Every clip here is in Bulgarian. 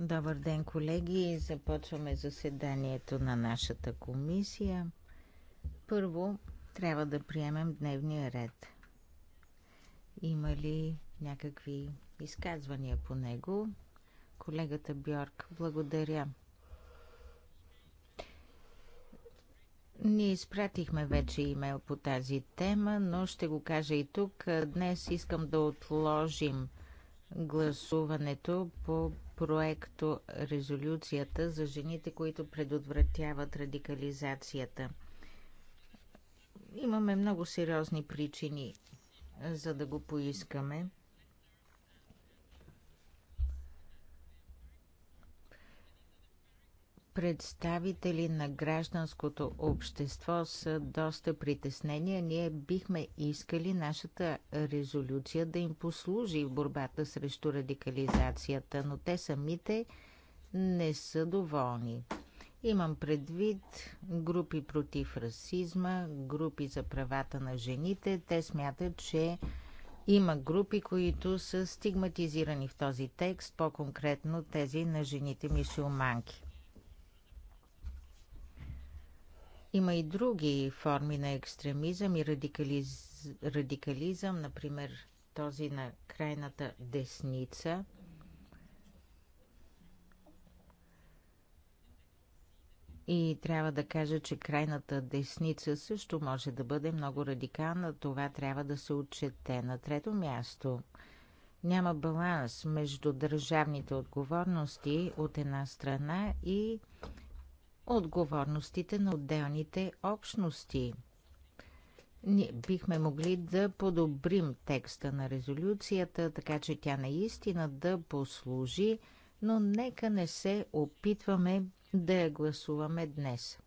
Добър ден, колеги! Започваме заседанието на нашата комисия. Първо трябва да приемем дневния ред. Има ли някакви изказвания по него? Колегата Бьорк, благодаря. Ние изпратихме вече имейл по тази тема, но ще го кажа и тук. Днес искам да отложим гласуването по проекто резолюцията за жените, които предотвратяват радикализацията. Имаме много сериозни причини за да го поискаме. представители на гражданското общество са доста притеснения. Ние бихме искали нашата резолюция да им послужи в борбата срещу радикализацията, но те самите не са доволни. Имам предвид групи против расизма, групи за правата на жените. Те смятат, че има групи, които са стигматизирани в този текст, по-конкретно тези на жените мисюлманки. Има и други форми на екстремизъм и радикализ... радикализъм, например този на крайната десница. И трябва да кажа, че крайната десница също може да бъде много радикална. Това трябва да се отчете. На трето място няма баланс между държавните отговорности от една страна и отговорностите на отделните общности. Ние бихме могли да подобрим текста на резолюцията, така че тя наистина да послужи, но нека не се опитваме да я гласуваме днес.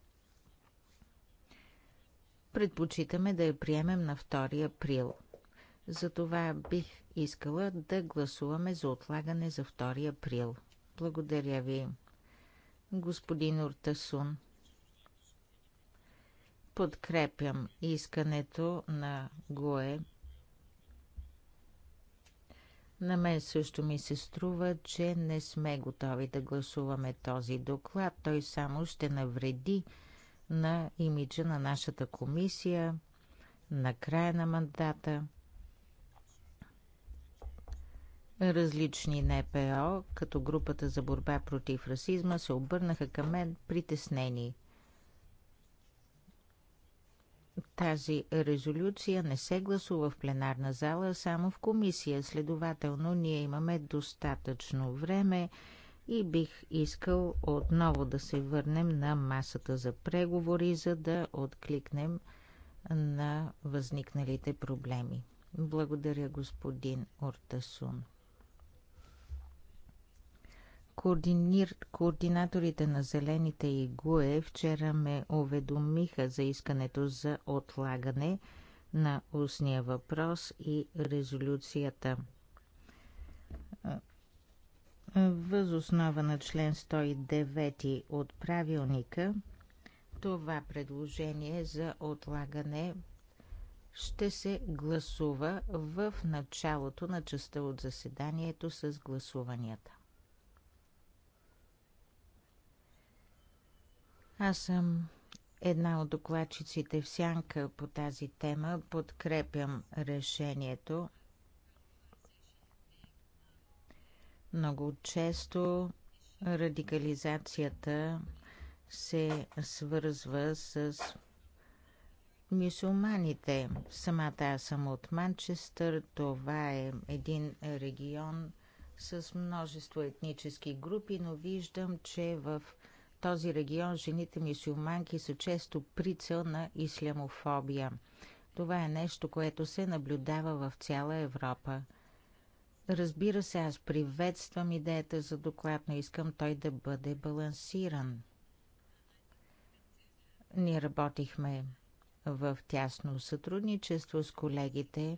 Предпочитаме да я приемем на 2 април. Затова бих искала да гласуваме за отлагане за 2 април. Благодаря ви господин Уртасун. Подкрепям искането на ГОЕ. На мен също ми се струва, че не сме готови да гласуваме този доклад. Той само ще навреди на имиджа на нашата комисия на края на мандата – Различни НПО, като групата за борба против расизма, се обърнаха към мен притеснени. Тази резолюция не се гласува в пленарна зала, а само в комисия. Следователно, ние имаме достатъчно време и бих искал отново да се върнем на масата за преговори, за да откликнем на възникналите проблеми. Благодаря, господин Ортасун. Координаторите на Зелените и ГУЕ вчера ме уведомиха за искането за отлагане на устния въпрос и резолюцията. Въз основа на член 109 от правилника, това предложение за отлагане ще се гласува в началото на частта от заседанието с гласуванията. Аз съм една от докладчиците в сянка по тази тема. Подкрепям решението. Много често радикализацията се свързва с мисулманите. Самата аз съм от Манчестър. Това е един регион с множество етнически групи, но виждам, че в този регион жените мисюлманки са често прицел на ислямофобия. Това е нещо, което се наблюдава в цяла Европа. Разбира се, аз приветствам идеята за доклад, но искам той да бъде балансиран. Ние работихме в тясно сътрудничество с колегите.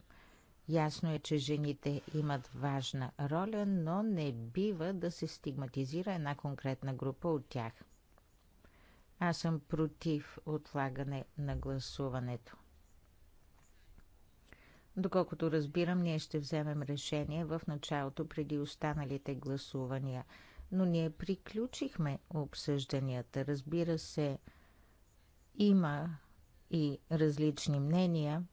Ясно е, че жените имат важна роля, но не бива да се стигматизира една конкретна група от тях. Аз съм против отлагане на гласуването. Доколкото разбирам, ние ще вземем решение в началото преди останалите гласувания. Но ние приключихме обсъжданията. Разбира се, има и различни мнения.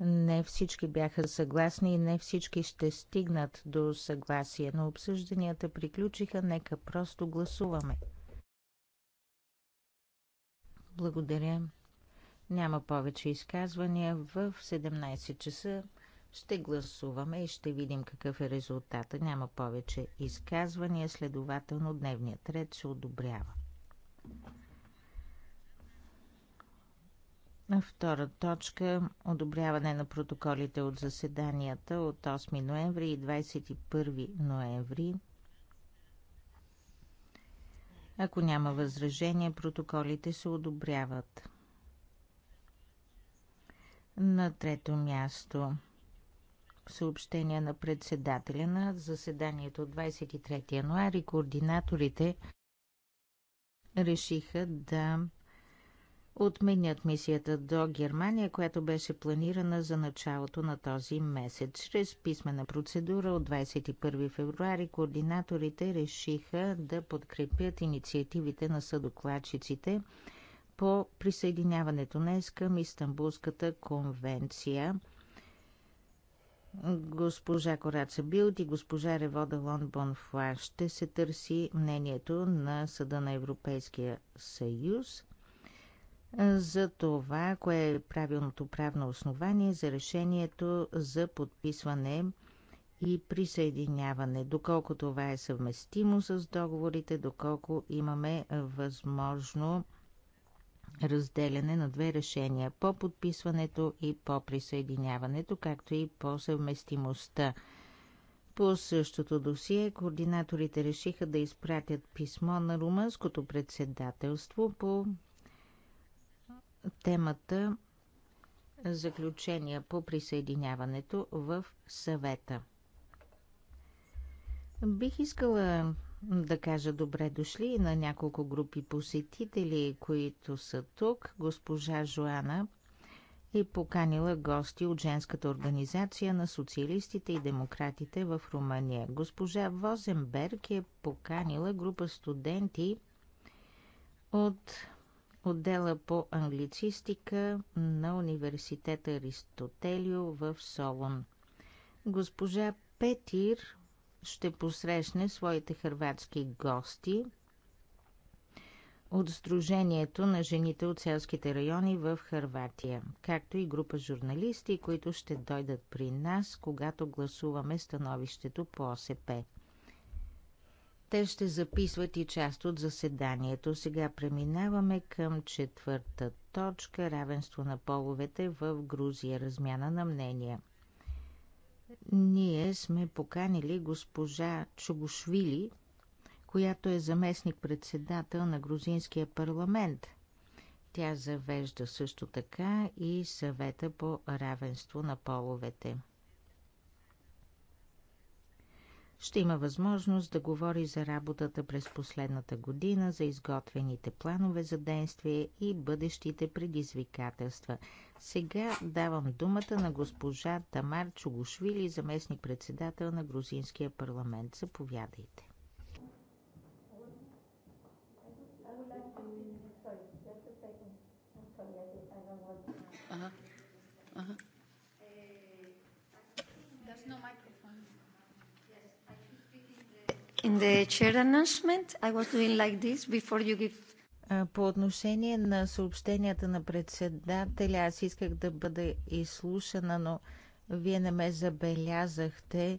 Не всички бяха съгласни и не всички ще стигнат до съгласие, но обсъжданията приключиха, нека просто гласуваме. Благодаря. Няма повече изказвания. В 17 часа ще гласуваме и ще видим какъв е резултата. Няма повече изказвания, следователно дневният ред се одобрява. Втора точка – одобряване на протоколите от заседанията от 8 ноември и 21 ноември ако няма възражение, протоколите се одобряват. На трето място съобщение на председателя на заседанието от 23 януари координаторите решиха да отменят мисията до Германия, която беше планирана за началото на този месец. Чрез писмена процедура от 21 февруари координаторите решиха да подкрепят инициативите на съдокладчиците по присъединяването днес към Истанбулската конвенция. Госпожа Кораца Билт и госпожа Ревода Лон Бонфуа ще се търси мнението на Съда на Европейския съюз за това, кое е правилното правно основание за решението за подписване и присъединяване, доколко това е съвместимо с договорите, доколко имаме възможно разделяне на две решения по подписването и по присъединяването, както и по съвместимостта. По същото досие координаторите решиха да изпратят писмо на румънското председателство по темата заключения по присъединяването в съвета. Бих искала да кажа добре дошли на няколко групи посетители, които са тук. Госпожа Жоана е поканила гости от женската организация на социалистите и демократите в Румъния. Госпожа Возенберг е поканила група студенти от отдела по англицистика на университета Аристотелио в Солон. Госпожа Петир ще посрещне своите хърватски гости от Сдружението на жените от селските райони в Харватия, както и група журналисти, които ще дойдат при нас, когато гласуваме становището по ОСП. Те ще записват и част от заседанието. Сега преминаваме към четвърта точка – равенство на половете в Грузия, размяна на мнения. Ние сме поканили госпожа Чугушвили, която е заместник-председател на грузинския парламент. Тя завежда също така и съвета по равенство на половете – ще има възможност да говори за работата през последната година, за изготвените планове за действие и бъдещите предизвикателства. Сега давам думата на госпожа Тамар Чугушвили, заместник-председател на Грузинския парламент. Заповядайте. Uh-huh. Uh-huh. по отношение на съобщенията на председателя, аз исках да бъда изслушана, но вие не ме забелязахте.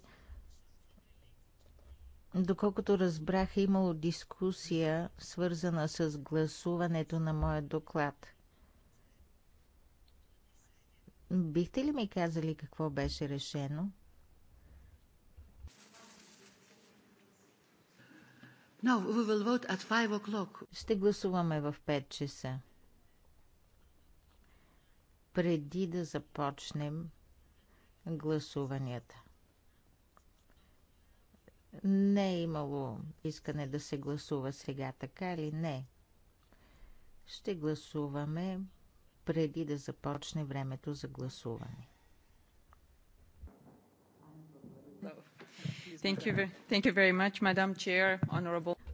Доколкото разбрах, е имало дискусия, свързана с гласуването на моя доклад. Бихте ли ми казали какво беше решено? No, Ще гласуваме в 5 часа. Преди да започнем гласуванията. Не е имало искане да се гласува сега, така или не. Ще гласуваме преди да започне времето за гласуване.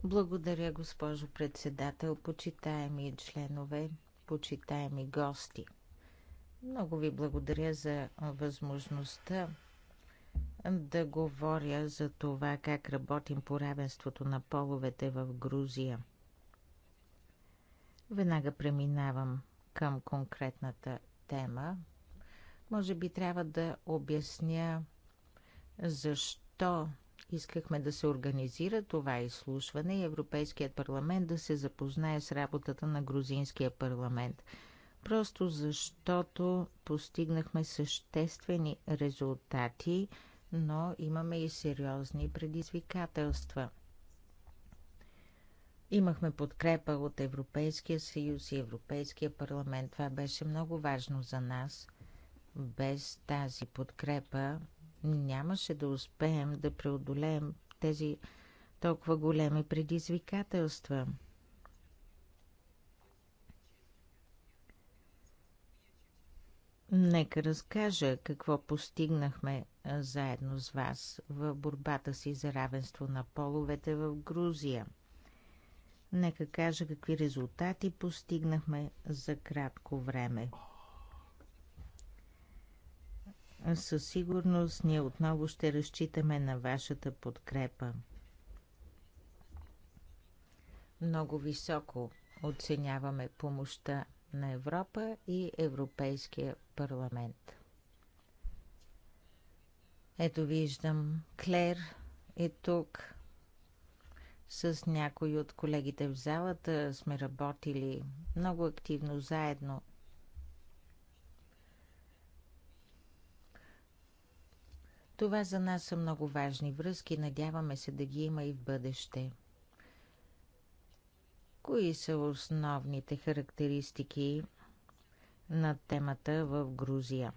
Благодаря, госпожо председател, почитаеми членове, почитаеми гости. Много ви благодаря за възможността да говоря за това как работим по равенството на половете в Грузия. Веднага преминавам към конкретната тема. Може би трябва да обясня защо защо искахме да се организира това изслушване и Европейският парламент да се запознае с работата на грузинския парламент? Просто защото постигнахме съществени резултати, но имаме и сериозни предизвикателства. Имахме подкрепа от Европейския съюз и Европейския парламент. Това беше много важно за нас. Без тази подкрепа нямаше да успеем да преодолеем тези толкова големи предизвикателства. Нека разкажа какво постигнахме заедно с вас в борбата си за равенство на половете в Грузия. Нека кажа какви резултати постигнахме за кратко време със сигурност ние отново ще разчитаме на вашата подкрепа. Много високо оценяваме помощта на Европа и Европейския парламент. Ето виждам, Клер е тук. С някои от колегите в залата сме работили много активно заедно – Това за нас са много важни връзки, надяваме се да ги има и в бъдеще. Кои са основните характеристики на темата в Грузия?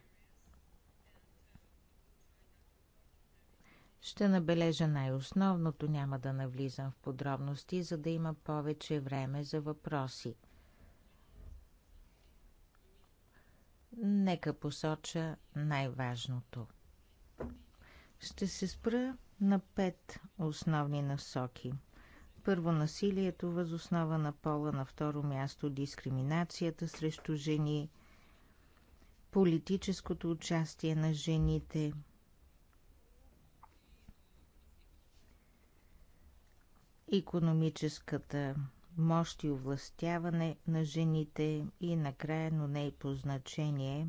Ще набележа най-основното, няма да навлизам в подробности, за да има повече време за въпроси. Нека посоча най-важното – ще се спра на пет основни насоки. Първо, насилието въз основа на пола, на второ място дискриминацията срещу жени, политическото участие на жените, економическата мощ и овластяване на жените и накрая, но не и по значение,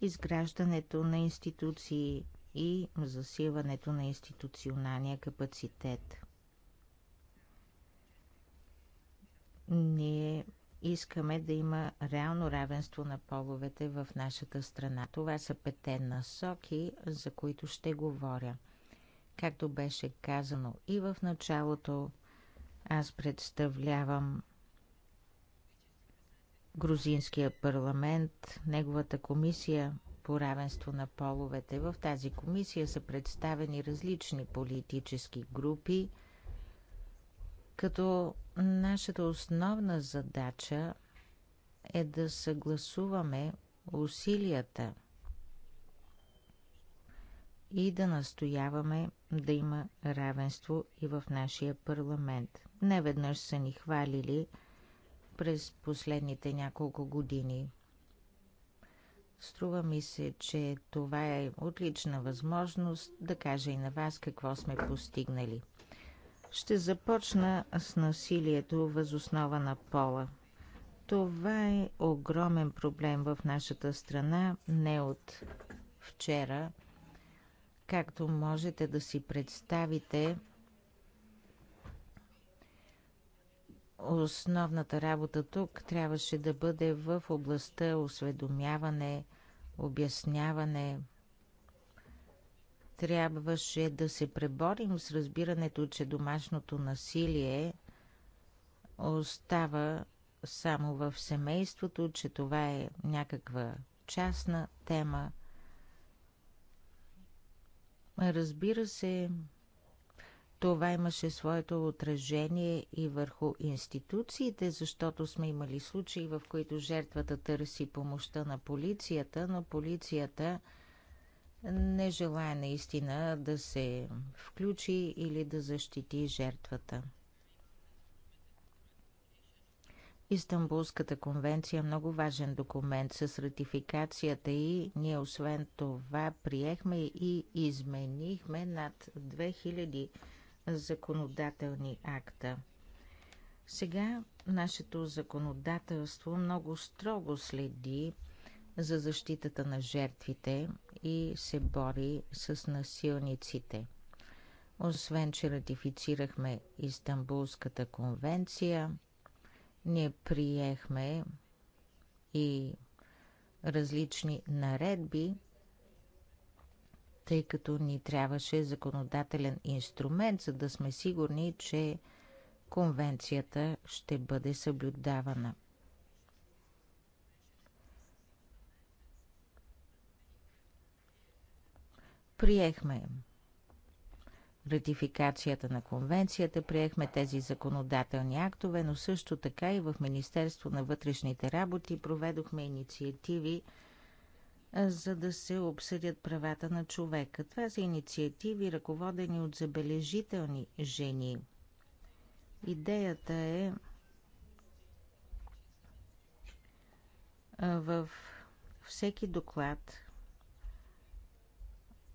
изграждането на институции и засилването на институционалния капацитет. Ние искаме да има реално равенство на половете в нашата страна. Това са пете насоки, за които ще говоря. Както беше казано и в началото, аз представлявам грузинския парламент, неговата комисия по равенство на половете. В тази комисия са представени различни политически групи, като нашата основна задача е да съгласуваме усилията и да настояваме да има равенство и в нашия парламент. Неведнъж са ни хвалили през последните няколко години Струва ми се, че това е отлична възможност да кажа и на вас какво сме постигнали. Ще започна с насилието възоснова на пола. Това е огромен проблем в нашата страна, не от вчера. Както можете да си представите, Основната работа тук трябваше да бъде в областта осведомяване, обясняване. Трябваше да се преборим с разбирането, че домашното насилие остава само в семейството, че това е някаква частна тема. Разбира се, това имаше своето отражение и върху институциите, защото сме имали случаи, в които жертвата търси помощта на полицията, но полицията не желая наистина да се включи или да защити жертвата. Истанбулската конвенция е много важен документ с ратификацията и ние освен това приехме и изменихме над 2000 законодателни акта. Сега нашето законодателство много строго следи за защитата на жертвите и се бори с насилниците. Освен, че ратифицирахме Истанбулската конвенция, ние приехме и различни наредби тъй като ни трябваше законодателен инструмент, за да сме сигурни, че конвенцията ще бъде съблюдавана. Приехме ратификацията на конвенцията, приехме тези законодателни актове, но също така и в Министерство на вътрешните работи проведохме инициативи – за да се обсъдят правата на човека. Това са инициативи, ръководени от забележителни жени. Идеята е в всеки доклад,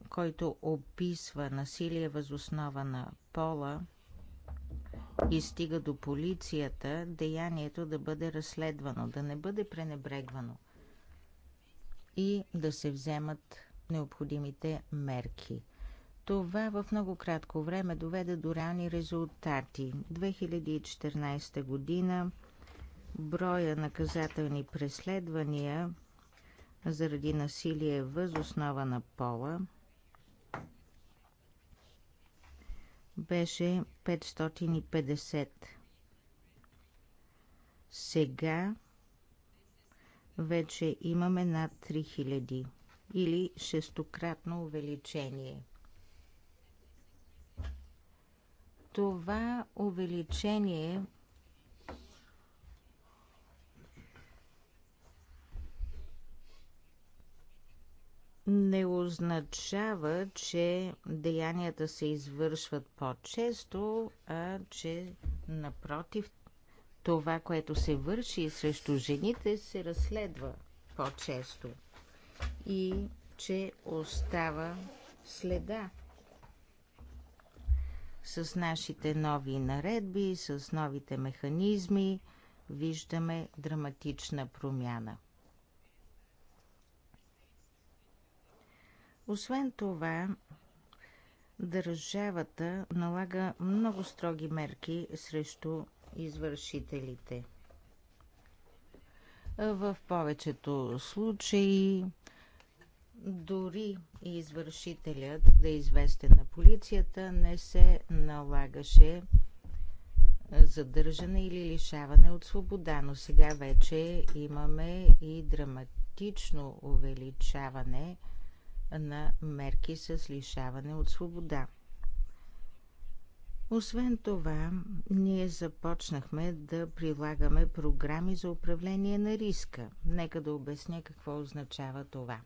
който описва насилие възоснова на пола и стига до полицията, деянието да бъде разследвано, да не бъде пренебрегвано – и да се вземат необходимите мерки. Това в много кратко време доведе до реални резултати. 2014 година броя наказателни преследвания заради насилие въз основа на пола беше 550. Сега вече имаме над 3000 или шестократно увеличение. Това увеличение не означава, че деянията се извършват по-често, а че напротив това, което се върши срещу жените, се разследва по-често и че остава следа с нашите нови наредби, с новите механизми, виждаме драматична промяна. Освен това, държавата налага много строги мерки срещу извършителите. В повечето случаи дори и извършителят да е известен на полицията не се налагаше задържане или лишаване от свобода, но сега вече имаме и драматично увеличаване на мерки с лишаване от свобода. Освен това, ние започнахме да прилагаме програми за управление на риска. Нека да обясня какво означава това.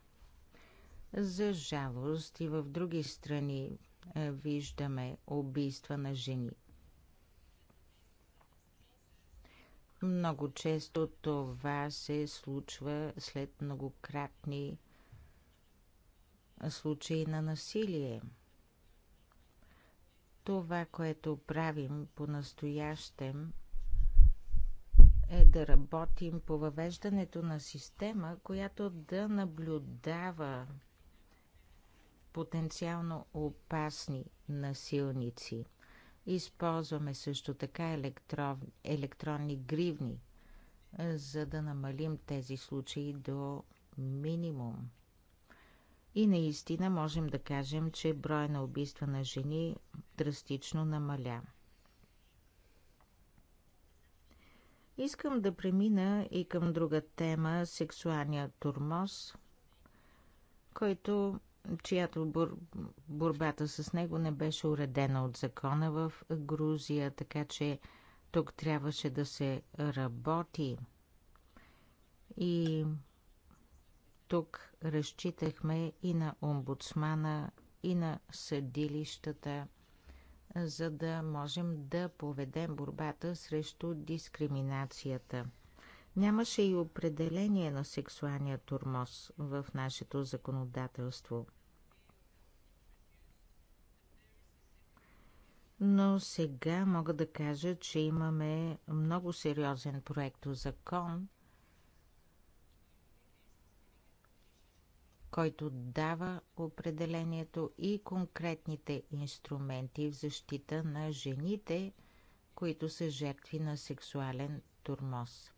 За жалост и в други страни е, виждаме убийства на жени. Много често това се случва след многократни случаи на насилие – това, което правим по-настоящем, е да работим по въвеждането на система, която да наблюдава потенциално опасни насилници. Използваме също така електро... електронни гривни, за да намалим тези случаи до минимум. И наистина можем да кажем, че броя на убийства на жени драстично намаля. Искам да премина и към друга тема сексуалния турмоз, който, чиято бур, борбата с него не беше уредена от закона в Грузия, така че тук трябваше да се работи. И тук разчитахме и на омбудсмана, и на съдилищата, за да можем да поведем борбата срещу дискриминацията. Нямаше и определение на сексуалния турмоз в нашето законодателство. Но сега мога да кажа, че имаме много сериозен проект закон, който дава определението и конкретните инструменти в защита на жените, които са жертви на сексуален турмоз.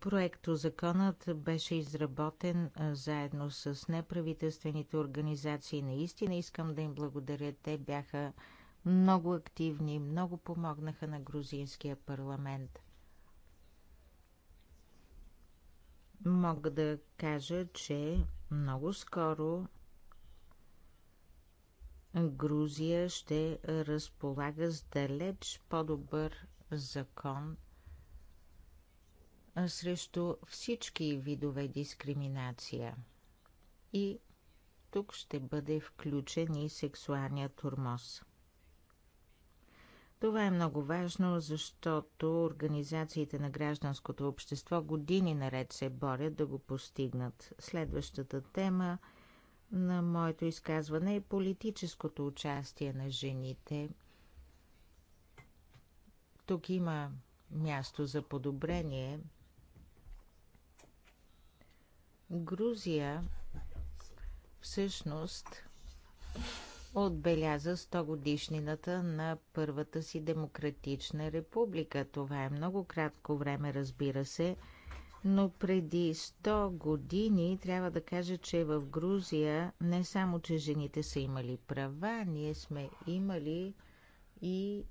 Проекто законът беше изработен заедно с неправителствените организации. Наистина искам да им благодаря. Те бяха много активни, много помогнаха на грузинския парламент – мога да кажа, че много скоро Грузия ще разполага с далеч по-добър закон срещу всички видове дискриминация. И тук ще бъде включен и сексуалният турмоз. Това е много важно, защото организациите на гражданското общество години наред се борят да го постигнат. Следващата тема на моето изказване е политическото участие на жените. Тук има място за подобрение. Грузия всъщност отбеляза 100 годишнината на първата си демократична република. Това е много кратко време, разбира се, но преди 100 години трябва да кажа, че в Грузия не само, че жените са имали права, ние сме имали и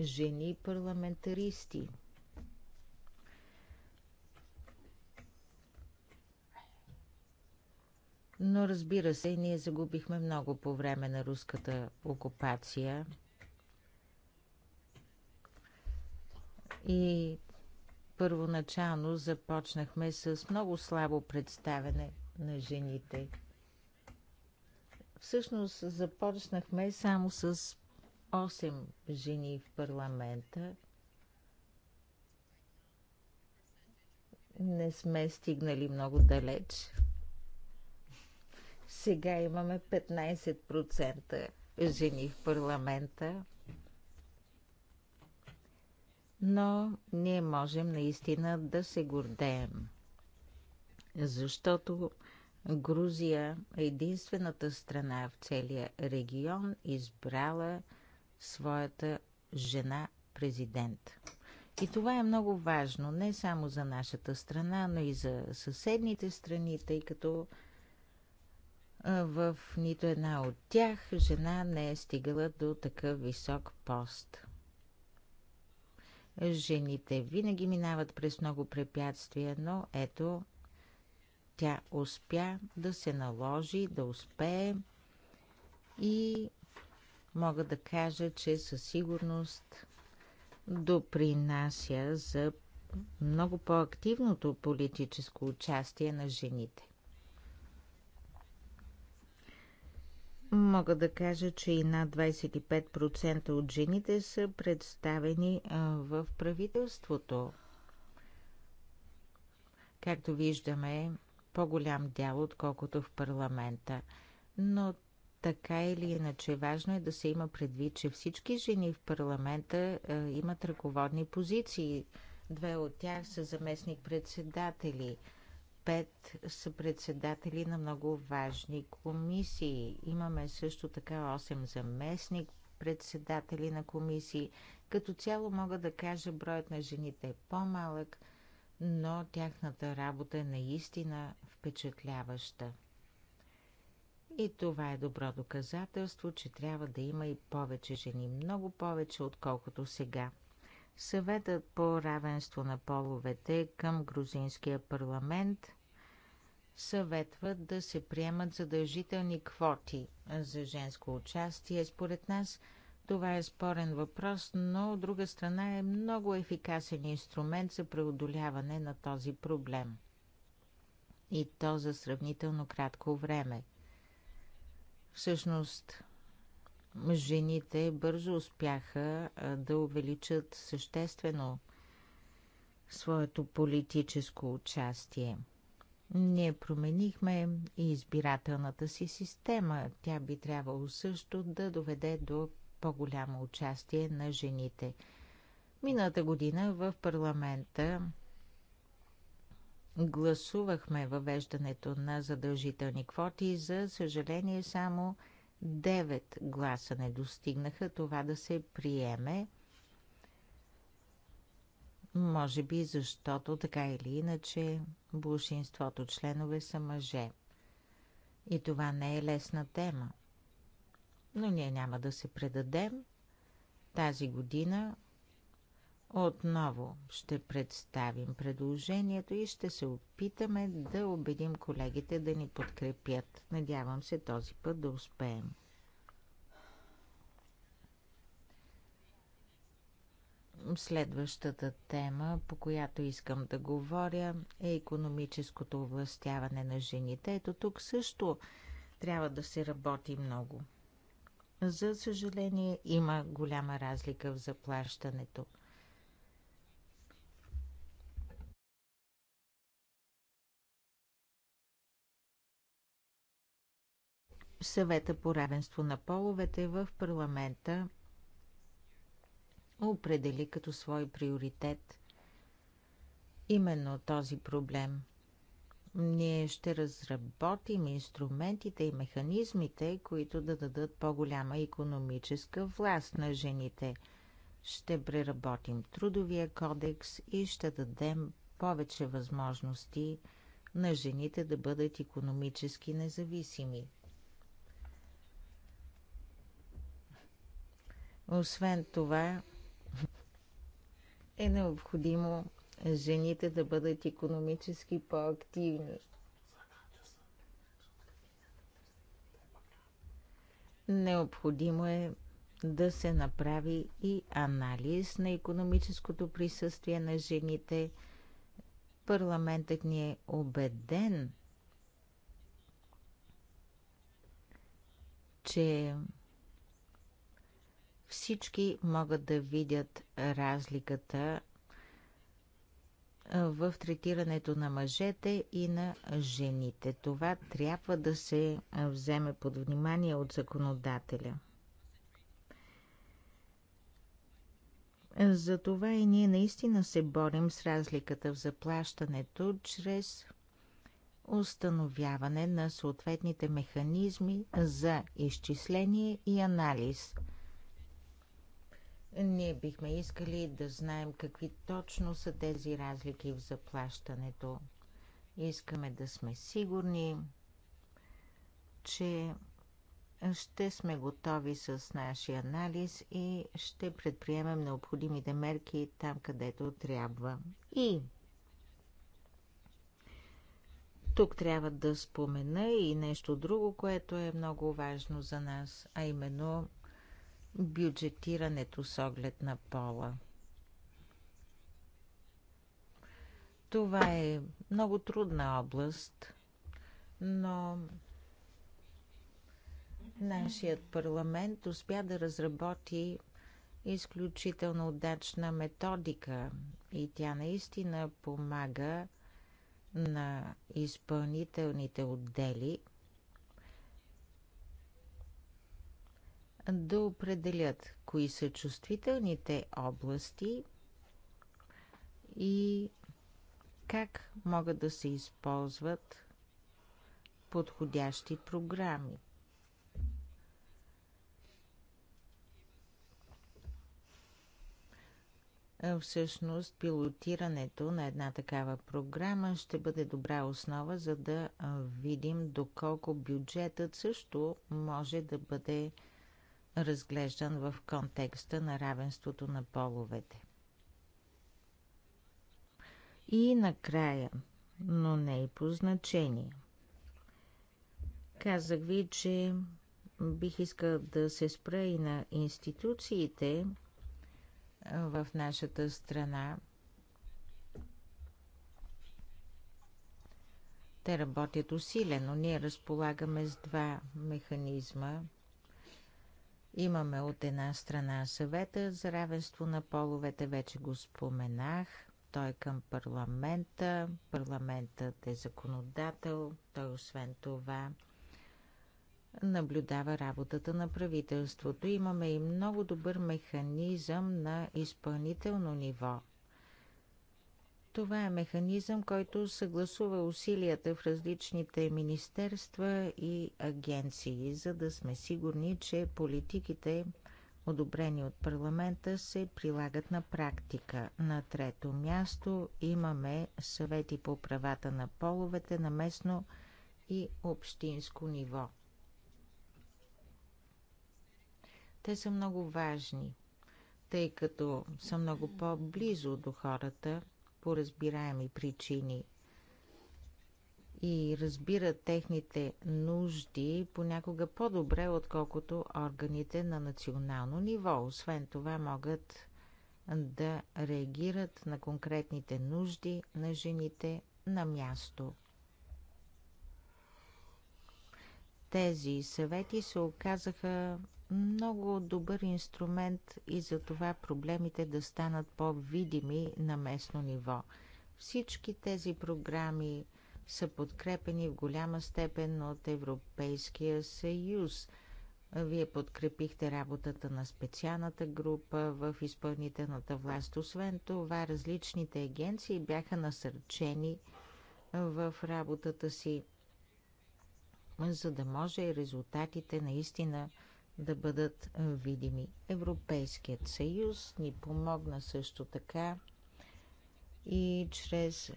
жени парламентаристи. Но разбира се, ние загубихме много по време на руската окупация. И първоначално започнахме с много слабо представяне на жените. Всъщност започнахме само с 8 жени в парламента. Не сме стигнали много далеч сега имаме 15% жени в парламента, но ние можем наистина да се гордеем, защото Грузия е единствената страна в целия регион избрала своята жена президент. И това е много важно не само за нашата страна, но и за съседните страни, тъй като в нито една от тях жена не е стигала до такъв висок пост. Жените винаги минават през много препятствия, но ето тя успя да се наложи, да успее и мога да кажа, че със сигурност допринася за много по-активното политическо участие на жените. Мога да кажа, че и над 25% от жените са представени в правителството. Както виждаме, по-голям дял, отколкото в парламента. Но така или иначе важно е да се има предвид, че всички жени в парламента имат ръководни позиции. Две от тях са заместник-председатели – пет са председатели на много важни комисии. Имаме също така 8 заместник председатели на комисии. Като цяло мога да кажа, броят на жените е по-малък, но тяхната работа е наистина впечатляваща. И това е добро доказателство, че трябва да има и повече жени, много повече, отколкото сега. Съветът по равенство на половете към грузинския парламент съветват да се приемат задължителни квоти за женско участие. Според нас това е спорен въпрос, но от друга страна е много ефикасен инструмент за преодоляване на този проблем. И то за сравнително кратко време. Всъщност, жените бързо успяха да увеличат съществено своето политическо участие. Ние променихме и избирателната си система. Тя би трябвало също да доведе до по-голямо участие на жените. Миналата година в парламента гласувахме въвеждането на задължителни квоти. За съжаление, само 9 гласа не достигнаха това да се приеме. Може би защото така или иначе большинството членове са мъже. И това не е лесна тема. Но ние няма да се предадем. Тази година отново ще представим предложението и ще се опитаме да убедим колегите да ни подкрепят. Надявам се този път да успеем. Следващата тема, по която искам да говоря, е економическото областяване на жените. Ето тук също трябва да се работи много. За съжаление, има голяма разлика в заплащането – съвета по равенство на половете в парламента определи като свой приоритет именно този проблем. Ние ще разработим инструментите и механизмите, които да дадат по-голяма економическа власт на жените. Ще преработим трудовия кодекс и ще дадем повече възможности на жените да бъдат економически независими. Освен това е необходимо жените да бъдат економически по-активни. Необходимо е да се направи и анализ на економическото присъствие на жените. Парламентът ни е убеден, че всички могат да видят разликата в третирането на мъжете и на жените. Това трябва да се вземе под внимание от законодателя. Затова и ние наистина се борим с разликата в заплащането чрез установяване на съответните механизми за изчисление и анализ – ние бихме искали да знаем какви точно са тези разлики в заплащането. Искаме да сме сигурни, че ще сме готови с нашия анализ и ще предприемем необходимите мерки там, където трябва. И тук трябва да спомена и нещо друго, което е много важно за нас, а именно бюджетирането с оглед на пола. Това е много трудна област, но нашият парламент успя да разработи изключително удачна методика и тя наистина помага на изпълнителните отдели – да определят кои са чувствителните области и как могат да се използват подходящи програми. Всъщност, пилотирането на една такава програма ще бъде добра основа, за да видим доколко бюджетът също може да бъде разглеждан в контекста на равенството на половете. И накрая, но не и по значение. Казах ви, че бих искал да се спра и на институциите в нашата страна. Те работят усилено. Ние разполагаме с два механизма – Имаме от една страна съвета за равенство на половете, вече го споменах. Той е към парламента. Парламентът е законодател. Той освен това наблюдава работата на правителството. Имаме и много добър механизъм на изпълнително ниво – това е механизъм, който съгласува усилията в различните министерства и агенции, за да сме сигурни, че политиките, одобрени от парламента, се прилагат на практика. На трето място имаме съвети по правата на половете на местно и общинско ниво. Те са много важни, тъй като са много по-близо до хората – по разбираеми причини и разбират техните нужди понякога по-добре, отколкото органите на национално ниво. Освен това могат да реагират на конкретните нужди на жените на място. Тези съвети се оказаха много добър инструмент и за това проблемите да станат по-видими на местно ниво. Всички тези програми са подкрепени в голяма степен от Европейския съюз. Вие подкрепихте работата на специалната група в изпълнителната власт. Освен това, различните агенции бяха насърчени в работата си, за да може резултатите наистина да бъдат видими. Европейският съюз ни помогна също така и чрез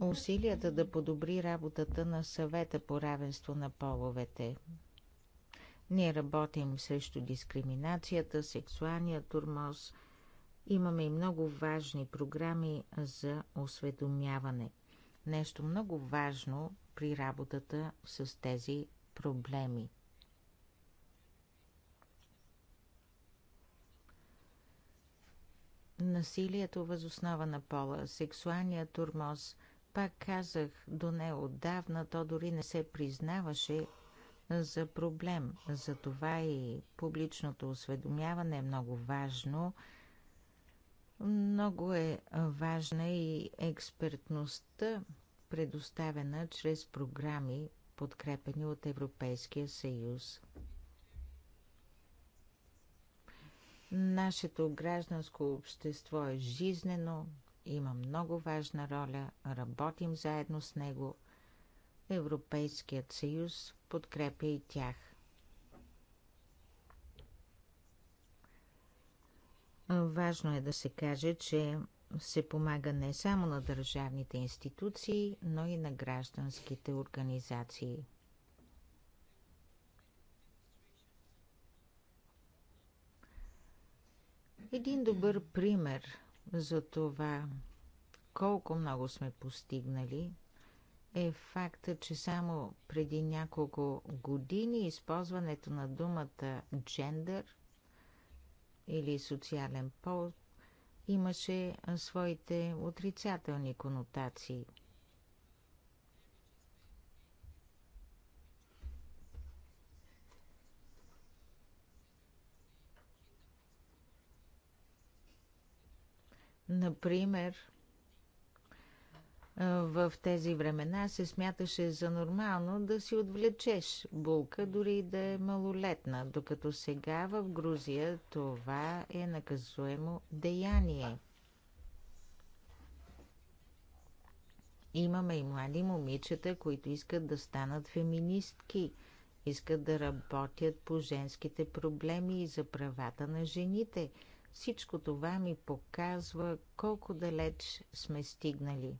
усилията да подобри работата на съвета по равенство на половете. Ние работим срещу дискриминацията, сексуалния турмоз. Имаме и много важни програми за осведомяване. Нещо много важно при работата с тези проблеми. Насилието възоснова на пола, сексуалният турмоз, пак казах до отдавна, то дори не се признаваше за проблем. Затова и публичното осведомяване е много важно. Много е важна и експертността, предоставена чрез програми подкрепени от Европейския съюз. Нашето гражданско общество е жизнено, има много важна роля, работим заедно с него. Европейският съюз подкрепя и тях. Важно е да се каже, че се помага не само на държавните институции, но и на гражданските организации. Един добър пример за това колко много сме постигнали е факта, че само преди няколко години използването на думата джендър или социален пол имаше своите отрицателни конотации. Например, в тези времена се смяташе за нормално да си отвлечеш булка, дори и да е малолетна, докато сега в Грузия това е наказуемо деяние. Имаме и млади момичета, които искат да станат феминистки, искат да работят по женските проблеми и за правата на жените. Всичко това ми показва колко далеч сме стигнали.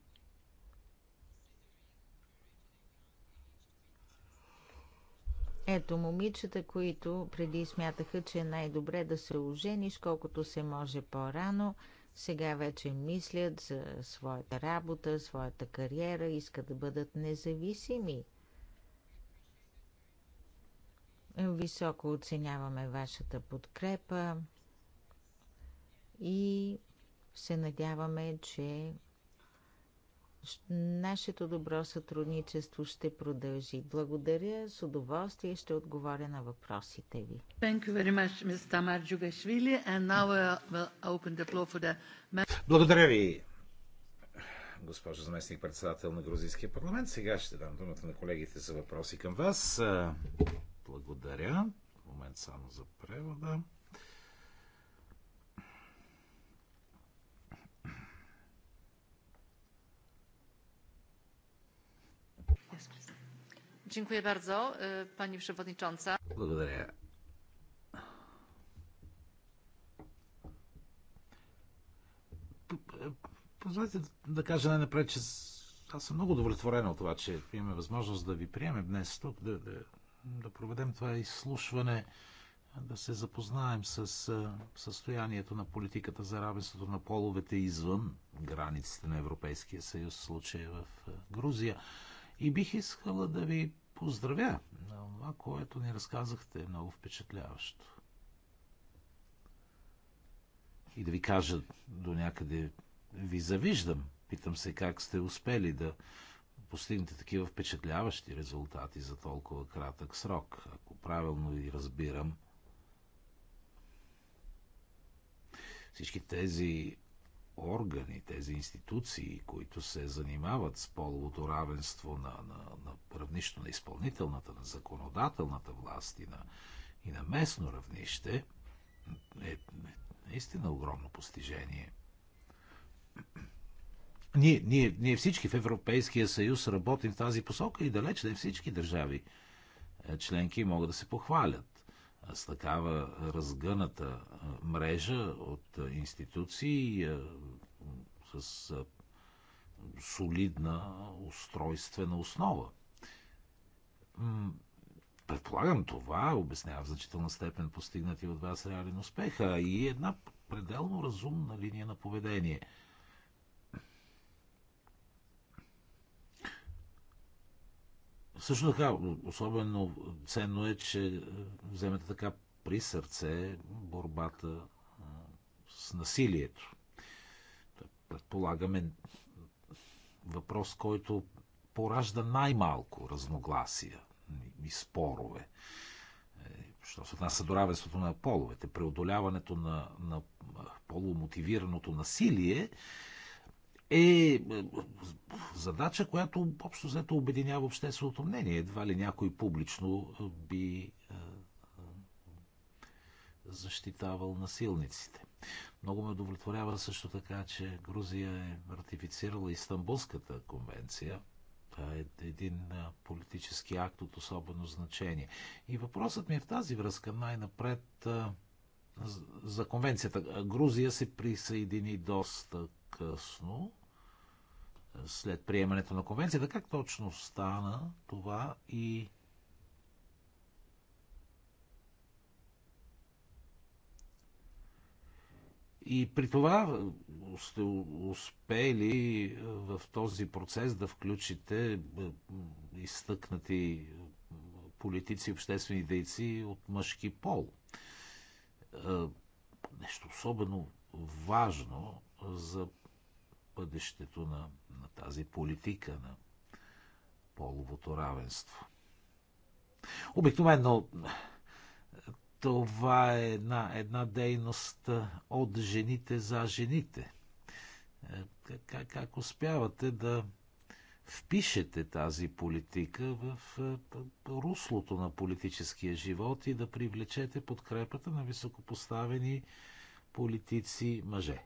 Ето момичета, които преди смятаха, че е най-добре да се ожениш колкото се може по-рано, сега вече мислят за своята работа, своята кариера, искат да бъдат независими. Високо оценяваме вашата подкрепа и се надяваме, че Нашето добро сътрудничество ще продължи. Благодаря. С удоволствие ще отговоря на въпросите ви. Благодаря ви, госпожо заместник председател на Грузийския парламент. Сега ще дам думата на колегите за въпроси към вас. Благодаря. Момент само за превода. Dziękuję bardzo, e, pani przewodnicząca. Благодаря. Позволете да кажа най-напред, че аз съм много удовлетворен от това, че имаме възможност да ви приемем днес тук, да, да, да проведем това изслушване, да се запознаем с състоянието на политиката за равенството на половете извън границите на Европейския съюз, в случая в Грузия. И бих искала да ви поздравя. Това, което ни разказахте, е много впечатляващо. И да ви кажа до някъде, ви завиждам. Питам се как сте успели да постигнете такива впечатляващи резултати за толкова кратък срок, ако правилно ви разбирам. Всички тези органи, тези институции, които се занимават с половото равенство на, на, на равнището на изпълнителната, на законодателната власт и на, и на местно равнище, е, е наистина огромно постижение. Ние, ние, ние всички в Европейския съюз работим в тази посока и далеч не всички държави е, членки могат да се похвалят с такава разгъната мрежа от институции, с солидна устройствена основа. Предполагам това, обяснява в значителна степен постигнати от вас реален успех, а и една пределно разумна линия на поведение – Също така, особено ценно е, че вземете така при сърце борбата с насилието. Предполагаме въпрос, който поражда най-малко разногласия и спорове. Е, що се отнася до равенството на половете, преодоляването на, на полумотивираното насилие е, е задача, която общо взето обединява общественото мнение. Едва ли някой публично е, би е, защитавал насилниците. Много ме удовлетворява също така, че Грузия е ратифицирала Истанбулската конвенция. Това е един политически акт от особено значение. И въпросът ми е в тази връзка най-напред за конвенцията. Грузия се присъедини доста късно след приемането на конвенцията. Как точно стана това и И при това сте успели в този процес да включите изтъкнати политици, обществени дейци от мъжки пол. Е, нещо особено важно за бъдещето на, на тази политика на половото равенство. Обикновено това е една, една дейност от жените за жените. Е, как, как успявате да впишете тази политика в руслото на политическия живот и да привлечете подкрепата на високопоставени политици мъже?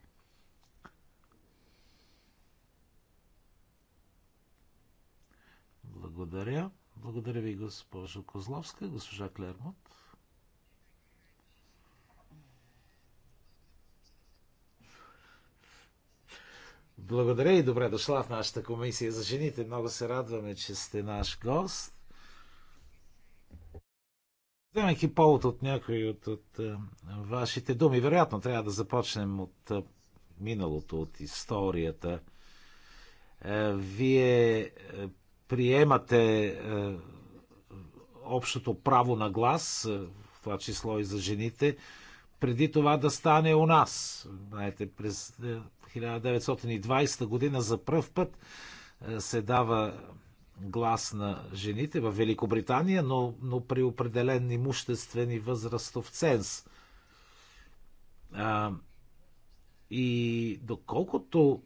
Благодаря. Благодаря ви, госпожо Козловска, госпожа Клермот. Благодаря и добре дошла в нашата комисия за жените. Много се радваме, че сте наш гост. Вземайки повод от някои от, от е, вашите думи, вероятно трябва да започнем от е, миналото, от историята. Е, вие приемате е, общото право на глас, е, в това число и за жените, преди това да стане у нас. Знаете, през 1920 е, година за първ път се дава глас на жените в Великобритания, но, но при определен имуществен и възрастов ценз. А, и доколкото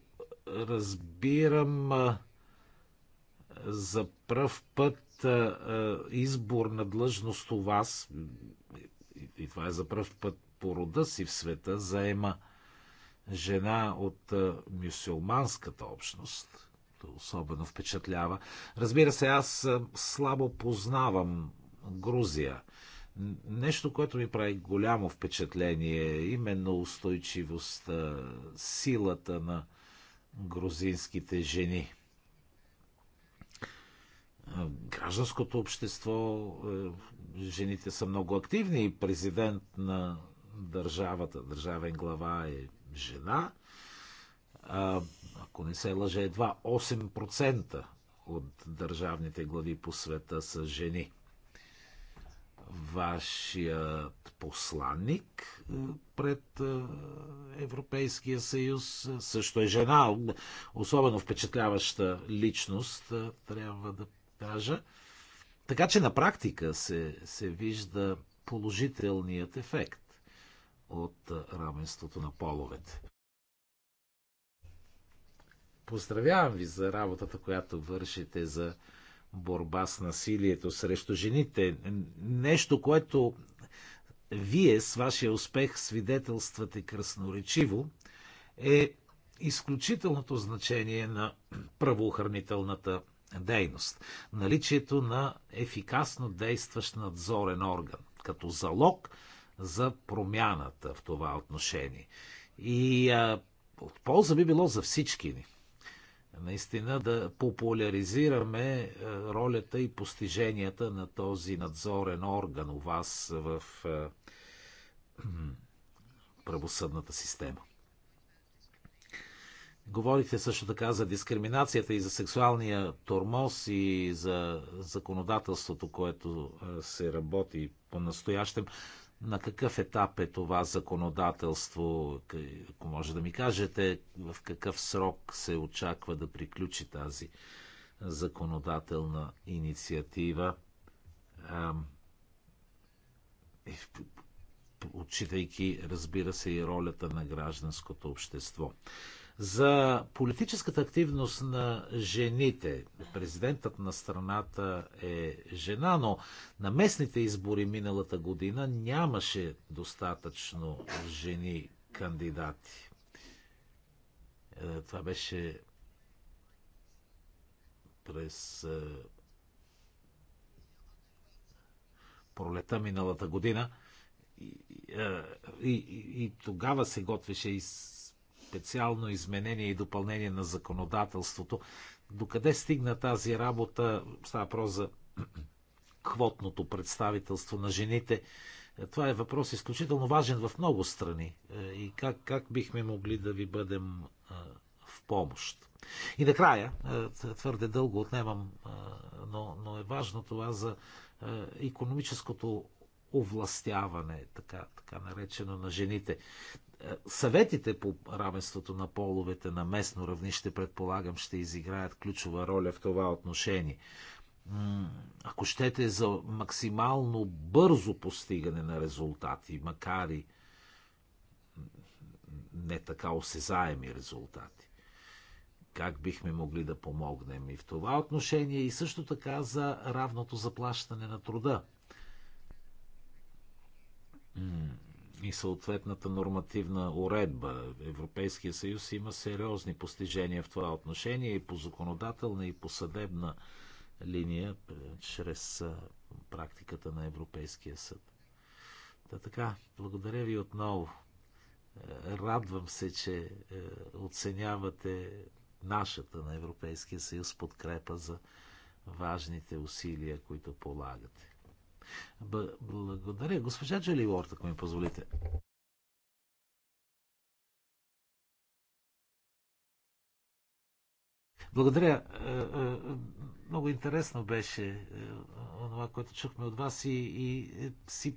разбирам, за пръв път избор на длъжност у вас, и това е за пръв път по рода си в света, заема жена от мюсюлманската общност. То особено впечатлява. Разбира се, аз слабо познавам Грузия. Нещо, което ми прави голямо впечатление, е именно устойчивостта, силата на грузинските жени гражданското общество, е, жените са много активни и президент на държавата, държавен глава е жена. Ако не се лъже, едва 8% от държавните глави по света са жени. Вашият посланник е, пред е, Европейския съюз също е жена, особено впечатляваща личност, трябва да кажа. Така че на практика се, се вижда положителният ефект от равенството на половете. Поздравявам ви за работата, която вършите за борба с насилието срещу жените. Нещо, което вие с вашия успех свидетелствате красноречиво, е изключителното значение на правоохранителната дейност. Наличието на ефикасно действащ надзорен орган като залог за промяната в това отношение. И а, от полза би било за всички ни. Наистина да популяризираме ролята и постиженията на този надзорен орган у вас в правосъдната система. Говорите също така за дискриминацията и за сексуалния тормоз и за законодателството, което се работи по-настоящем. На какъв етап е това законодателство? Ако може да ми кажете, в какъв срок се очаква да приключи тази законодателна инициатива? Отчитайки, разбира се, и ролята на гражданското общество. За политическата активност на жените, президентът на страната е жена, но на местните избори миналата година нямаше достатъчно жени кандидати. Е, това беше през е, пролета миналата година. И, е, и, и, и тогава се готвеше и специално изменение и допълнение на законодателството. Докъде стигна тази работа? Става въпрос за квотното представителство на жените. Това е въпрос изключително важен в много страни. Е, и как, как бихме могли да ви бъдем е, в помощ? И накрая, е, твърде дълго отнемам, но, но е важно това за економическото овластяване, така, така наречено на жените съветите по равенството на половете на местно равнище, предполагам, ще изиграят ключова роля в това отношение. Ако щете за максимално бързо постигане на резултати, макар и не така осезаеми резултати. Как бихме могли да помогнем и в това отношение, и също така за равното заплащане на труда и съответната нормативна уредба. Европейския съюз има сериозни постижения в това отношение и по законодателна, и по съдебна линия, чрез практиката на Европейския съд. Та така, благодаря ви отново. Е, радвам се, че е, оценявате нашата на Европейския съюз подкрепа за важните усилия, които полагате. Благодаря. Госпожа Джели Уорд, ако ми позволите. Благодаря. Е, е, много интересно беше това, е, което чухме от вас и, и си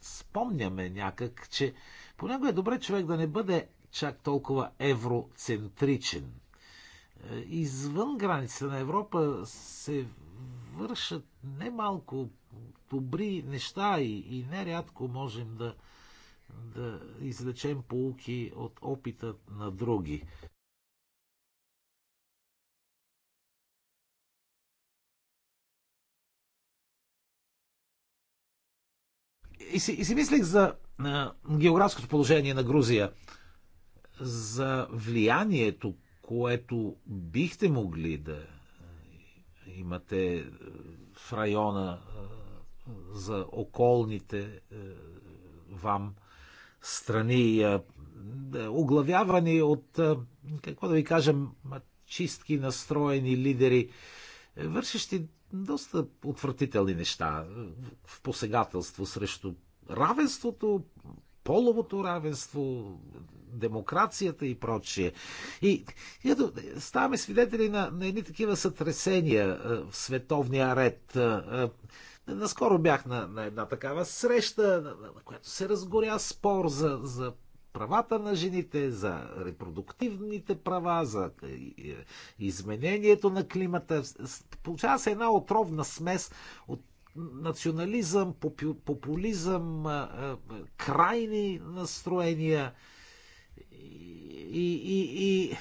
спомняме някак, че понякога е добре човек да не бъде чак толкова евроцентричен. Извън границите на Европа се вършат немалко добри неща и, и нерядко можем да, да излечем полуки от опита на други. И си, и си мислих за а, географското положение на Грузия, за влиянието, което бихте могли да имате в района за околните е, вам страни, е, е, оглавявани от, какво да ви кажем, чистки настроени лидери, вършещи доста отвратителни неща в посегателство срещу равенството, половото равенство, демокрацията и прочие. И ето, ставаме свидетели на, на едни такива сътресения в световния ред. Наскоро бях на, на една такава среща, на, на която се разгоря спор за, за правата на жените, за репродуктивните права, за е, е, изменението на климата. Получава се една отровна смес от национализъм, популизъм, крайни настроения – и, и, и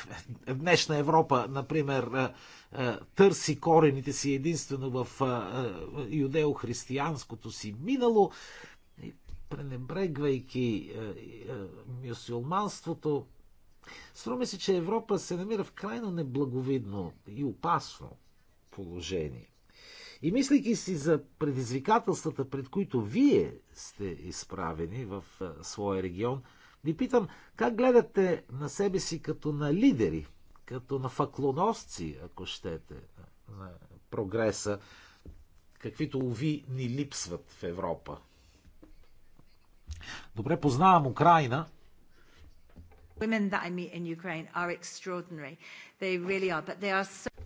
в днешна Европа, например, е, е, търси корените си единствено в е, юдео-християнското си минало, пренебрегвайки мюсюлманството, струва се, че Европа се намира в крайно неблаговидно и опасно положение. И мислики си за предизвикателствата, пред които вие сте изправени в своя регион – ви питам, как гледате на себе си като на лидери, като на факлоносци, ако щете, на прогреса, каквито уви ни липсват в Европа? Добре познавам Украина,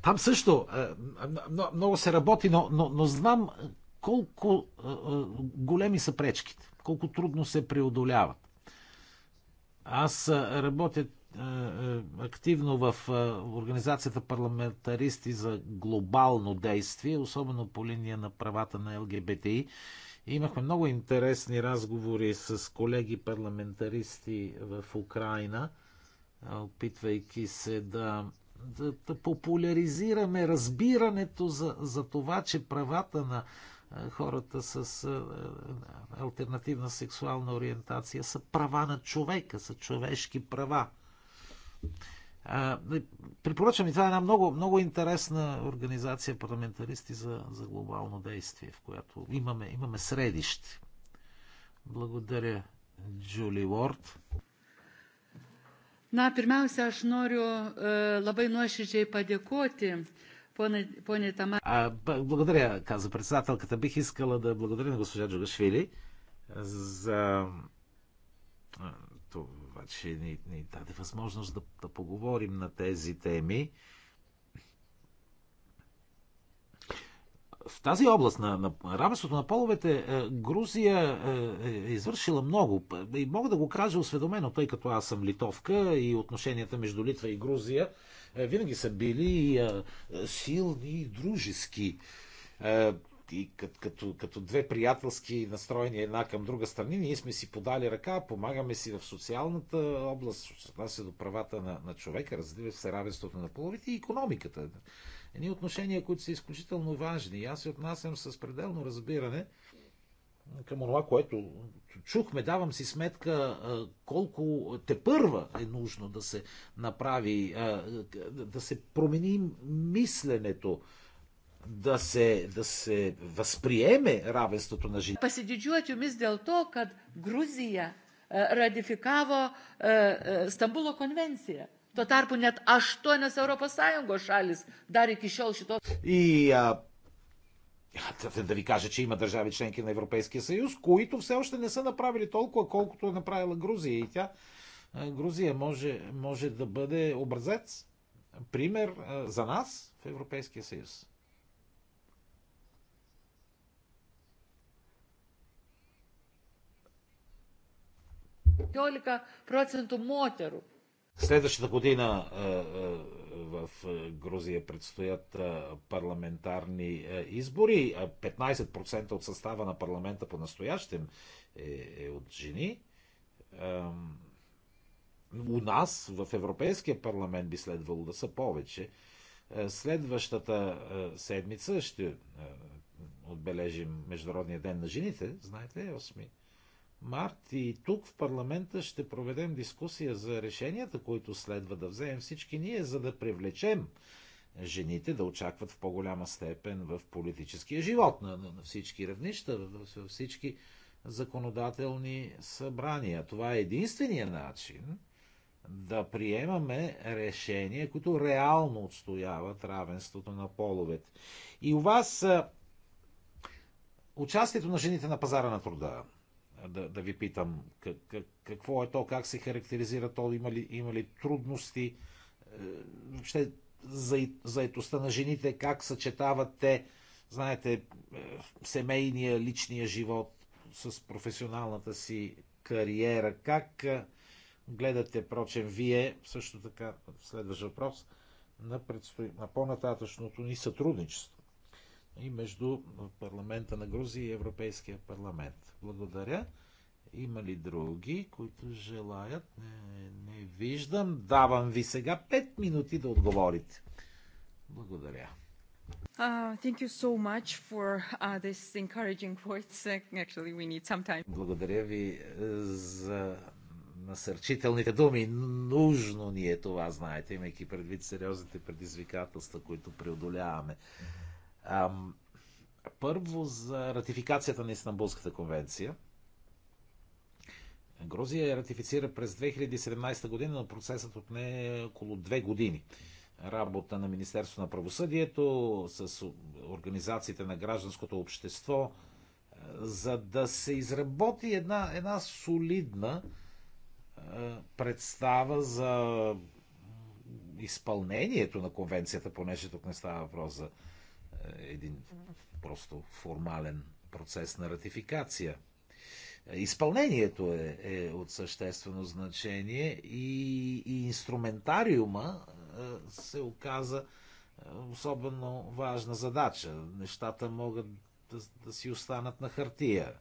там също е, много се работи, но, но, но знам колко е, е, големи са пречките, колко трудно се преодоляват. Аз работя активно в организацията парламентаристи за глобално действие, особено по линия на правата на ЛГБТИ. Имахме много интересни разговори с колеги парламентаристи в Украина, опитвайки се да, да, да популяризираме разбирането за, за това, че правата на хората с е, е, е, альтернативна сексуална ориентация са права на човека, са човешки права. Препоръчвам и това е една много, много интересна организация парламентаристи за, за глобално действие, в която имаме, имаме средище. Благодаря, Джули Уорд. Na, pirmiausia, aš noriu e, labai nuoširdžiai padėkoti а, благодаря, каза председателката. Бих искала да благодаря на госпожа Джугашвили за това, че ни, ни даде възможност да, да поговорим на тези теми. в тази област на, на равенството на половете е, Грузия е, е, е извършила много. И мога да го кажа осведомено, тъй като аз съм литовка и отношенията между Литва и Грузия е, винаги са били е, е, силни и дружески. И като, като две приятелски настроени една към друга страни, ние сме си подали ръка, помагаме си в социалната област, отнася до правата на, на човека, разбира се, равенството на половите и економиката. Едни отношения, които са изключително важни. И аз се отнасям с пределно разбиране към това, което чухме, давам си сметка колко те първа е нужно да се направи, да се промени мисленето, да се, да се възприеме равенството на жените. Pasididžiuoti jumis dėl to, kad Грузия ратификава Stambulo конвенция. Tuo tarpu net aštuonios Europos Sąjungos Сайонго шалис iki šiol šitos. И а, да, ви кажа, че има държави членки на Европейския съюз, които все още не са направили толкова, колкото е направила Грузия. И тя, Грузия може, може да бъде образец, пример за нас в Европейския съюз. Следващата година в е, Грузия предстоят е, парламентарни е, избори. 15% от състава на парламента по-настоящем е, от жени. У нас, в Европейския парламент, би следвало да са повече. Следващата седмица ще отбележим Международния ден на жените, знаете, 8 март и тук в парламента ще проведем дискусия за решенията, които следва да вземем всички ние, за да привлечем жените да очакват в по-голяма степен в политическия живот на, на, на всички равнища, във всички законодателни събрания. Това е единствения начин да приемаме решения, които реално отстояват равенството на половете. И у вас участието на жените на пазара на труда, да, да ви питам. Как, какво е то, как се характеризира то, има ли, има ли трудности, е, въобще заетостта на жените, как съчетават те, знаете, е, семейния, личния живот с професионалната си кариера. Как е, гледате, прочем, вие, също така, следващ въпрос, на, предстои, на по-нататъчното ни сътрудничество? и между парламента на Грузия и Европейския парламент. Благодаря. Има ли други, които желаят? Не, не виждам. Давам ви сега 5 минути да отговорите. Благодаря. Uh, thank you so much for uh, this encouraging words. Actually, we need some time. Благодаря ви е, за насърчителните думи. Нужно ни е това, знаете, имайки предвид сериозните предизвикателства, които преодоляваме. Uh, първо за ратификацията на Истанбулската конвенция. Грузия я ратифицира през 2017 година, но процесът от не е около две години. Работа на Министерство на правосъдието с организациите на гражданското общество, е, за да се изработи една, една солидна е, представа за изпълнението на конвенцията, понеже тук не става въпрос за един просто формален процес на ратификация. Изпълнението е, е от съществено значение и, и инструментариума е, се оказа е, особено важна задача. Нещата могат да, да си останат на хартия.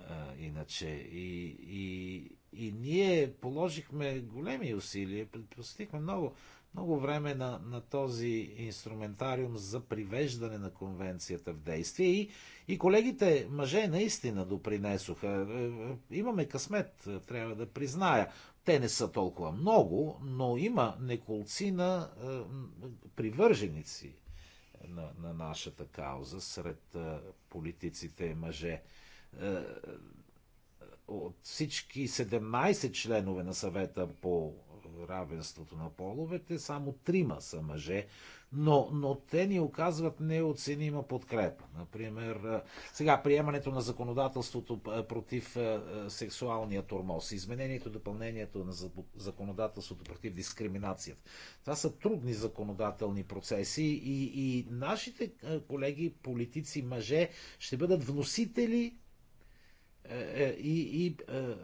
Е, иначе. И, и, и ние положихме големи усилия, предпоставихме много много време на, на този инструментариум за привеждане на конвенцията в действие. И, и колегите мъже наистина допринесоха. Е, е, е, имаме късмет, трябва да призная. Те не са толкова много, но има неколци на е, привърженици на, на нашата кауза сред е, политиците мъже. Е, от всички 17 членове на съвета по равенството на половете, само трима са мъже, но, но те ни оказват неоценима подкрепа. Например, сега приемането на законодателството против сексуалния тормоз, изменението, допълнението на законодателството против дискриминацията. Това са трудни законодателни процеси и, и нашите колеги, политици, мъже ще бъдат вносители е, е, и, и е,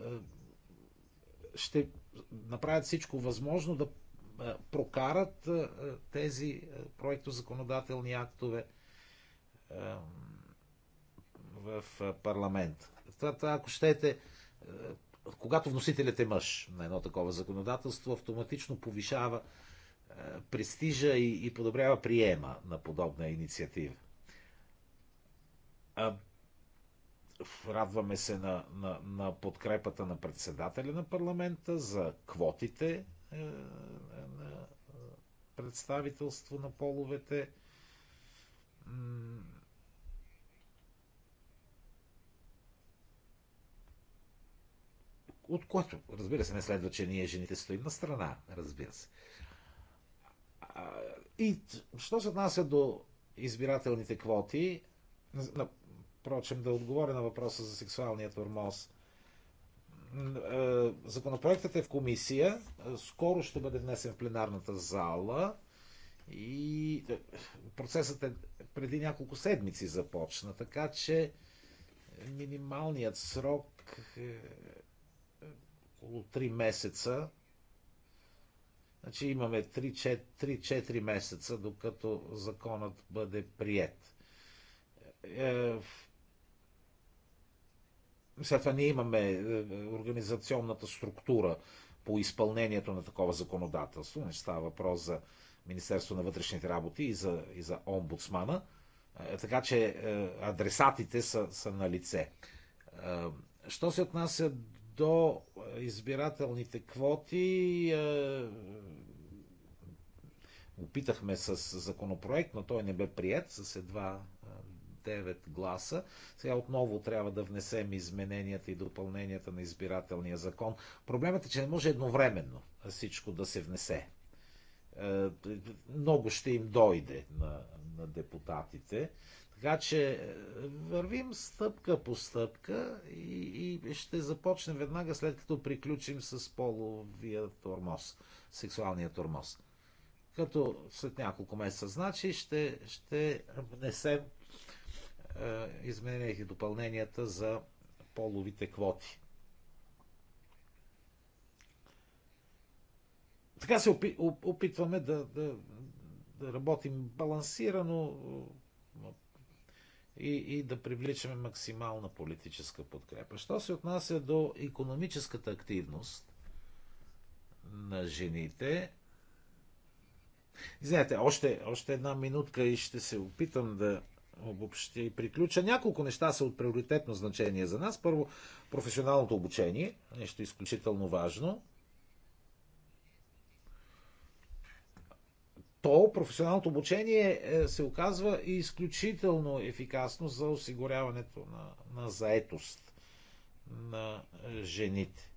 ще направят всичко възможно да е, прокарат е, тези е, проектозаконодателни актове в парламент. Това, ако щете, когато вносителят е мъж на едно такова законодателство, автоматично повишава престижа и, подобрява приема на подобна инициатива. Радваме се на, на, на подкрепата на председателя на парламента за квотите е, е, на представителство на половете. От което, разбира се, не следва, че ние жените стоим на страна, разбира се. И що се отнася до избирателните квоти, впрочем, да отговоря на въпроса за сексуалния тормоз. Е, законопроектът е в комисия, скоро ще бъде внесен в пленарната зала и е, процесът е преди няколко седмици започна, така че минималният срок е, е около 3 месеца. Значи имаме 3-4 месеца, докато законът бъде прият. След това ние имаме е, е, организационната структура по изпълнението на такова законодателство. Не става въпрос за Министерство на вътрешните работи и за, и за омбудсмана. Е, така че адресатите са, са на лице. Що се отнася до избирателните квоти, опитахме с законопроект, но той не бе прият с едва 9 гласа. Сега отново трябва да внесем измененията и допълненията на избирателния закон. Проблемът е, че не може едновременно всичко да се внесе. Е, много ще им дойде на, на депутатите. Така че е, вървим стъпка по стъпка и, и ще започнем веднага след като приключим с половия тормоз, сексуалния тормоз. Като след няколко месеца, значи, ще, ще внесем е, измененията и допълненията за половите квоти. Така се опитваме да, да, да работим балансирано е, и, и да привличаме максимална политическа подкрепа. Що се отнася до економическата активност на жените, знаете, още, още една минутка и ще се опитам да обобщя и приключа. Няколко неща са от приоритетно значение за нас. Първо, професионалното обучение, нещо изключително важно. то професионалното обучение е, се оказва изключително ефикасно за осигуряването на, на заетост на жените.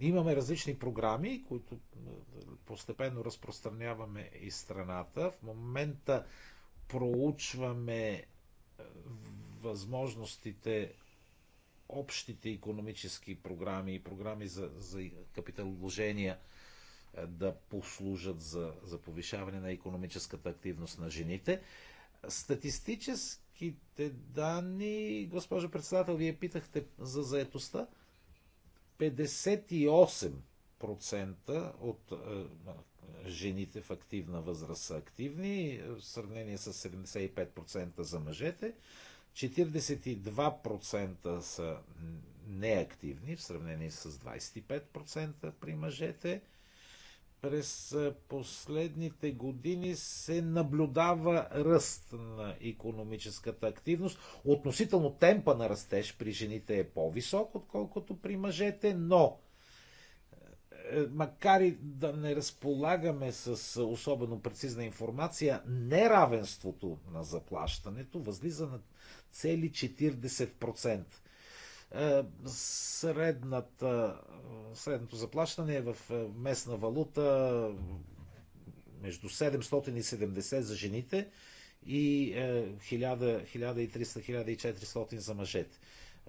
Имаме различни програми, които постепенно разпространяваме и страната. В момента проучваме е, възможностите общите економически програми и програми за, за капиталовложения е, да послужат за, за повишаване на економическата активност на жените. Статистическите данни, госпожо председател, вие питахте за заетостта. 58% от е, жените в активна възраст са активни, в сравнение с 75% за мъжете. 42% са неактивни в сравнение с 25% при мъжете. През последните години се наблюдава ръст на економическата активност. Относително темпа на растеж при жените е по-висок, отколкото при мъжете, но е, макар и да не разполагаме с е, особено прецизна информация, неравенството на заплащането възлиза на цели 40%. Е, средната, средното заплащане е в местна валута между 770 за жените и 1300-1400 за мъжете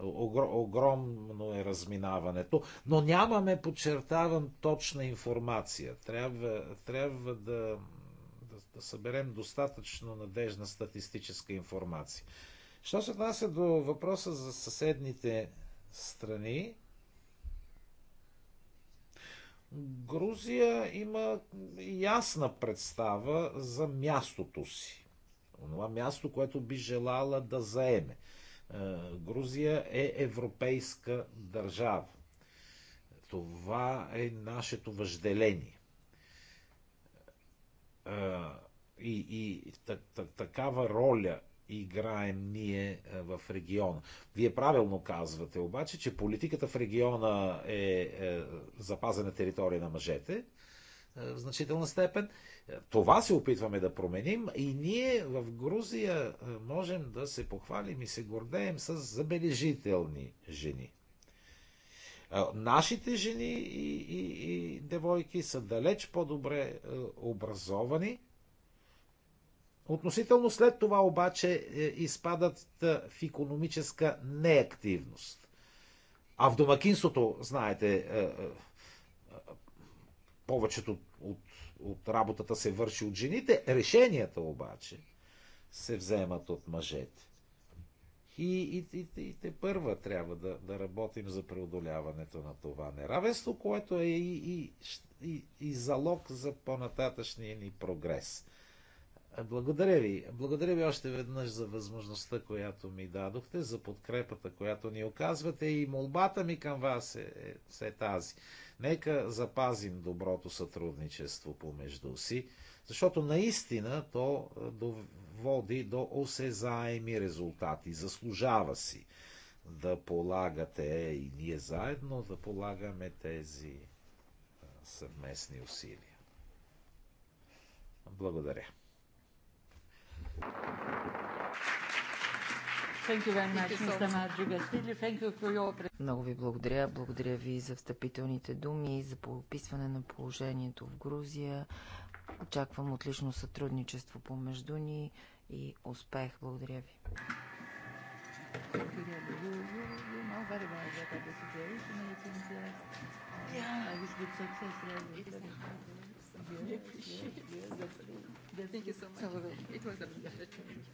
огромно е разминаването, но нямаме, подчертавам, точна информация. Трябва, трябва да, да, да съберем достатъчно надежна статистическа информация. Що се отнася до въпроса за съседните страни, Грузия има ясна представа за мястото си. Онова място, което би желала да заеме. Е, Грузия е европейска държава. Това е нашето въжделение. Е, и, и такава роля играем ние е, в региона. Вие правилно казвате обаче, че политиката в региона е запазена територия на мъжете в значителна степен това се опитваме да променим и ние в Грузия е, можем да се похвалим и се гордеем с забележителни жени. Е, нашите жени и, и, и девойки са далеч по-добре е, образовани. Относително след това обаче изпадат в економическа неактивност. А в домакинството, знаете, повечето от от работата се върши от жените, решенията обаче се вземат от мъжете. И, и, и, и те първа трябва да, да работим за преодоляването на това неравенство, което е и, и, и, и залог за по-нататъчния ни прогрес. Благодаря ви. Благодаря ви още веднъж за възможността, която ми дадохте, за подкрепата, която ни оказвате и молбата ми към вас е, е, е тази. Нека запазим доброто сътрудничество помежду си, защото наистина то е, води до осезаеми резултати. Заслужава си да полагате е, и ние заедно да полагаме тези е, съвместни усилия. Благодаря. Много ви благодаря. Благодаря ви за встъпителните думи, за описване на положението в Грузия. Очаквам отлично сътрудничество помежду ни и успех. Благодаря ви. Thank you so much. It was a pleasure.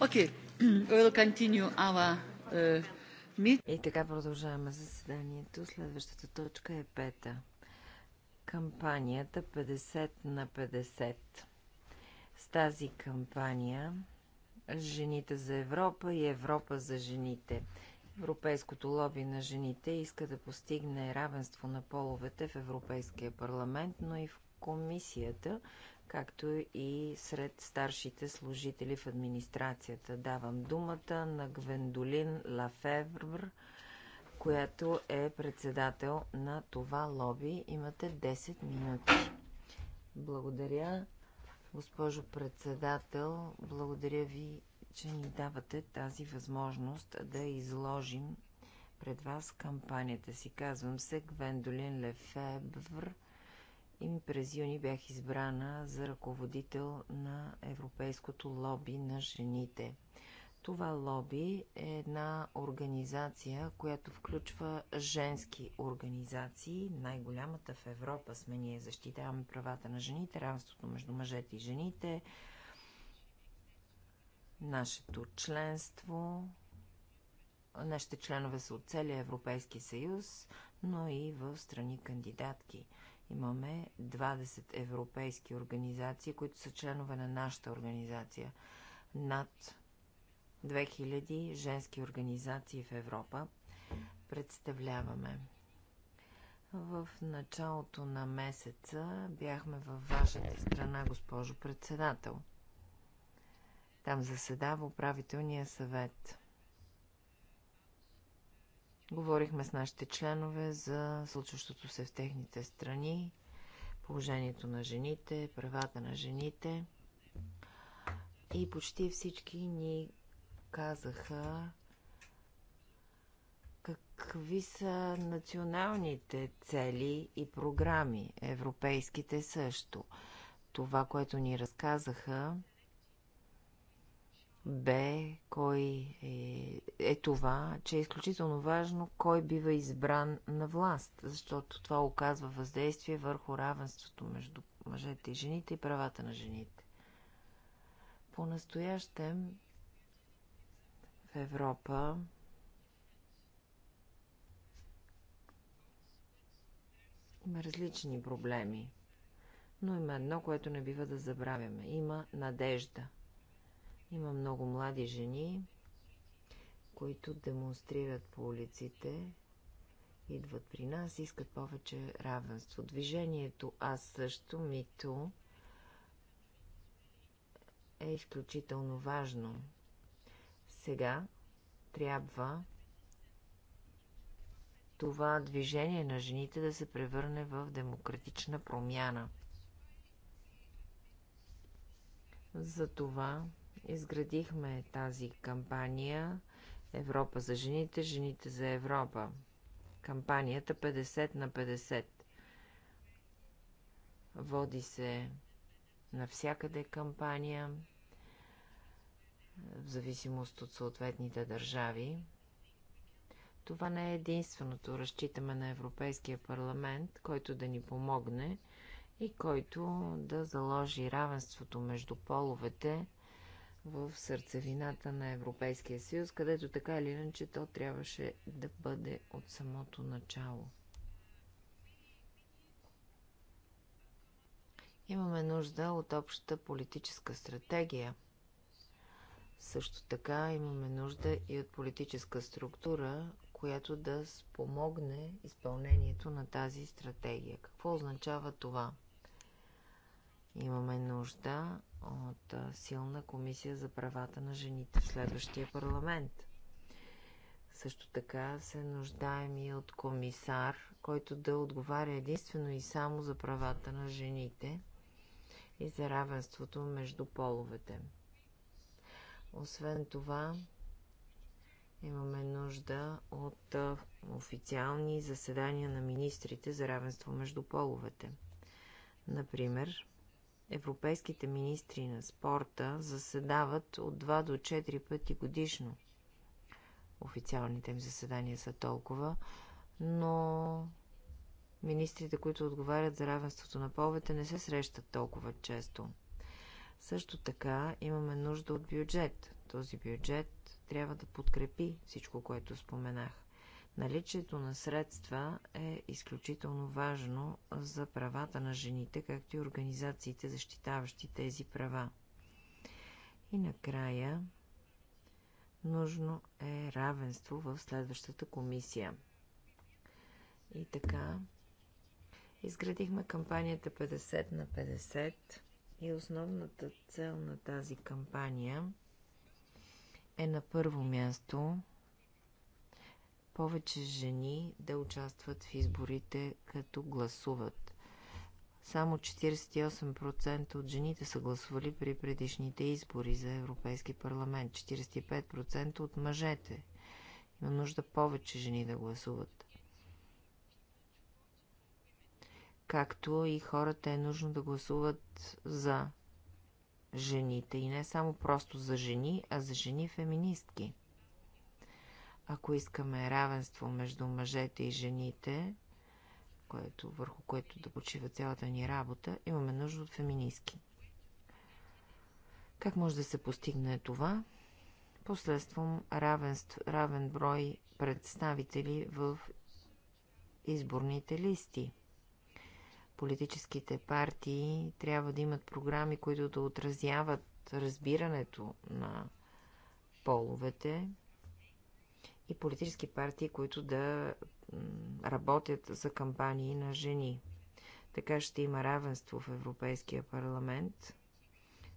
Okay, we'll continue our uh, meet. И така продължаваме заседанието. Следващата точка е пета. Кампанията 50 на 50. С тази кампания Жените за Европа и Европа за жените. Европейското лоби на жените иска да постигне равенство на половете в Европейския парламент, но и в комисията, както и сред старшите служители в администрацията. Давам думата на Гвендолин Лафевр, която е председател на това лоби. Имате 10 минути. Благодаря, госпожо председател. Благодаря ви, че ни давате тази възможност да изложим пред вас кампанията си. Казвам се Гвендолин Лефебвр и през юни бях избрана за ръководител на Европейското лоби на жените. Това лоби е една организация, която включва женски организации, най-голямата в Европа сме ние. Защитаваме правата на жените, равенството между мъжете и жените, нашето членство. Нашите членове са от целия Европейски съюз, но и в страни кандидатки – Имаме 20 европейски организации, които са членове на нашата организация. Над 2000 женски организации в Европа представляваме. В началото на месеца бяхме във вашата страна, госпожо председател. Там заседава управителния съвет. Говорихме с нашите членове за случващото се в техните страни, положението на жените, правата на жените. И почти всички ни казаха какви са националните цели и програми, европейските също. Това, което ни разказаха, Б, кой е, е това, че е изключително важно кой бива избран на власт, защото това оказва въздействие върху равенството между мъжете и жените и правата на жените. По-настоящем в Европа има различни проблеми, но има едно, което не бива да забравяме. Има надежда – има много млади жени, които демонстрират по улиците, идват при нас, искат повече равенство. Движението Аз също, МИТО, е изключително важно. Сега трябва това движение на жените да се превърне в демократична промяна. Затова Изградихме тази кампания Европа за жените, жените за Европа. Кампанията 50 на 50. Води се навсякъде кампания, в зависимост от съответните държави. Това не е единственото. Разчитаме на Европейския парламент, който да ни помогне и който да заложи равенството между половете в сърцевината на Европейския съюз, където така или иначе то трябваше да бъде от самото начало. Имаме нужда от общата политическа стратегия. Също така имаме нужда и от политическа структура, която да спомогне изпълнението на тази стратегия. Какво означава това? Имаме нужда от силна комисия за правата на жените в следващия парламент. Също така се нуждаем и от комисар, който да отговаря единствено и само за правата на жените и за равенството между половете. Освен това, имаме нужда от официални заседания на министрите за равенство между половете. Например, европейските министри на спорта заседават от 2 до 4 пъти годишно. Официалните им заседания са толкова, но министрите, които отговарят за равенството на половете, не се срещат толкова често. Също така имаме нужда от бюджет. Този бюджет трябва да подкрепи всичко, което споменах. Наличието на средства е изключително важно за правата на жените, както и организациите, защитаващи тези права. И накрая, нужно е равенство в следващата комисия. И така, изградихме кампанията 50 на 50 и основната цел на тази кампания е на първо място – повече жени да участват в изборите, като гласуват. Само 48% от жените са гласували при предишните избори за Европейски парламент, 45% от мъжете. Има нужда повече жени да гласуват. Както и хората е нужно да гласуват за жените. И не само просто за жени, а за жени феминистки. Ако искаме равенство между мъжете и жените, което, върху което да почива цялата ни работа, имаме нужда от феминистки. Как може да се постигне това? Последствам равенств, равен брой представители в изборните листи. Политическите партии трябва да имат програми, които да отразяват разбирането на половете и политически партии, които да работят за кампании на жени. Така ще има равенство в Европейския парламент,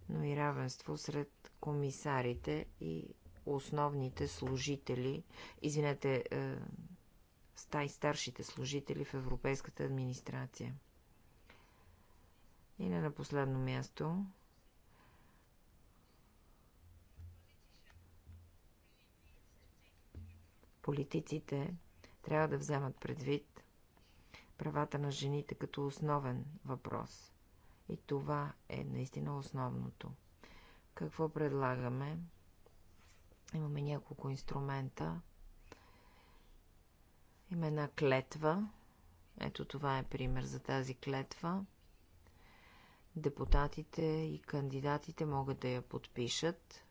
но и равенство сред комисарите и основните служители, извинете, е, стай старшите служители в Европейската администрация. И не на последно място, Политиците трябва да вземат предвид правата на жените като основен въпрос. И това е наистина основното. Какво предлагаме? Имаме няколко инструмента. Има една клетва. Ето това е пример за тази клетва. Депутатите и кандидатите могат да я подпишат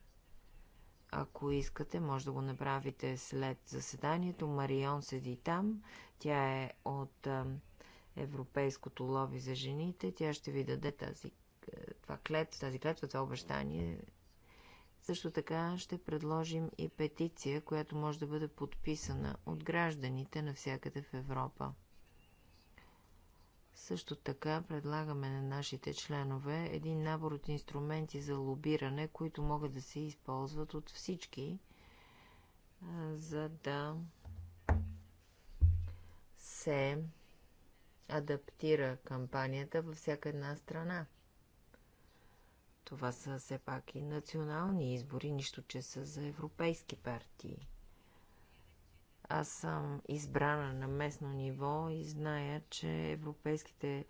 ако искате, може да го направите след заседанието. Марион седи там. Тя е от Европейското лови за жените. Тя ще ви даде тази, е, това клет, тази клетва, това обещание. Също така ще предложим и петиция, която може да бъде подписана от гражданите навсякъде в Европа. Също така предлагаме на нашите членове един набор от инструменти за лобиране, които могат да се използват от всички, за да се адаптира кампанията във всяка една страна. Това са все пак и национални избори, нищо, че са за европейски партии. Аз съм избрана на местно ниво и зная, че европейските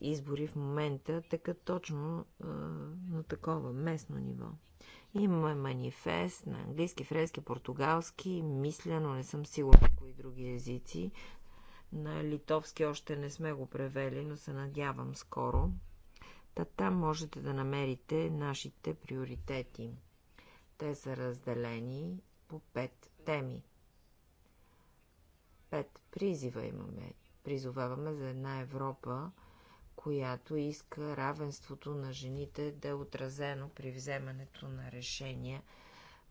избори в момента така точно а, на такова местно ниво. Имаме манифест на английски, френски, португалски, мисля, но не съм сигурна кои други езици. На литовски още не сме го превели, но се надявам скоро. Та там можете да намерите нашите приоритети. Те са разделени по пет теми. Пет. Призива имаме. Призоваваме за една Европа, която иска равенството на жените да е отразено при вземането на решения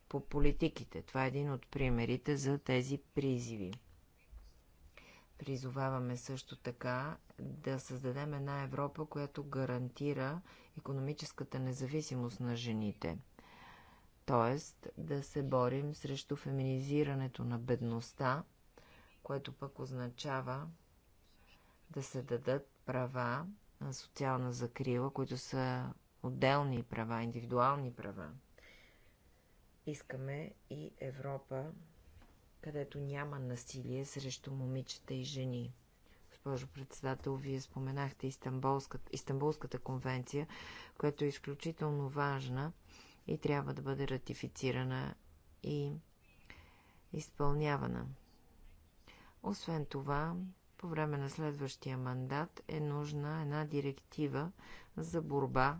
по политиките. Това е един от примерите за тези призиви. Призоваваме също така да създадем една Европа, която гарантира економическата независимост на жените. Тоест да се борим срещу феминизирането на бедността което пък означава да се дадат права на социална закрила, които са отделни права, индивидуални права. Искаме и Европа, където няма насилие срещу момичета и жени. Госпожо председател, вие споменахте Истанбулската, Истанбулската конвенция, която е изключително важна и трябва да бъде ратифицирана и изпълнявана. Освен това, по време на следващия мандат е нужна една директива за борба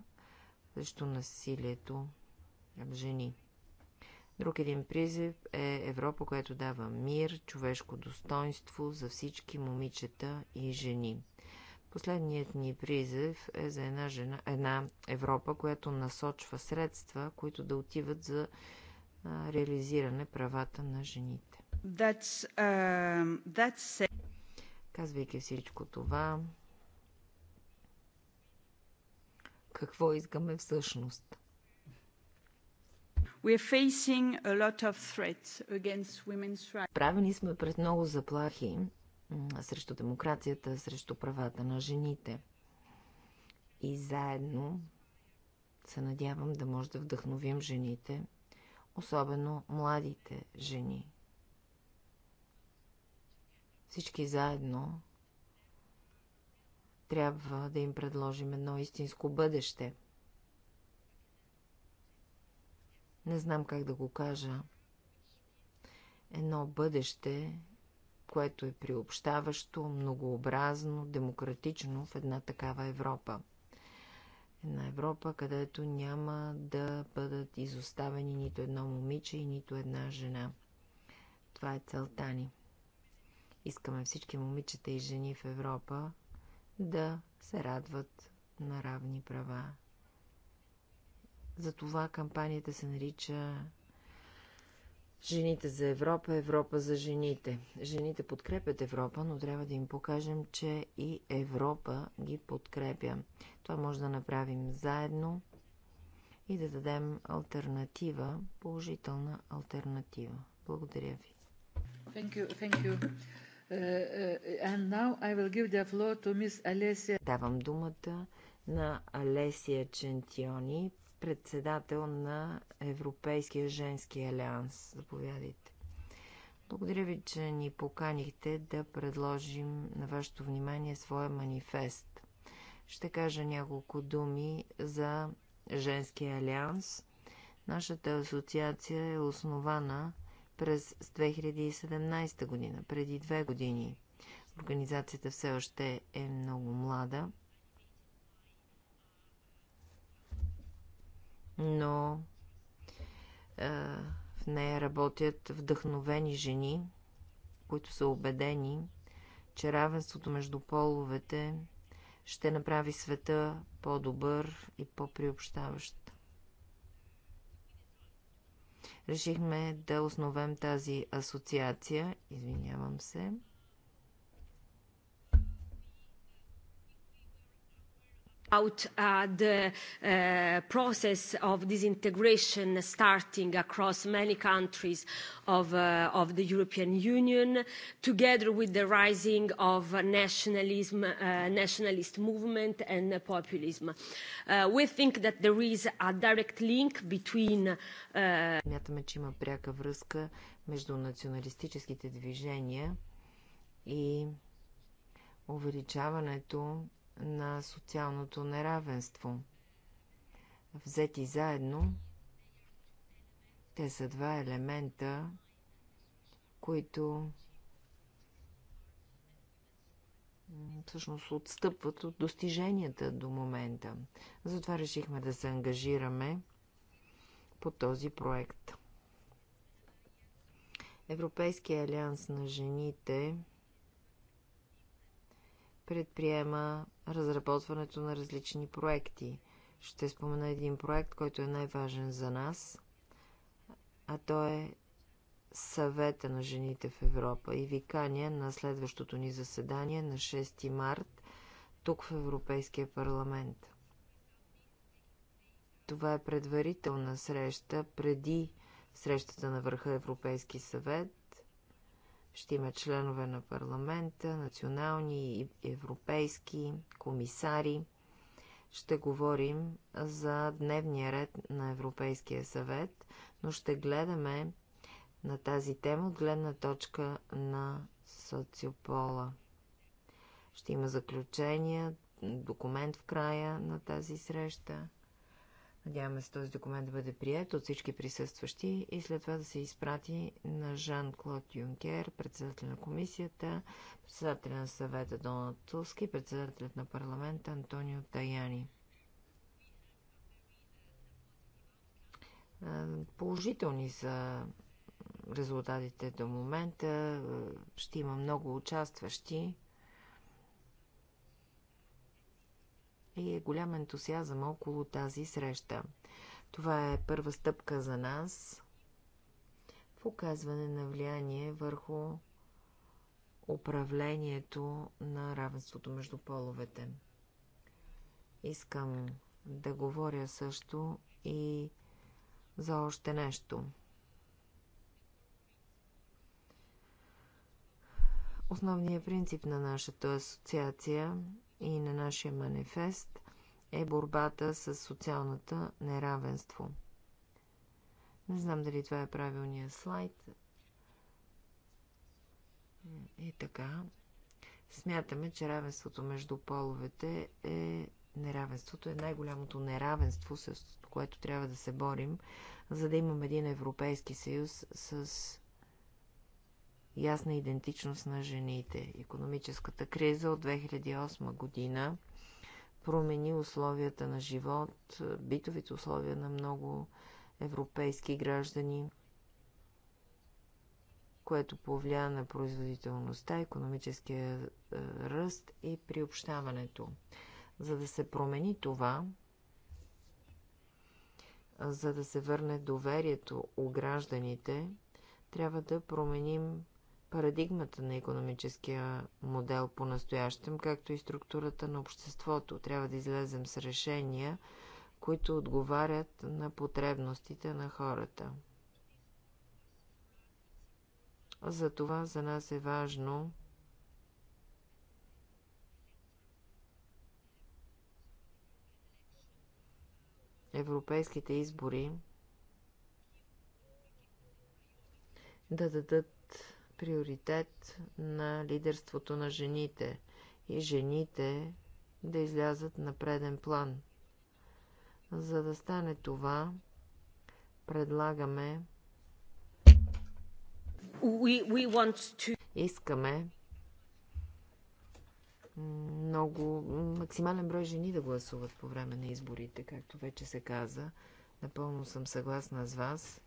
срещу насилието в жени. Друг един призив е Европа, която дава мир, човешко достоинство за всички момичета и жени. Последният ни призив е за една, жена, една Европа, която насочва средства, които да отиват за реализиране правата на жените. Um, Казвайки всичко това, какво искаме всъщност? Правени сме пред много заплахи срещу демокрацията, срещу правата на жените. И заедно се надявам да може да вдъхновим жените, особено младите жени, всички заедно трябва да им предложим едно истинско бъдеще. Не знам как да го кажа. Едно бъдеще, което е приобщаващо, многообразно, демократично в една такава Европа. Една Европа, където няма да бъдат изоставени нито едно момиче и нито една жена. Това е целта ни. Искаме всички момичета и жени в Европа да се радват на равни права. Затова кампанията се нарича Жените за Европа, Европа за жените. Жените подкрепят Европа, но трябва да им покажем, че и Европа ги подкрепя. Това може да направим заедно и да дадем альтернатива, положителна альтернатива. Благодаря ви. Thank you, thank you. Е, е, Давам думата на Алесия Чентиони, председател на Европейския женски алианс. Заповядайте. Благодаря ви, че ни поканихте да предложим на вашето внимание своя манифест. Ще кажа няколко думи за Женския алианс. Нашата асоциация е основана през 2017 година, преди две години. Организацията все още е много млада, но е, в нея работят вдъхновени жени, които са убедени, че равенството между половете ще направи света по-добър и по-приобщаващ решихме да основем тази асоциация, извинявам се, about uh, the uh, process of disintegration starting across many countries of, uh, of the European Union, together with the rising of nationalism, uh, nationalist movement and uh, populism. Uh, we think that there is a direct link between... Uh... Мятаме, че има пряка връзка между националистическите движения и увеличаването на социалното неравенство. Взети заедно, те са два елемента, които всъщност отстъпват от достиженията до момента. Затова решихме да се ангажираме по този проект. Европейския алианс на жените – предприема разработването на различни проекти. Ще спомена един проект, който е най-важен за нас, а то е съвета на жените в Европа и викания на следващото ни заседание на 6 март тук в Европейския парламент. Това е предварителна среща преди срещата на върха Европейски съвет ще има членове на парламента, национални и европейски, комисари. Ще говорим за дневния ред на Европейския съвет, но ще гледаме на тази тема от гледна точка на социопола. Ще има заключения, документ в края на тази среща. Надяваме се този документ да бъде прият от всички присъстващи и след това да се изпрати на Жан-Клод Юнкер, председател на комисията, председателя на съвета Доналд Туск и председателят на парламента Антонио Таяни. Положителни са резултатите до момента. Ще има много участващи. и е голям ентусиазъм около тази среща. Това е първа стъпка за нас в оказване на влияние върху управлението на равенството между половете. Искам да говоря също и за още нещо. Основният принцип на нашата асоциация и на нашия манифест е борбата с социалната неравенство. Не знам дали това е правилния слайд. И така. Смятаме, че равенството между половете е неравенството е най-голямото неравенство, с което трябва да се борим, за да имаме един Европейски съюз с ясна идентичност на жените. Економическата криза от 2008 година промени условията на живот, битовите условия на много европейски граждани, което повлия на производителността, економическия е, ръст и приобщаването. За да се промени това, за да се върне доверието у гражданите, трябва да променим парадигмата на економическия модел по-настоящем, както и структурата на обществото. Трябва да излезем с решения, които отговарят на потребностите на хората. За това за нас е важно европейските избори да дадат приоритет на лидерството на жените и жените да излязат на преден план. За да стане това, предлагаме we, we want to... искаме много, максимален брой жени да гласуват по време на изборите, както вече се каза. Напълно съм съгласна с вас.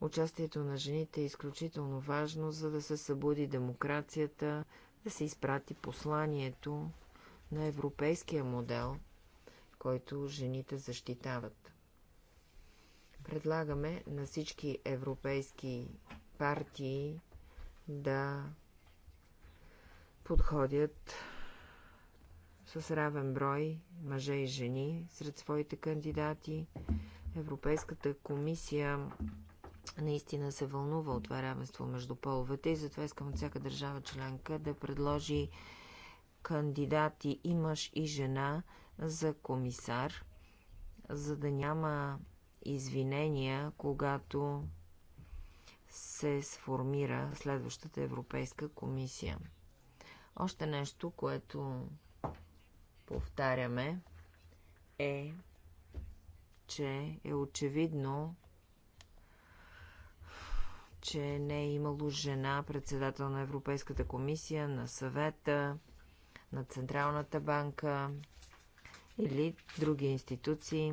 Участието на жените е изключително важно, за да се събуди демокрацията, да се изпрати посланието на европейския модел, който жените защитават. Предлагаме на всички европейски партии да подходят с равен брой мъже и жени сред своите кандидати. Европейската комисия наистина се вълнува от това равенство между половете и затова искам от всяка държава членка да предложи кандидати и мъж и жена за комисар, за да няма извинения, когато се сформира следващата Европейска комисия. Още нещо, което повтаряме е, че е очевидно, че не е имало жена председател на Европейската комисия, на съвета, на Централната банка или други институции,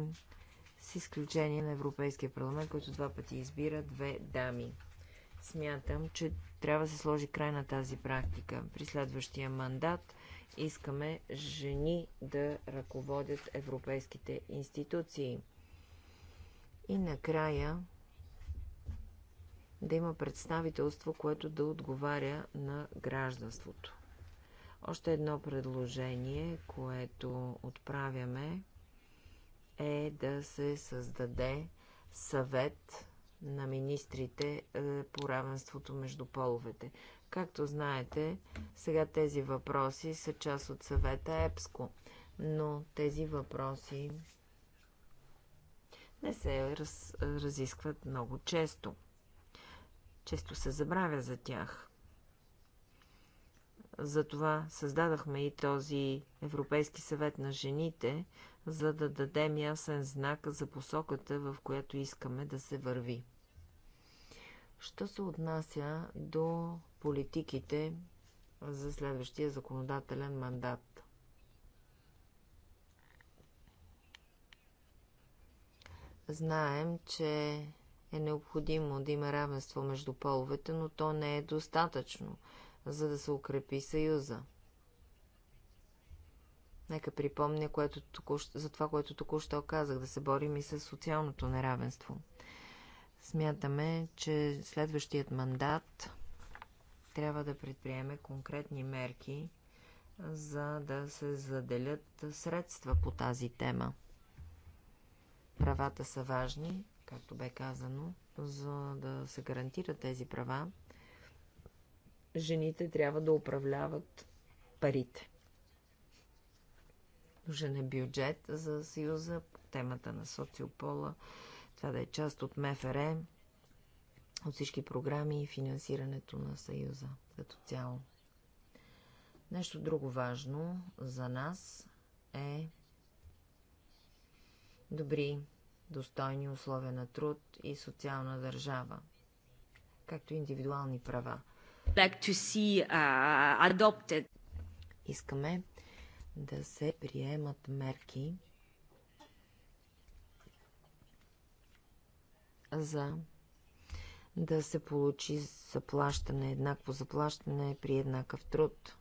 с изключение на Европейския парламент, който два пъти избира две дами. Смятам, че трябва да се сложи край на тази практика. При следващия мандат искаме жени да ръководят европейските институции. И накрая да има представителство, което да отговаря на гражданството. Още едно предложение, което отправяме, е да се създаде съвет на министрите е, по равенството между половете. Както знаете, сега тези въпроси са част от съвета ЕПСКО, но тези въпроси не се раз, разискват много често. Често се забравя за тях. Затова създадахме и този Европейски съвет на жените, за да дадем ясен знак за посоката, в която искаме да се върви. Що се отнася до политиките за следващия законодателен мандат? Знаем, че е необходимо да има равенство между половете, но то не е достатъчно, за да се укрепи съюза. Нека припомня което току-що, за това, което току-що казах, да се борим и с социалното неравенство. Смятаме, че следващият мандат трябва да предприеме конкретни мерки, за да се заделят средства по тази тема. Правата са важни, както бе казано, за да се гарантират тези права, жените трябва да управляват парите. Нужен е бюджет за Съюза, темата на социопола, това да е част от МФР, от всички програми и финансирането на Съюза като цяло. Нещо друго важно за нас е добри достойни условия на труд и социална държава, както индивидуални права. to see, uh, adopted. Искаме да се приемат мерки за да се получи заплащане, еднакво заплащане при еднакъв труд –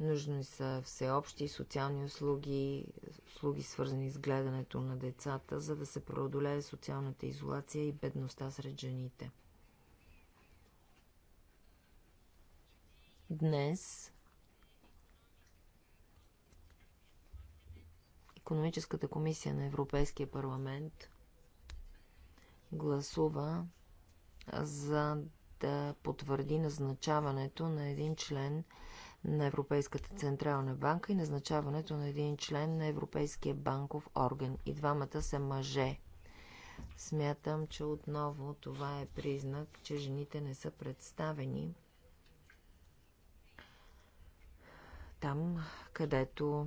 Нужни са всеобщи социални услуги, услуги свързани с гледането на децата, за да се преодолее социалната изолация и бедността сред жените. Днес Економическата комисия на Европейския парламент гласува за да потвърди назначаването на един член – на Европейската Централна банка и назначаването на един член на Европейския банков орган. И двамата са мъже. Смятам, че отново това е признак, че жените не са представени там, където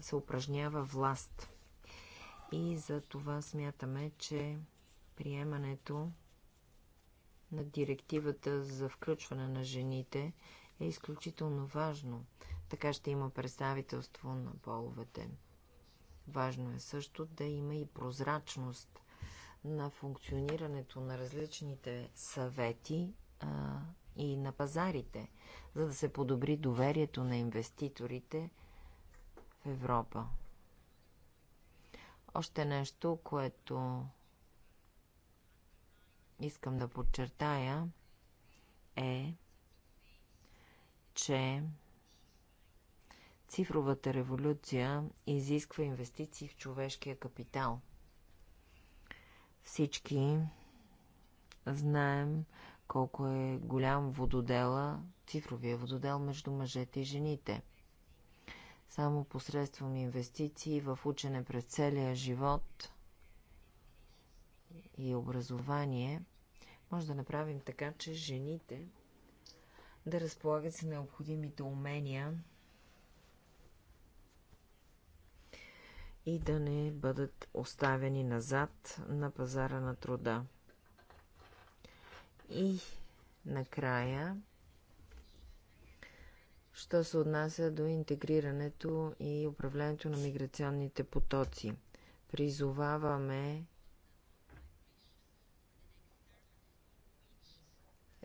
се упражнява власт. И за това смятаме, че приемането на директивата за включване на жените – е изключително важно. Така ще има представителство на половете. Важно е също да има и прозрачност на функционирането на различните съвети а, и на пазарите, за да се подобри доверието на инвеститорите в Европа. Още нещо, което искам да подчертая е, че цифровата революция изисква инвестиции в човешкия капитал. Всички знаем колко е голям вододела, цифровия вододел между мъжете и жените. Само посредством инвестиции в учене през целия живот и образование може да направим така, че жените – да разполагат с необходимите умения и да не бъдат оставени назад на пазара на труда. И накрая, що се отнася до интегрирането и управлението на миграционните потоци. Призоваваме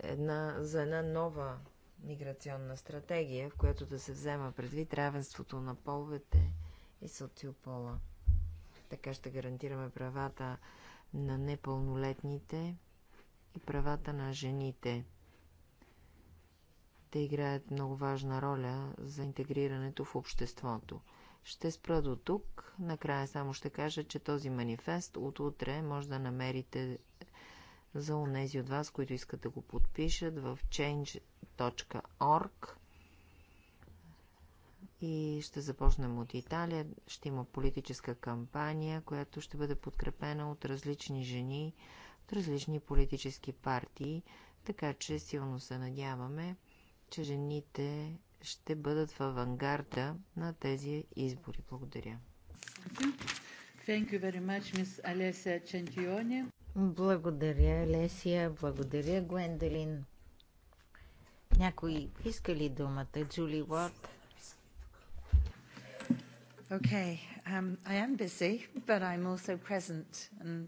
една, за една нова миграционна стратегия, в която да се взема предвид равенството на половете и социопола. Така ще гарантираме правата на непълнолетните и правата на жените. Те играят много важна роля за интегрирането в обществото. Ще спра до тук. Накрая само ще кажа, че този манифест от утре може да намерите за онези от вас, които искат да го подпишат в change.org и ще започнем от Италия. Ще има политическа кампания, която ще бъде подкрепена от различни жени, от различни политически партии, така че силно се надяваме, че жените ще бъдат в авангарда на тези избори. Благодаря. Thank you very much, Miss Alessia Centione. Благодаря, Лесия. Благодаря, Гвендолин. Някой иска ли думата? Джули Уорд? Okay, um, I am busy, but I'm also present. And...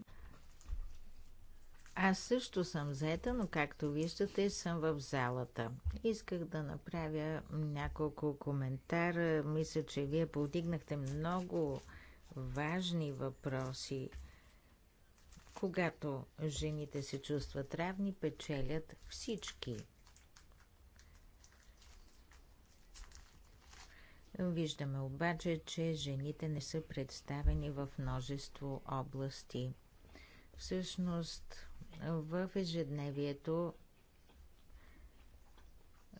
Аз също съм заета, но както виждате съм в залата. Исках да направя няколко коментара. Мисля, че вие повдигнахте много важни въпроси – когато жените се чувстват равни, печелят всички. Виждаме обаче, че жените не са представени в множество области. Всъщност, в ежедневието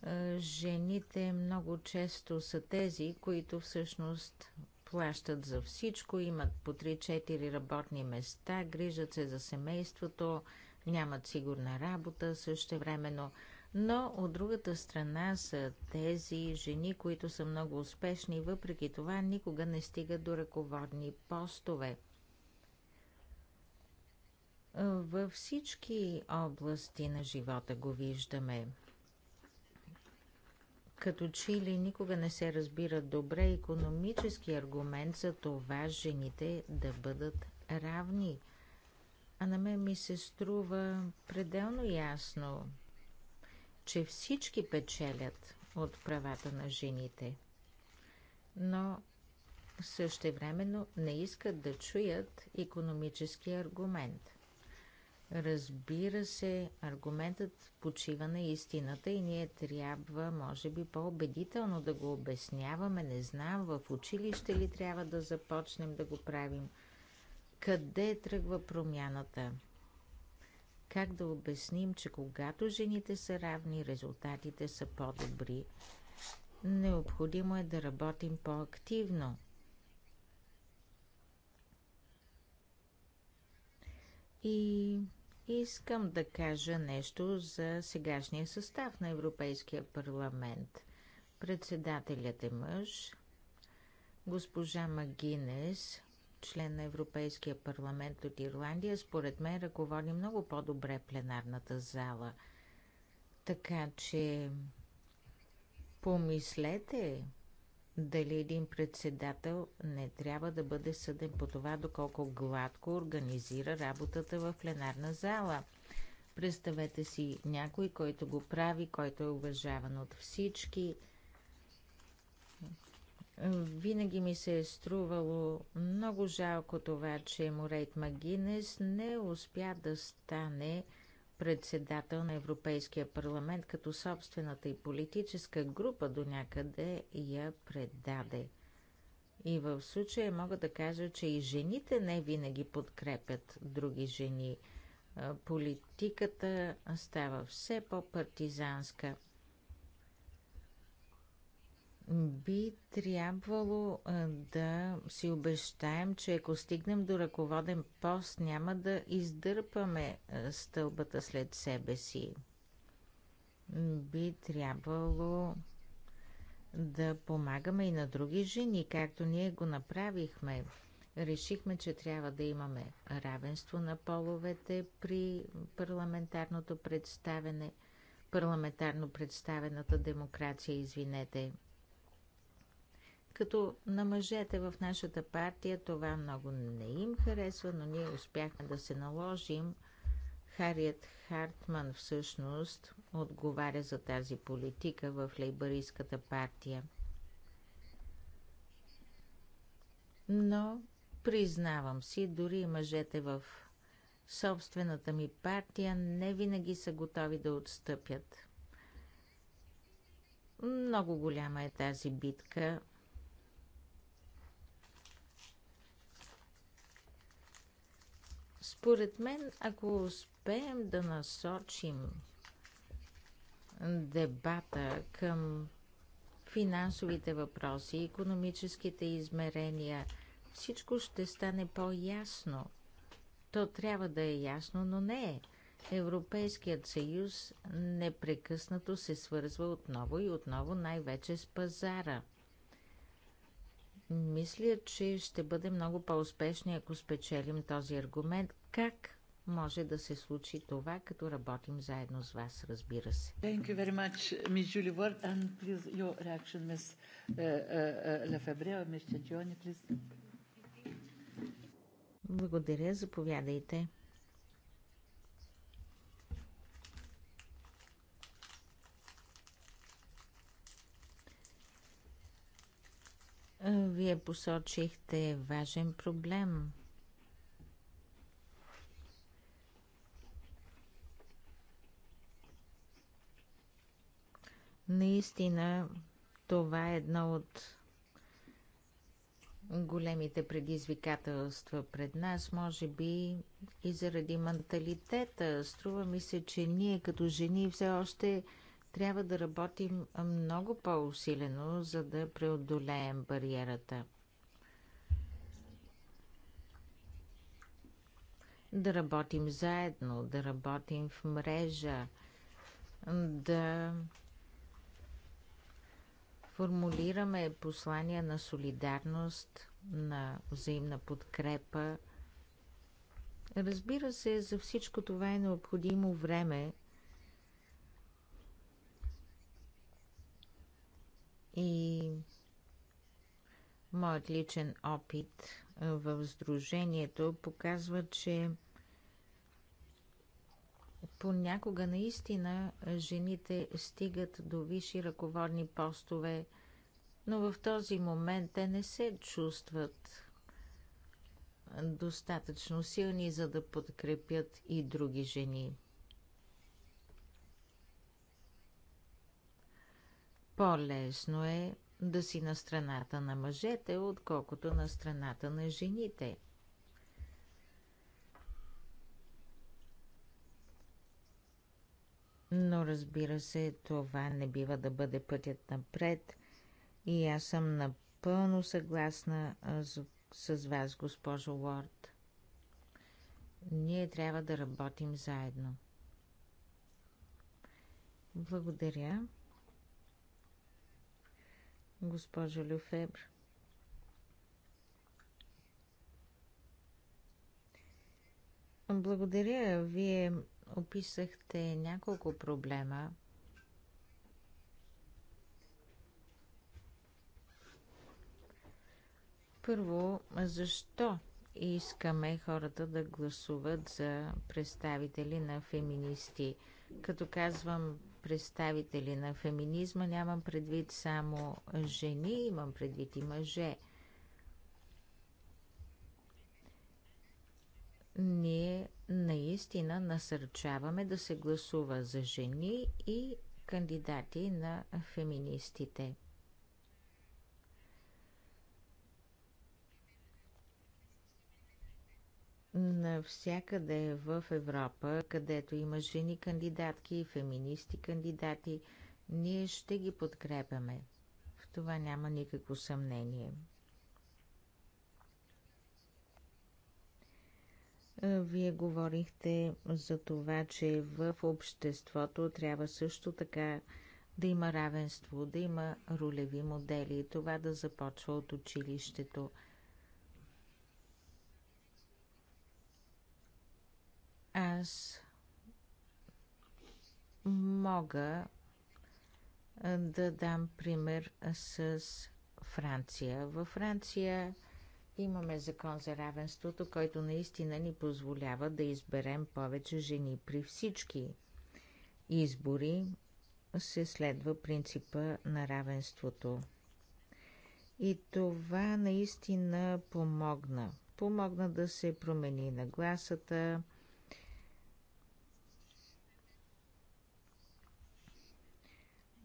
е, жените много често са тези, които всъщност плащат за всичко, имат по 3-4 работни места, грижат се за семейството, нямат сигурна работа също времено. Но от другата страна са тези жени, които са много успешни и въпреки това никога не стигат до ръководни постове. Във всички области на живота го виждаме като че ли никога не се разбира добре економически аргумент за това жените да бъдат равни. А на мен ми се струва пределно ясно, че всички печелят от правата на жените. Но същевременно не искат да чуят економически аргумент – Разбира се, аргументът почива на истината и ние трябва, може би, по-убедително да го обясняваме. Не знам, в училище ли трябва да започнем да го правим. Къде тръгва промяната? Как да обясним, че когато жените са равни, резултатите са по-добри? Необходимо е да работим по-активно. И Искам да кажа нещо за сегашния състав на Европейския парламент. Председателят е мъж, госпожа Магинес, член на Европейския парламент от Ирландия, според мен ръководи много по-добре пленарната зала. Така че помислете дали един председател не трябва да бъде съден по това, доколко гладко организира работата в пленарна зала. Представете си някой, който го прави, който е уважаван от всички. Винаги ми се е струвало много жалко това, че Морейт Магинес не успя да стане председател на Европейския парламент, като собствената и политическа група до някъде я предаде. И в случая мога да кажа, че и жените не винаги подкрепят други жени. Политиката става все по-партизанска – би трябвало да си обещаем, че ако стигнем до ръководен пост, няма да издърпаме стълбата след себе си. Би трябвало да помагаме и на други жени, както ние го направихме. Решихме, че трябва да имаме равенство на половете при парламентарното представене, парламентарно представената демокрация, извинете – като на мъжете в нашата партия това много не им харесва, но ние успяхме да се наложим. Хариет Хартман всъщност отговаря за тази политика в лейбаристската партия. Но, признавам си, дори мъжете в собствената ми партия не винаги са готови да отстъпят. Много голяма е тази битка Според мен, ако успеем да насочим дебата към финансовите въпроси, економическите измерения, всичко ще стане по-ясно. То трябва да е ясно, но не е. Европейският съюз непрекъснато се свързва отново и отново най-вече с пазара. Мисля, че ще бъде много по-успешни, ако спечелим този аргумент, как може да се случи това, като работим заедно с вас, разбира се. Thank you very much, Miss Julie Ward, and please your reaction, Miss uh, uh, Lefebvre, please. Благодаря, заповядайте. Вие посочихте важен проблем – Наистина, това е едно от големите предизвикателства пред нас, може би и заради менталитета. Струва ми се, че ние като жени все още трябва да работим много по-усилено, за да преодолеем бариерата. Да работим заедно, да работим в мрежа, да формулираме послания на солидарност, на взаимна подкрепа. Разбира се, за всичко това е необходимо време. И моят личен опит в Сдружението показва, че понякога наистина жените стигат до висши ръководни постове, но в този момент те не се чувстват достатъчно силни, за да подкрепят и други жени. По-лесно е да си на страната на мъжете, отколкото на страната на жените – но разбира се, това не бива да бъде пътят напред и аз съм напълно съгласна с, с вас, госпожо Лорд. Ние трябва да работим заедно. Благодаря, госпожо Люфебр. Благодаря. Вие описахте няколко проблема, Първо, защо искаме хората да гласуват за представители на феминисти? Като казвам представители на феминизма, нямам предвид само жени, имам предвид и мъже. Ние наистина насърчаваме да се гласува за жени и кандидати на феминистите. Навсякъде в Европа, където има жени кандидатки и феминисти кандидати, ние ще ги подкрепяме. В това няма никакво съмнение. Е, вие говорихте за това, че в обществото трябва също така да има равенство, да има ролеви модели и това да започва от училището. Аз мога е, да дам пример с Франция. Във Франция Имаме закон за равенството, който наистина ни позволява да изберем повече жени. При всички избори се следва принципа на равенството. И това наистина помогна. Помогна да се промени нагласата.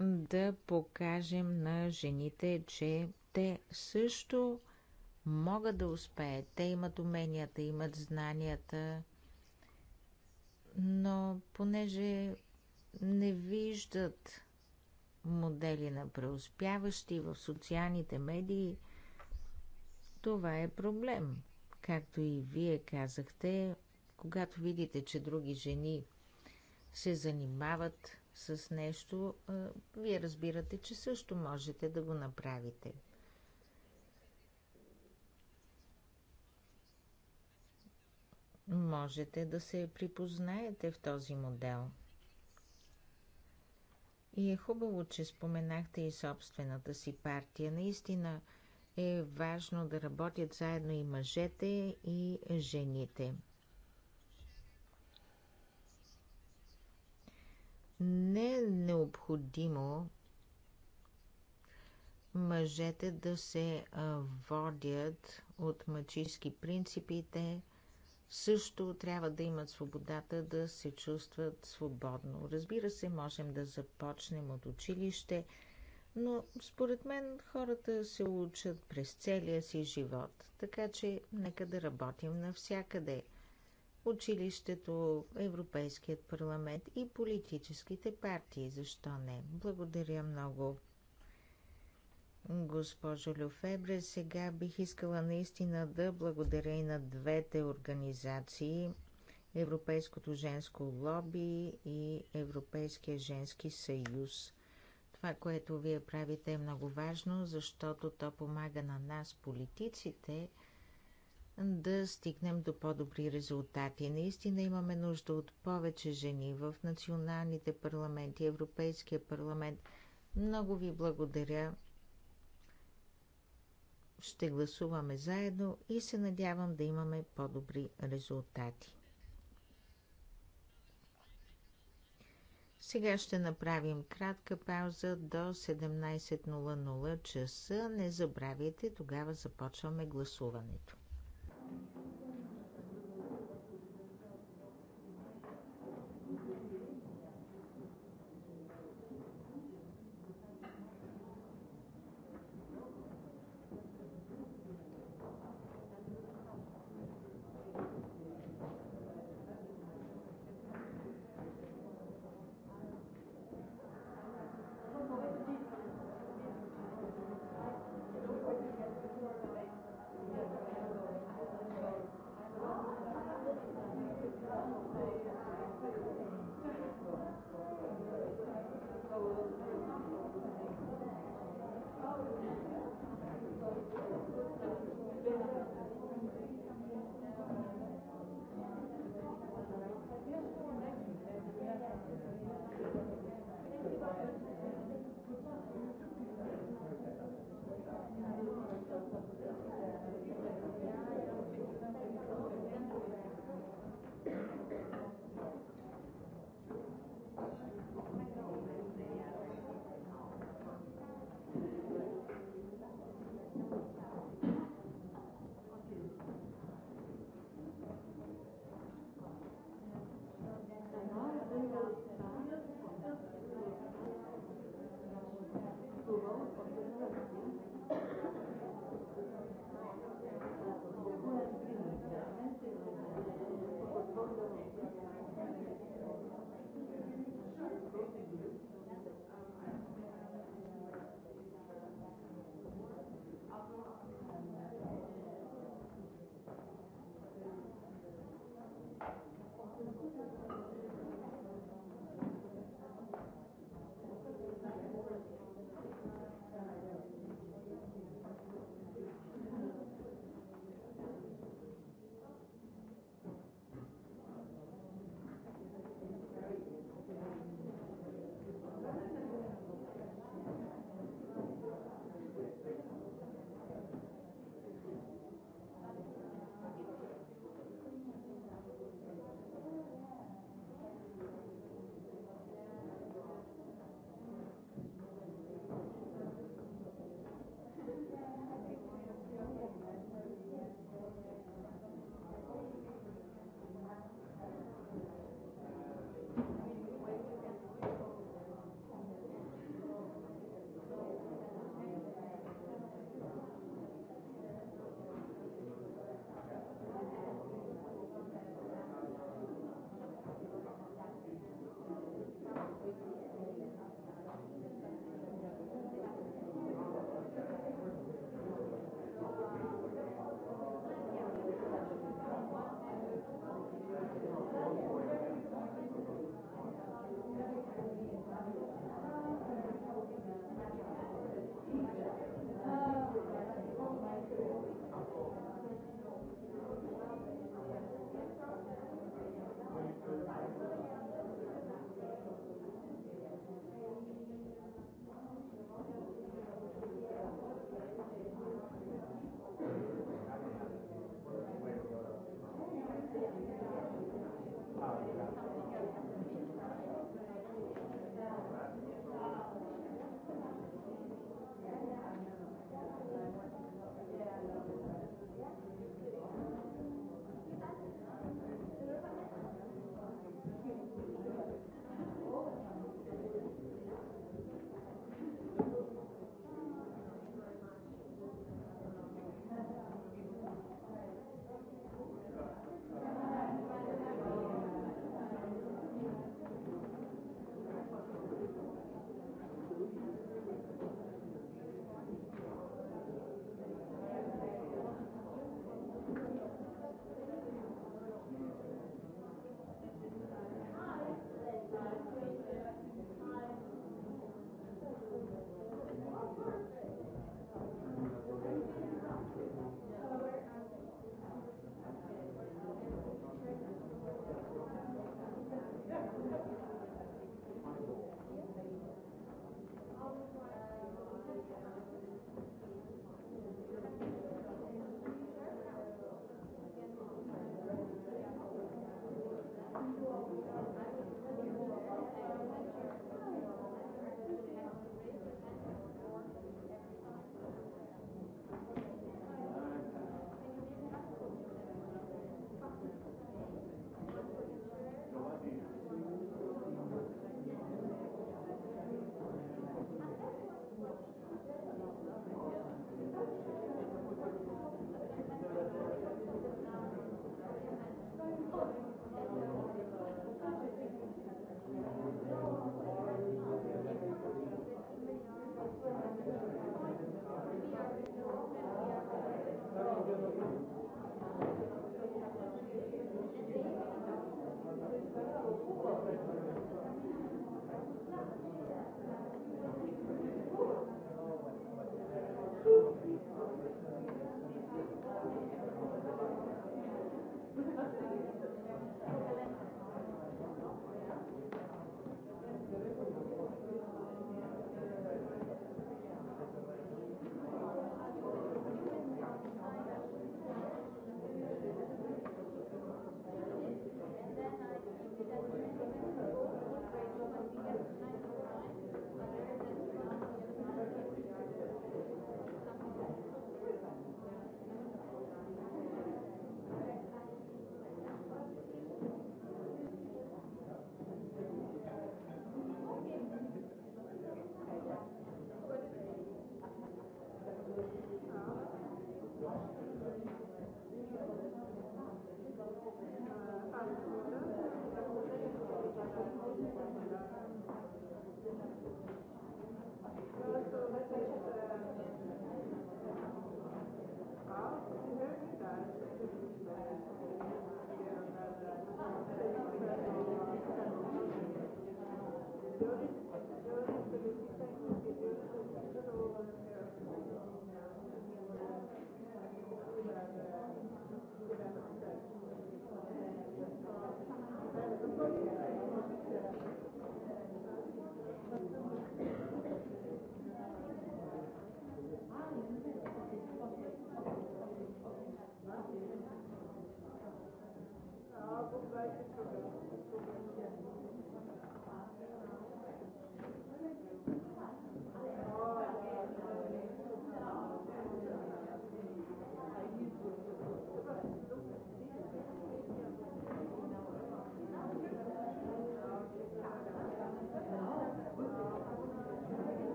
Да покажем на жените, че те също могат да успеят. Те имат уменията, имат знанията, но понеже не виждат модели на преуспяващи в социалните медии, това е проблем. Както и вие казахте, когато видите, че други жени се занимават с нещо, вие разбирате, че също можете да го направите. можете да се припознаете в този модел. И е хубаво, че споменахте и собствената си партия. Наистина е важно да работят заедно и мъжете, и жените. Не е необходимо мъжете да се водят от мъчиски принципите – също трябва да имат свободата да се чувстват свободно. Разбира се, можем да започнем от училище, но според мен хората се учат през целия си живот, така че нека да работим навсякъде. Училището, Европейският парламент и политическите партии, защо не? Благодаря много госпожо Люфебре. Сега бих искала наистина да благодаря и на двете организации Европейското женско лоби и Европейския женски съюз. Това, което вие правите е много важно, защото то помага на нас, политиците, да стигнем до по-добри резултати. Наистина имаме нужда от повече жени в националните парламенти, Европейския парламент. Много ви благодаря ще гласуваме заедно и се надявам да имаме по-добри резултати. Сега ще направим кратка пауза до 17.00 часа. Не забравяйте, тогава започваме гласуването.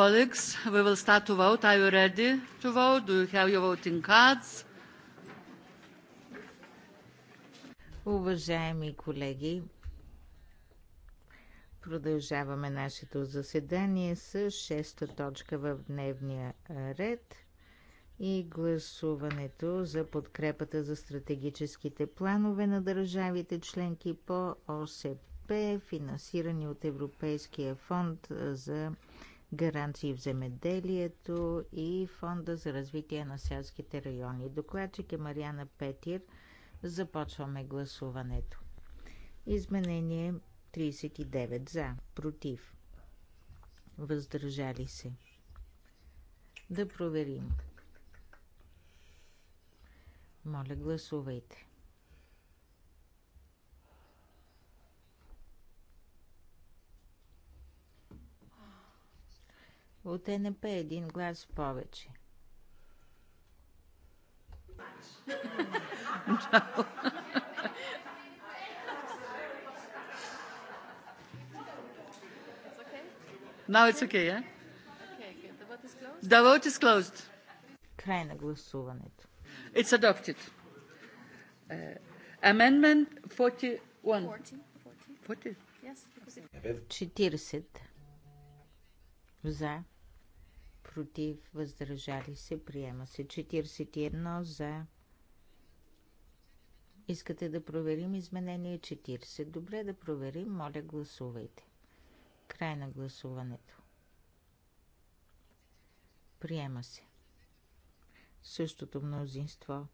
Colleagues, we will start to vote. Are you ready to vote? Do you have your voting cards? Уважаеми колеги, продължаваме нашето заседание с шеста точка в дневния ред и гласуването за подкрепата за стратегическите планове на държавите членки по ОСП, финансирани от Европейския фонд за гаранции в земеделието и Фонда за развитие на селските райони. Докладчик е Мариана Петир. Започваме гласуването. Изменение 39 за, против, въздържали се. Да проверим. Моля, гласувайте. От НП един глас повече. Now it's okay, yeah? The vote is closed. Край на гласуването. It's adopted. Uh, amendment 41. 40. 40. 40. Yes. 40. За против, въздържали се, приема се. 41 за. Искате да проверим изменение 40. Добре да проверим, моля гласувайте. Край на гласуването. Приема се. Същото мнозинство.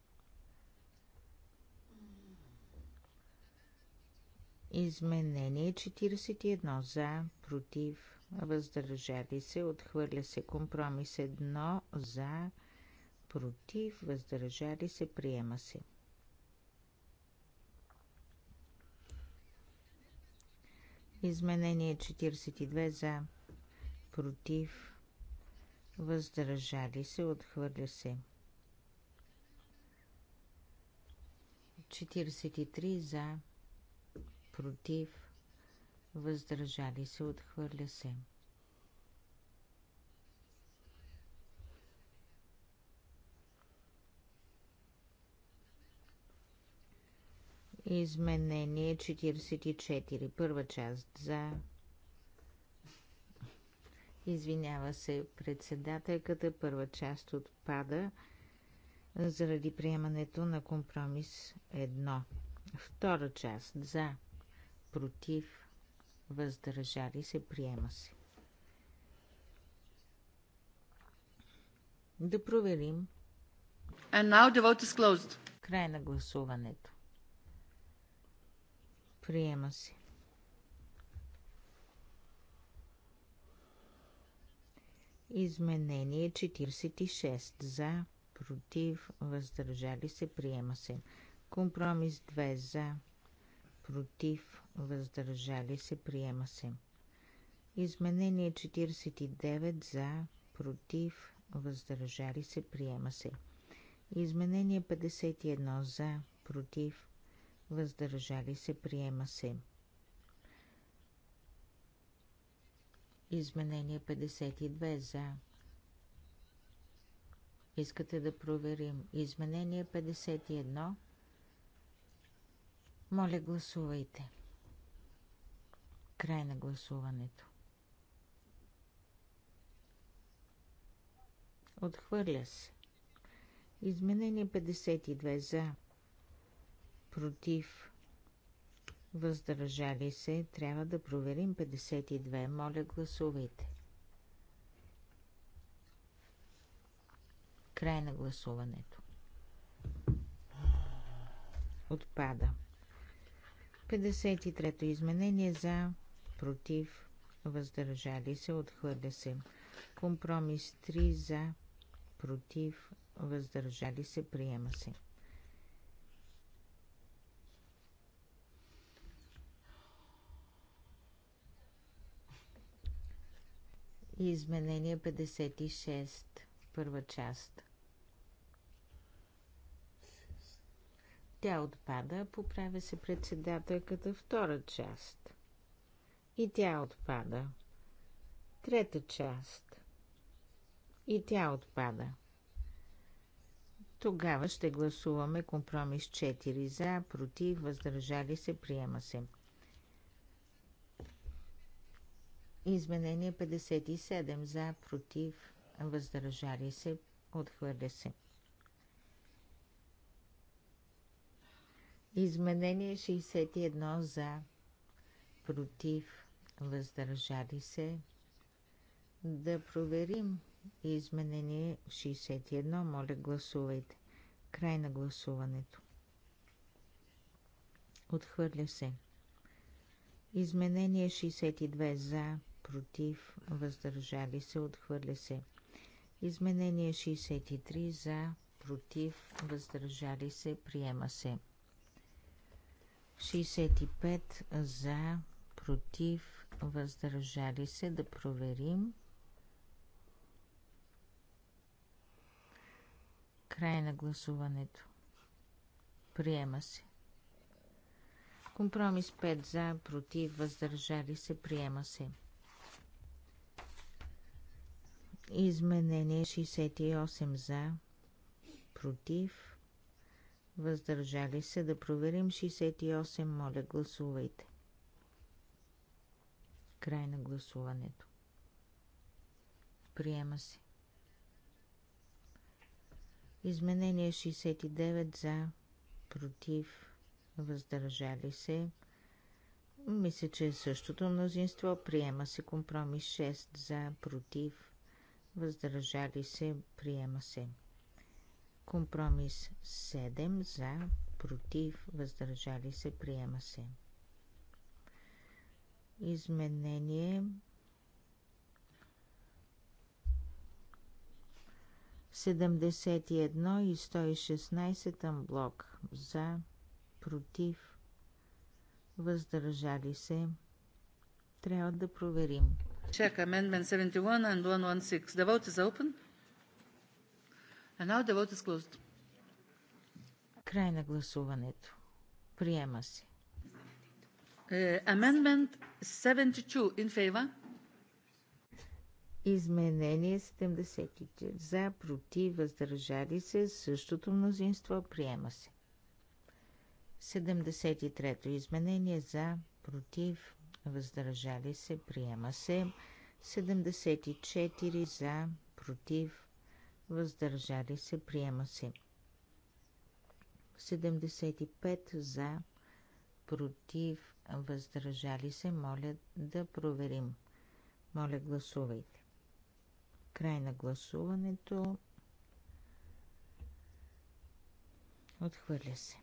Изменение 41 за, против, въздържали се, отхвърля се компромис 1 за, против, въздържали се, приема се. Изменение 42 за, против, въздържали се, отхвърля се. 43 за, против, въздържали се, отхвърля се. Изменение 44. Първа част за. Извинява се председателката. Първа част отпада заради приемането на компромис 1. Втора част за. Против въздържали се, приема се. Да проверим. And now the vote is closed. Край на гласуването. Приема се. Изменение 46 за, против, въздържали се, приема се. Компромис 2 за, против, въздържали се, приема се. Изменение 49 за, против, въздържали се, приема се. Изменение 51 за, против, въздържали се, приема се. Изменение 52 за. Искате да проверим. Изменение 51. Моля, гласувайте. Край на гласуването. Отхвърля се. Изменение 52 за. Против. Въздържали се. Трябва да проверим 52. Моля, гласувайте. Край на гласуването. Отпада. 53-то изменение за против, въздържали се, отхвърля се. Компромис 3 за, против, въздържали се, приема се. Изменение 56, първа част. Тя отпада, поправя се председателката втора част. И тя отпада. Трета част. И тя отпада. Тогава ще гласуваме компромис 4 за, против, въздържали се, приема се. Изменение 57 за, против, въздържали се, отхвърля се. Изменение 61 за, против, въздържали се. Да проверим изменение 61. Моля, гласувайте. Край на гласуването. Отхвърля се. Изменение 62 за, против, въздържали се, отхвърля се. Изменение 63 за, против, въздържали се, приема се. 65 за, против, въздържали се да проверим. Край на гласуването. Приема се. Компромис 5 за, против, въздържали се, приема се. Изменение 68 за, против, въздържали се. Да проверим 68. Моля, гласувайте. Край на гласуването. Приема се. Изменение 69 за, против, въздържали се. Мисля, че е същото мнозинство. Приема се компромис 6 за, против, въздържали се. Приема се. Компромис 7 за, против, въздържали се. Приема се изменение седемдесет и едно и сто и шестнайсет амблок за против въздържали се трябва да проверим. Check amendment 71 and 116. The vote is open. And now the vote is closed. Край на гласуването. Приема се. Uh, amendment 72 in favor. Изменение 74. За, против, въздържали се, същото мнозинство приема се. 73-то изменение за, против, въздържали се, приема се. 74 за, против, въздържали се, приема се. 75 за, против, въздържали се, моля да проверим. Моля, гласувайте. Край на гласуването. Отхвърля се.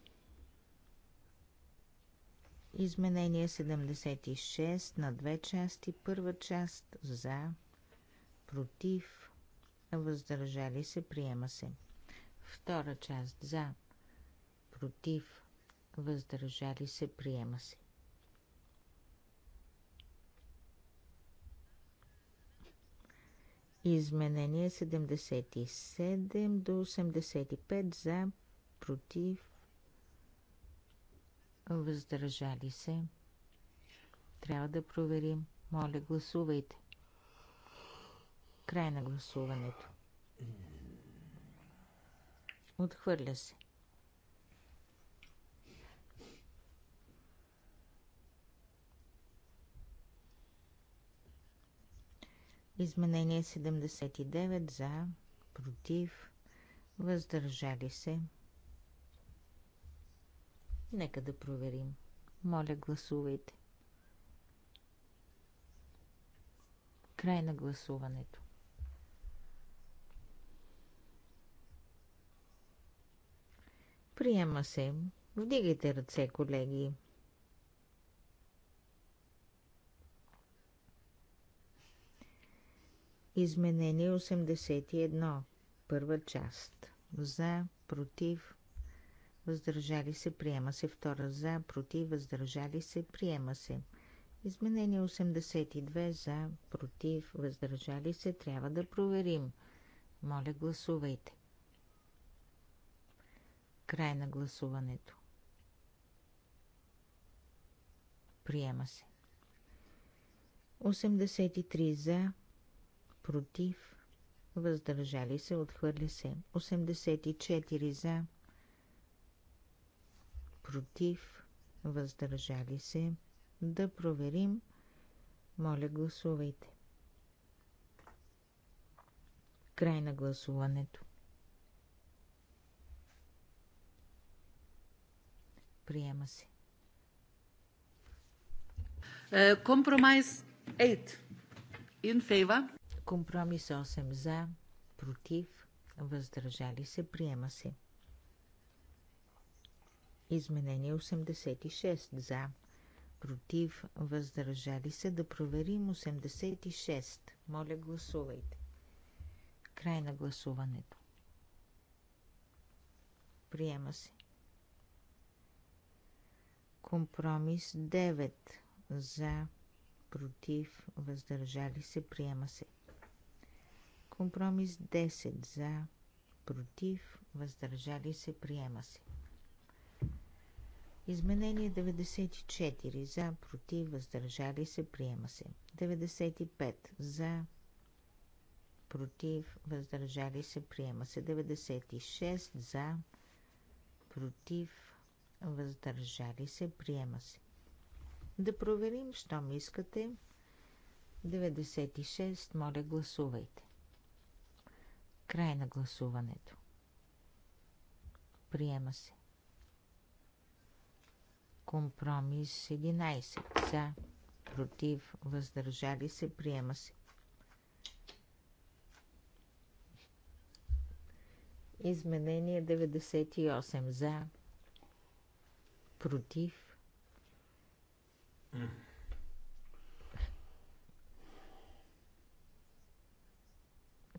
Изменение 76 на две части. Първа част за, против, въздържали се, приема се. Втора част за, против, въздържали се, приема се. Изменение 77 до 85 за, против, въздържали се. Трябва да проверим. Моля, гласувайте. Край на гласуването. Отхвърля се. Изменение 79 за, против, въздържали се. Нека да проверим. Моля, гласувайте. Край на гласуването. Приема се. Вдигайте ръце, колеги. Изменение 81. Първа част. За, против, въздържали се, приема се. Втора за, против, въздържали се, приема се. Изменение 82 за, против, въздържали се, трябва да проверим. Моля, гласувайте. Край на гласуването. Приема се. 83 за, против, въздържали се, отхвърля се. 84 за, против, въздържали се. Да проверим. Моля, гласувайте. Край на гласуването. Приема се. Е, компромис 8. In favor. Компромис 8 за, против, въздържали се, приема се. Изменение 86 за, против, въздържали се, да проверим 86. Моля, гласувайте. Край на гласуването. Приема се. Компромис 9 за, против, въздържали се, приема се. Компромис 10 за, против, въздържали се, приема се. Изменение 94 за, против, въздържали се, приема се. 95 за, против, въздържали се, приема се. 96 за, против, въздържали се, приема се. Да проверим, що ми искате. 96, моля гласувайте. Край на гласуването. Приема се. Компромис 11. За, против, въздържали се. Приема се. Изменение 98. За, против,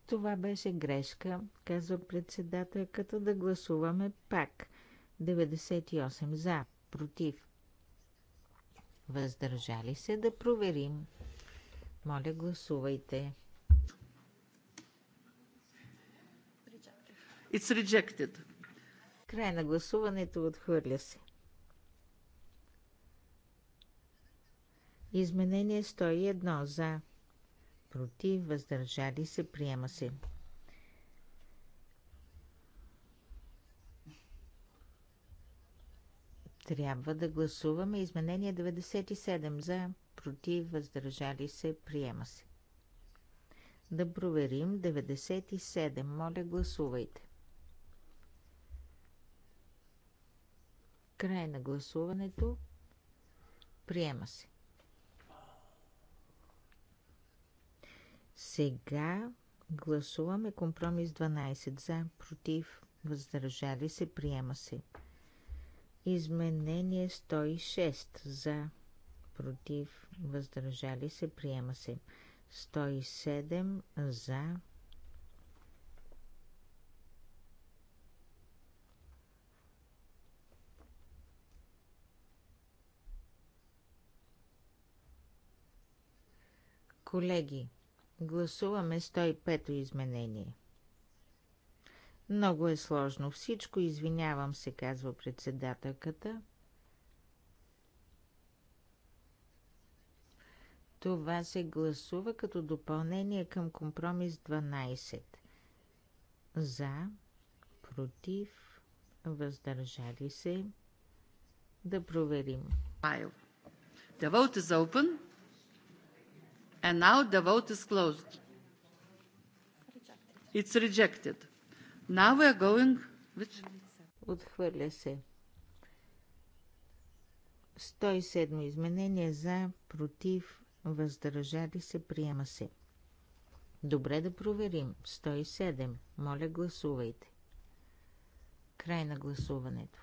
Това беше грешка, казва председател, като да гласуваме пак. 98 за, против. Въздържали се да проверим. Моля, гласувайте. It's rejected. Край на гласуването отхвърля се. Изменение 101 за против, въздържали се, приема се. Трябва да гласуваме изменение 97 за, против, въздържали се, приема се. Да проверим 97. Моля, гласувайте. Край на гласуването. Приема се. Сега гласуваме компромис 12 за, против, въздържали се, приема се. Изменение 106 за, против, въздържали се, приема се. 107 за, Колеги, Гласуваме 105-то изменение. Много е сложно всичко, извинявам се, казва председателката. Това се гласува като допълнение към компромис 12. За, против, въздържали се. Да проверим. The vote is open. And now the vote is closed. It's rejected. Now we are going... Отхвърля се. 107 изменение за, против, въздържали се, приема се. Добре да проверим. 107. Моля, гласувайте. Край на гласуването.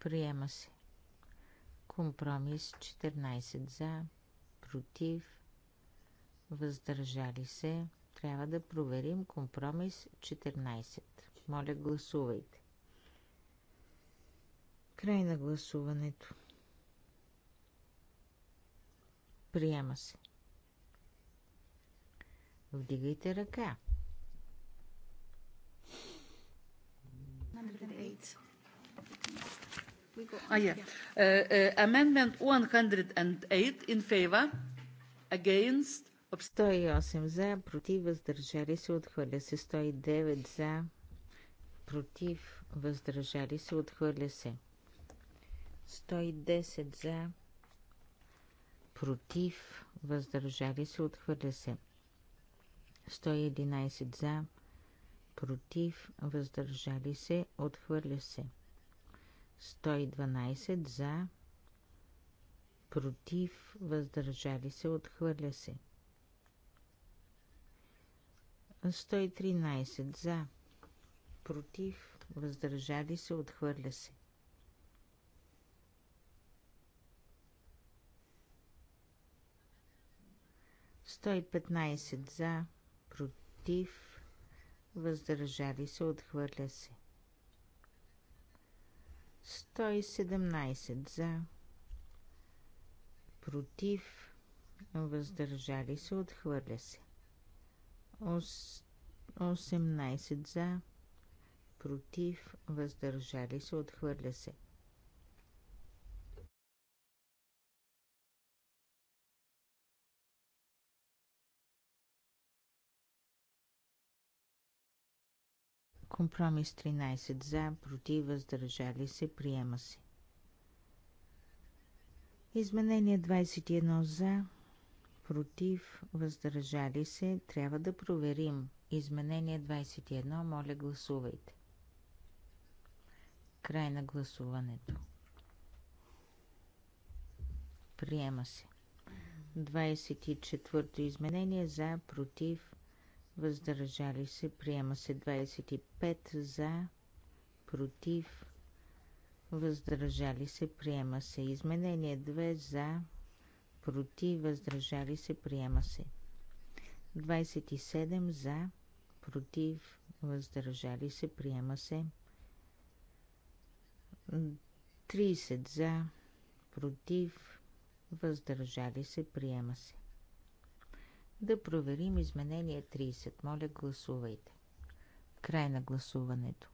Приема се. Компромис 14 за, против, въздържали се. Трябва да проверим компромис 14. Моля, гласувайте. Край на гласуването. Приема се. Вдигайте ръка. Ah, yeah. Uh, uh, amendment 108 in favor, against... 108 за, против, въздържали се, отхвърля се. 109 за, против, въздържали се, отхвърля се. 110 за, против, въздържали се, отхвърля се. 111 за, против, въздържали се, отхвърля се. 112 за, против, въздържали се, отхвърля се. 113 за, против, въздържали се, отхвърля се. 115 за, против, въздържали се, отхвърля се. 117 за, против, въздържали се, отхвърля се. 18 за, против, въздържали се, отхвърля се. Компромис 13 за, против, въздържали се, приема се. Изменение 21 за, против, въздържали се, трябва да проверим. Изменение 21, моля гласувайте. Край на гласуването. Приема се. 24 изменение за, против, въздържали се, приема се 25 за, против, въздържали се, приема се. Изменение 2 за, против, въздържали се, приема се. 27 за, против, въздържали се, приема се. 30 за, против, въздържали се, приема се. Да проверим изменение 30. Моля, гласувайте. Край на гласуването.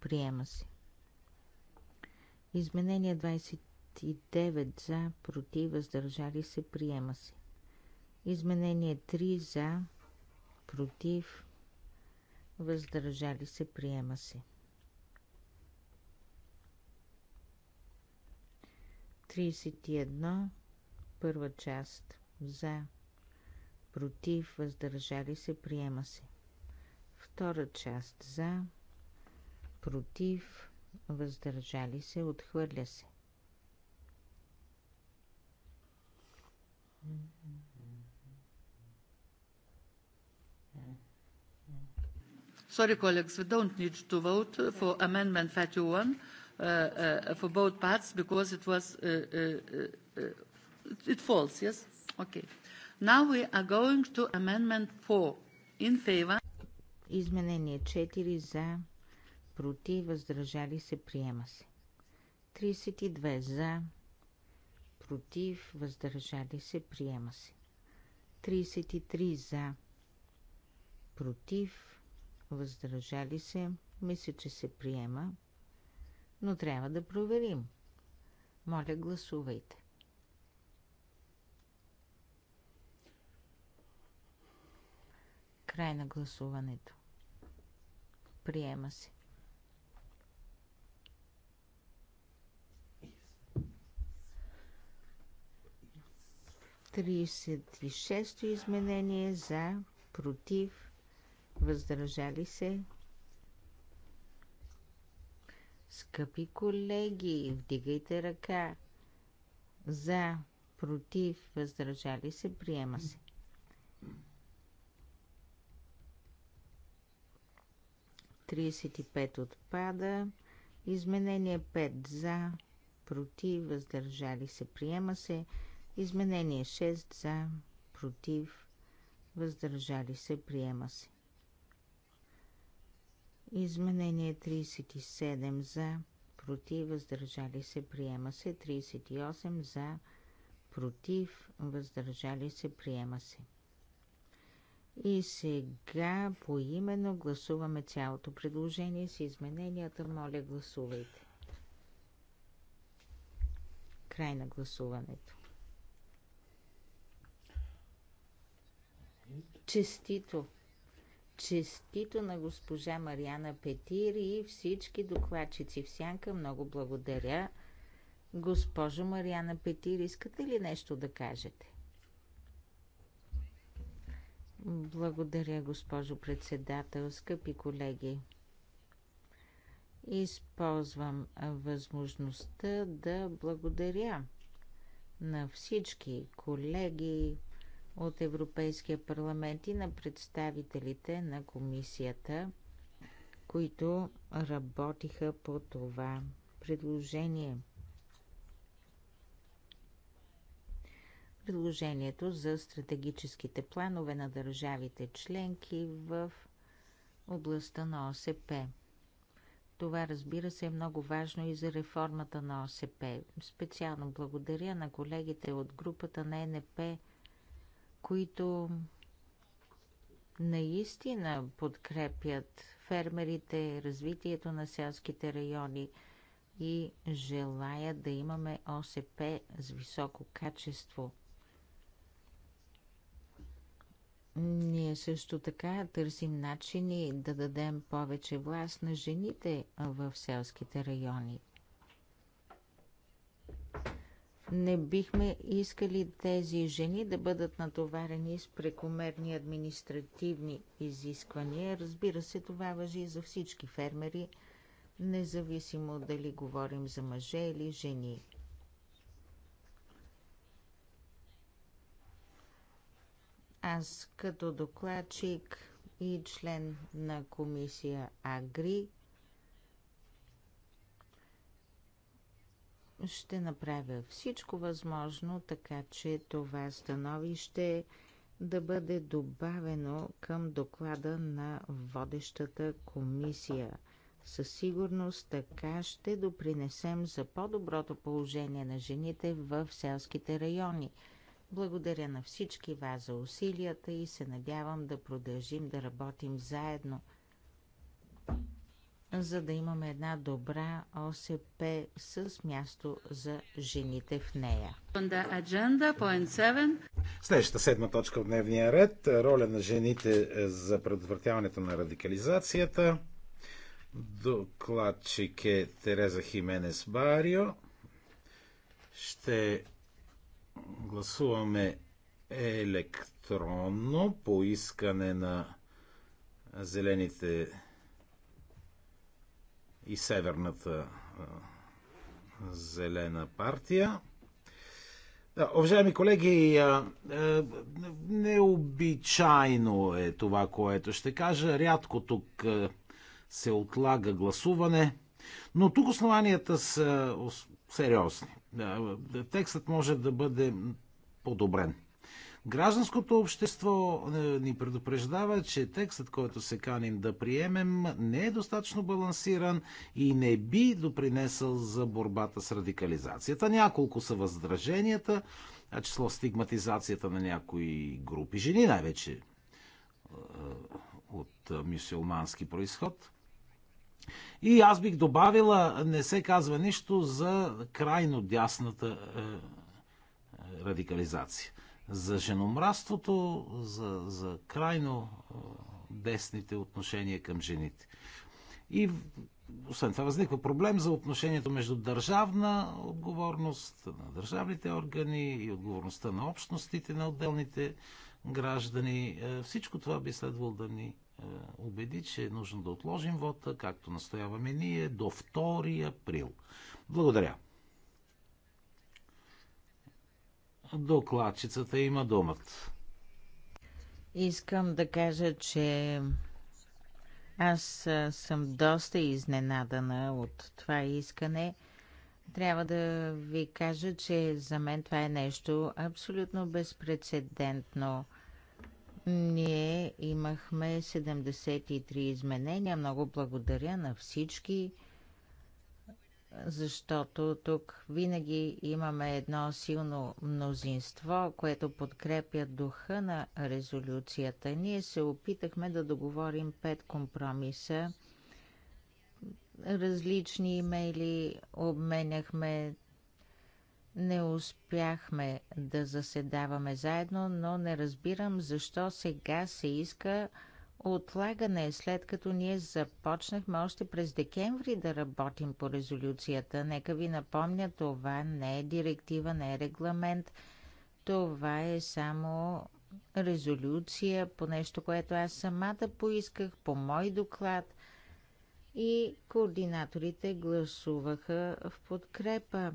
Приема се. Изменение 29 за, против, въздържали се, приема се. Изменение 3 за, против, въздържали се, приема се. 31 Първа част за, против, въздържали се, приема се. Втора част за, против, въздържали се, отхвърля се. Sorry, colleagues, we don't need to vote for Amendment 31 uh, uh, for both parts because it was uh, uh, uh, It falls, yes? Okay. Now we are going to amendment 4. In favor. Изменение 4 за, против, въздържали се, приема се. 32 за, против, въздържали се, приема се. 33 за, против, въздържали се, мисля, че се приема, но трябва да проверим. Моля, гласувайте. Край на гласуването. Приема се. Тридесет и шесто изменение за, против, въздържали се. Скъпи колеги, вдигайте ръка. За, против, въздържали се, приема се. 35 отпада. Изменение 5 за, против, въздържали се, приема се. Изменение 6 за, против, въздържали се, приема се. Изменение 37 за, против, въздържали се, приема се. 38 за, против, въздържали се, приема се. И сега поименно гласуваме цялото предложение с измененията. Моля, гласувайте. Край на гласуването. Честито! Честито на госпожа Мариана Петир и всички докладчици в сянка. Много благодаря. Госпожо Мариана Петир, искате ли нещо да кажете? Благодаря, госпожо председател, скъпи колеги. Използвам възможността да благодаря на всички колеги от Европейския парламент и на представителите на комисията, които работиха по това предложение. приложението за стратегическите планове на държавите членки в областта на ОСП. Това, разбира се, е много важно и за реформата на ОСП. Специално благодаря на колегите от групата на НП, които наистина подкрепят фермерите, развитието на селските райони и желаят да имаме ОСП с високо качество – Ние също така търсим начини да дадем повече власт на жените в селските райони. Не бихме искали тези жени да бъдат натоварени с прекомерни административни изисквания. Разбира се, това въжи за всички фермери, независимо дали говорим за мъже или жени. Аз като докладчик и член на комисия Агри ще направя всичко възможно, така че това становище да бъде добавено към доклада на водещата комисия. Със сигурност така ще допринесем за по-доброто положение на жените в селските райони – благодаря на всички вас за усилията и се надявам да продължим да работим заедно, за да имаме една добра ОСП с място за жените в нея. Следващата седма точка от дневния ред – роля на жените е, за предотвратяването на радикализацията. Докладчик е Тереза Хименес Барио. Ще Гласуваме електронно по искане на зелените и северната зелена партия. Да, уважаеми колеги, необичайно е това, което ще кажа. Рядко тук се отлага гласуване, но тук основанията са сериозни. Текстът може да бъде подобрен. Гражданското общество е, ни предупреждава, че текстът, който се каним да приемем, не е достатъчно балансиран и не би допринесъл за борбата с радикализацията. Няколко са възраженията, а число стигматизацията на някои групи жени, най-вече е, от мюсюлмански происход, и аз бих добавила, не се казва нищо за крайно дясната е, е, радикализация. За женомраството, за, за крайно е, десните отношения към жените. И освен това възниква проблем за отношението между държавна отговорност на държавните органи и отговорността на общностите на отделните граждани. Е, всичко това би следвало да ни е, убеди, че е нужно да отложим вота, както настояваме ние, до 2 април. Благодаря. Докладчицата има думат. Искам да кажа, че аз съм доста изненадана от това искане. Трябва да ви кажа, че за мен това е нещо абсолютно безпредседентно. Ние имахме 73 изменения. Много благодаря на всички, защото тук винаги имаме едно силно мнозинство, което подкрепя духа на резолюцията. Ние се опитахме да договорим пет компромиса различни имейли, обменяхме не успяхме да заседаваме заедно, но не разбирам защо сега се иска отлагане, след като ние започнахме още през декември да работим по резолюцията. Нека ви напомня, това не е директива, не е регламент. Това е само резолюция по нещо, което аз самата поисках по мой доклад и координаторите гласуваха в подкрепа.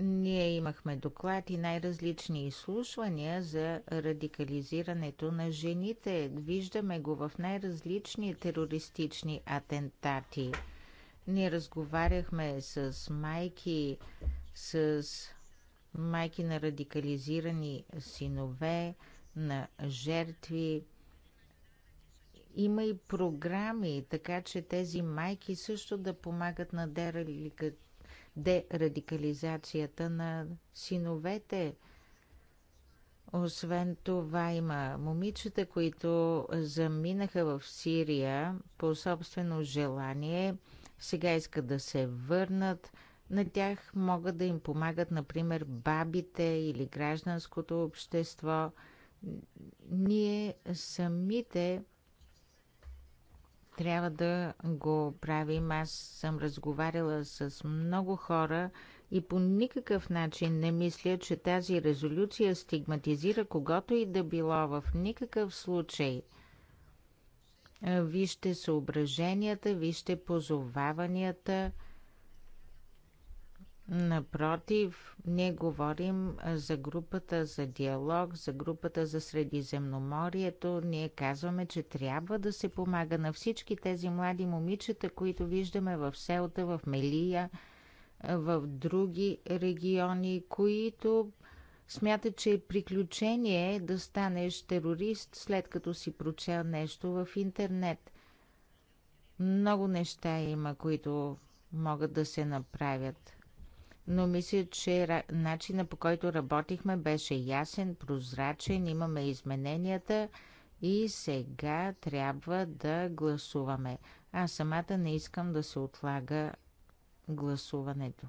Ние имахме доклад и най-различни изслушвания за радикализирането на жените. Виждаме го в най-различни терористични атентати. Ние разговаряхме с майки, с майки на радикализирани синове, на жертви. Има и програми, така че тези майки също да помагат на дерадикализираните дерадикализацията на синовете. Освен това има момичета, които заминаха в Сирия по собствено желание, сега искат да се върнат. На тях могат да им помагат, например, бабите или гражданското общество. Ние самите трябва да го правим. Аз съм разговаряла с много хора и по никакъв начин не мисля, че тази резолюция стигматизира когото и да било в никакъв случай. Вижте съображенията, вижте позоваванията – Напротив, ние говорим за групата за диалог, за групата за Средиземноморието. Ние казваме, че трябва да се помага на всички тези млади момичета, които виждаме в селта, в Мелия, в други региони, които смятат, че е приключение да станеш терорист, след като си прочел нещо в интернет. Много неща има, които могат да се направят – но мисля, че начина по който работихме беше ясен, прозрачен, имаме измененията и сега трябва да гласуваме. Аз самата не искам да се отлага гласуването.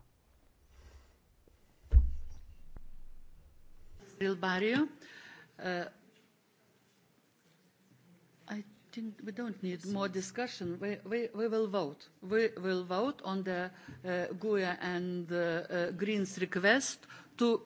Е, think we don't need more discussion. We, we, we will vote. We will vote on the uh, GUIA and uh, Greens request to...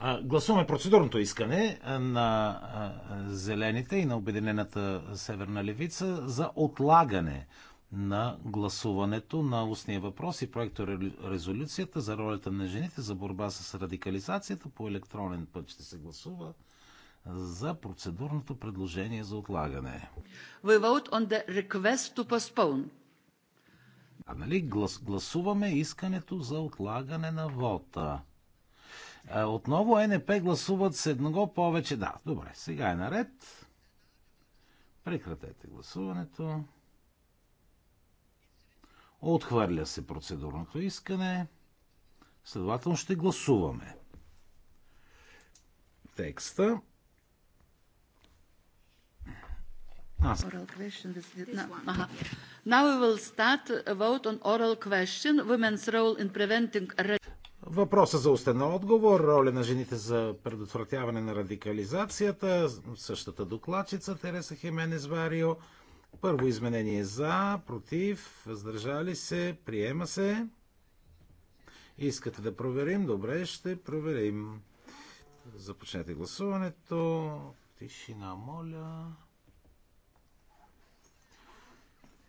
А, гласуваме процедурното искане на Зелените и на Обединената Северна Левица за отлагане на гласуването на устния въпрос и проекта резолюцията за ролята на жените за борба с радикализацията по електронен път ще се гласува за процедурното предложение за отлагане. We vote on the request to postpone. А нали глас, гласуваме искането за отлагане на вота. Отново НП гласуват с едно повече. Да, добре, сега е наред. Прекратете гласуването. Отхвърля се процедурното искане. Следователно ще гласуваме текста. А. Въпроса за устен отговор, роля на жените за предотвратяване на радикализацията, същата докладчица Тереса Хименес Варио. Първо изменение е за, против, въздържали се, приема се. Искате да проверим? Добре, ще проверим. Започнете гласуването. Тишина, моля.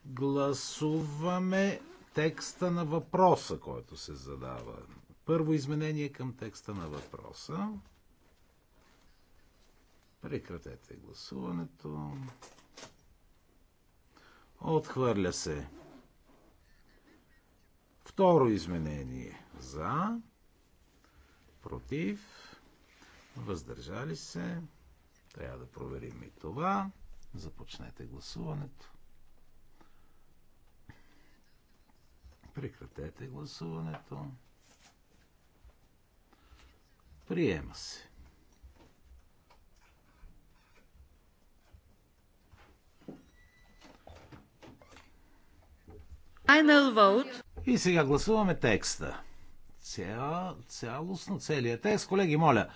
Гласуваме текста на въпроса, който се задава. Първо изменение към текста на въпроса. Прекратете гласуването. Отхвърля се. Второ изменение. За. Против. Въздържали се. Трябва да проверим и това. Започнете гласуването. Прекратете гласуването. Приема се. Final vote. И сега гласуваме текста. Ця... Цялостно, целият текст. Колеги, моля,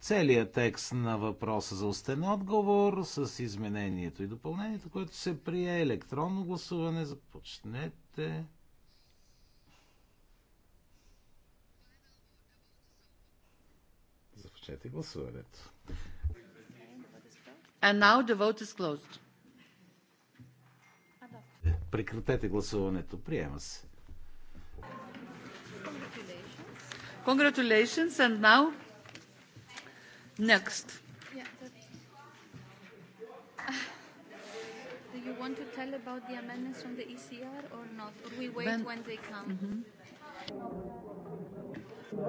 целият текст на въпроса за устен отговор с изменението и допълнението, което се прие електронно гласуване. Започнете. Разчете гласуването. And now the vote is closed. Прекратете гласуването. Приема се. Congratulations and now next. Do you want to tell about the amendments from the ECR or not? Or we wait when, when they come? Mm-hmm. Ja,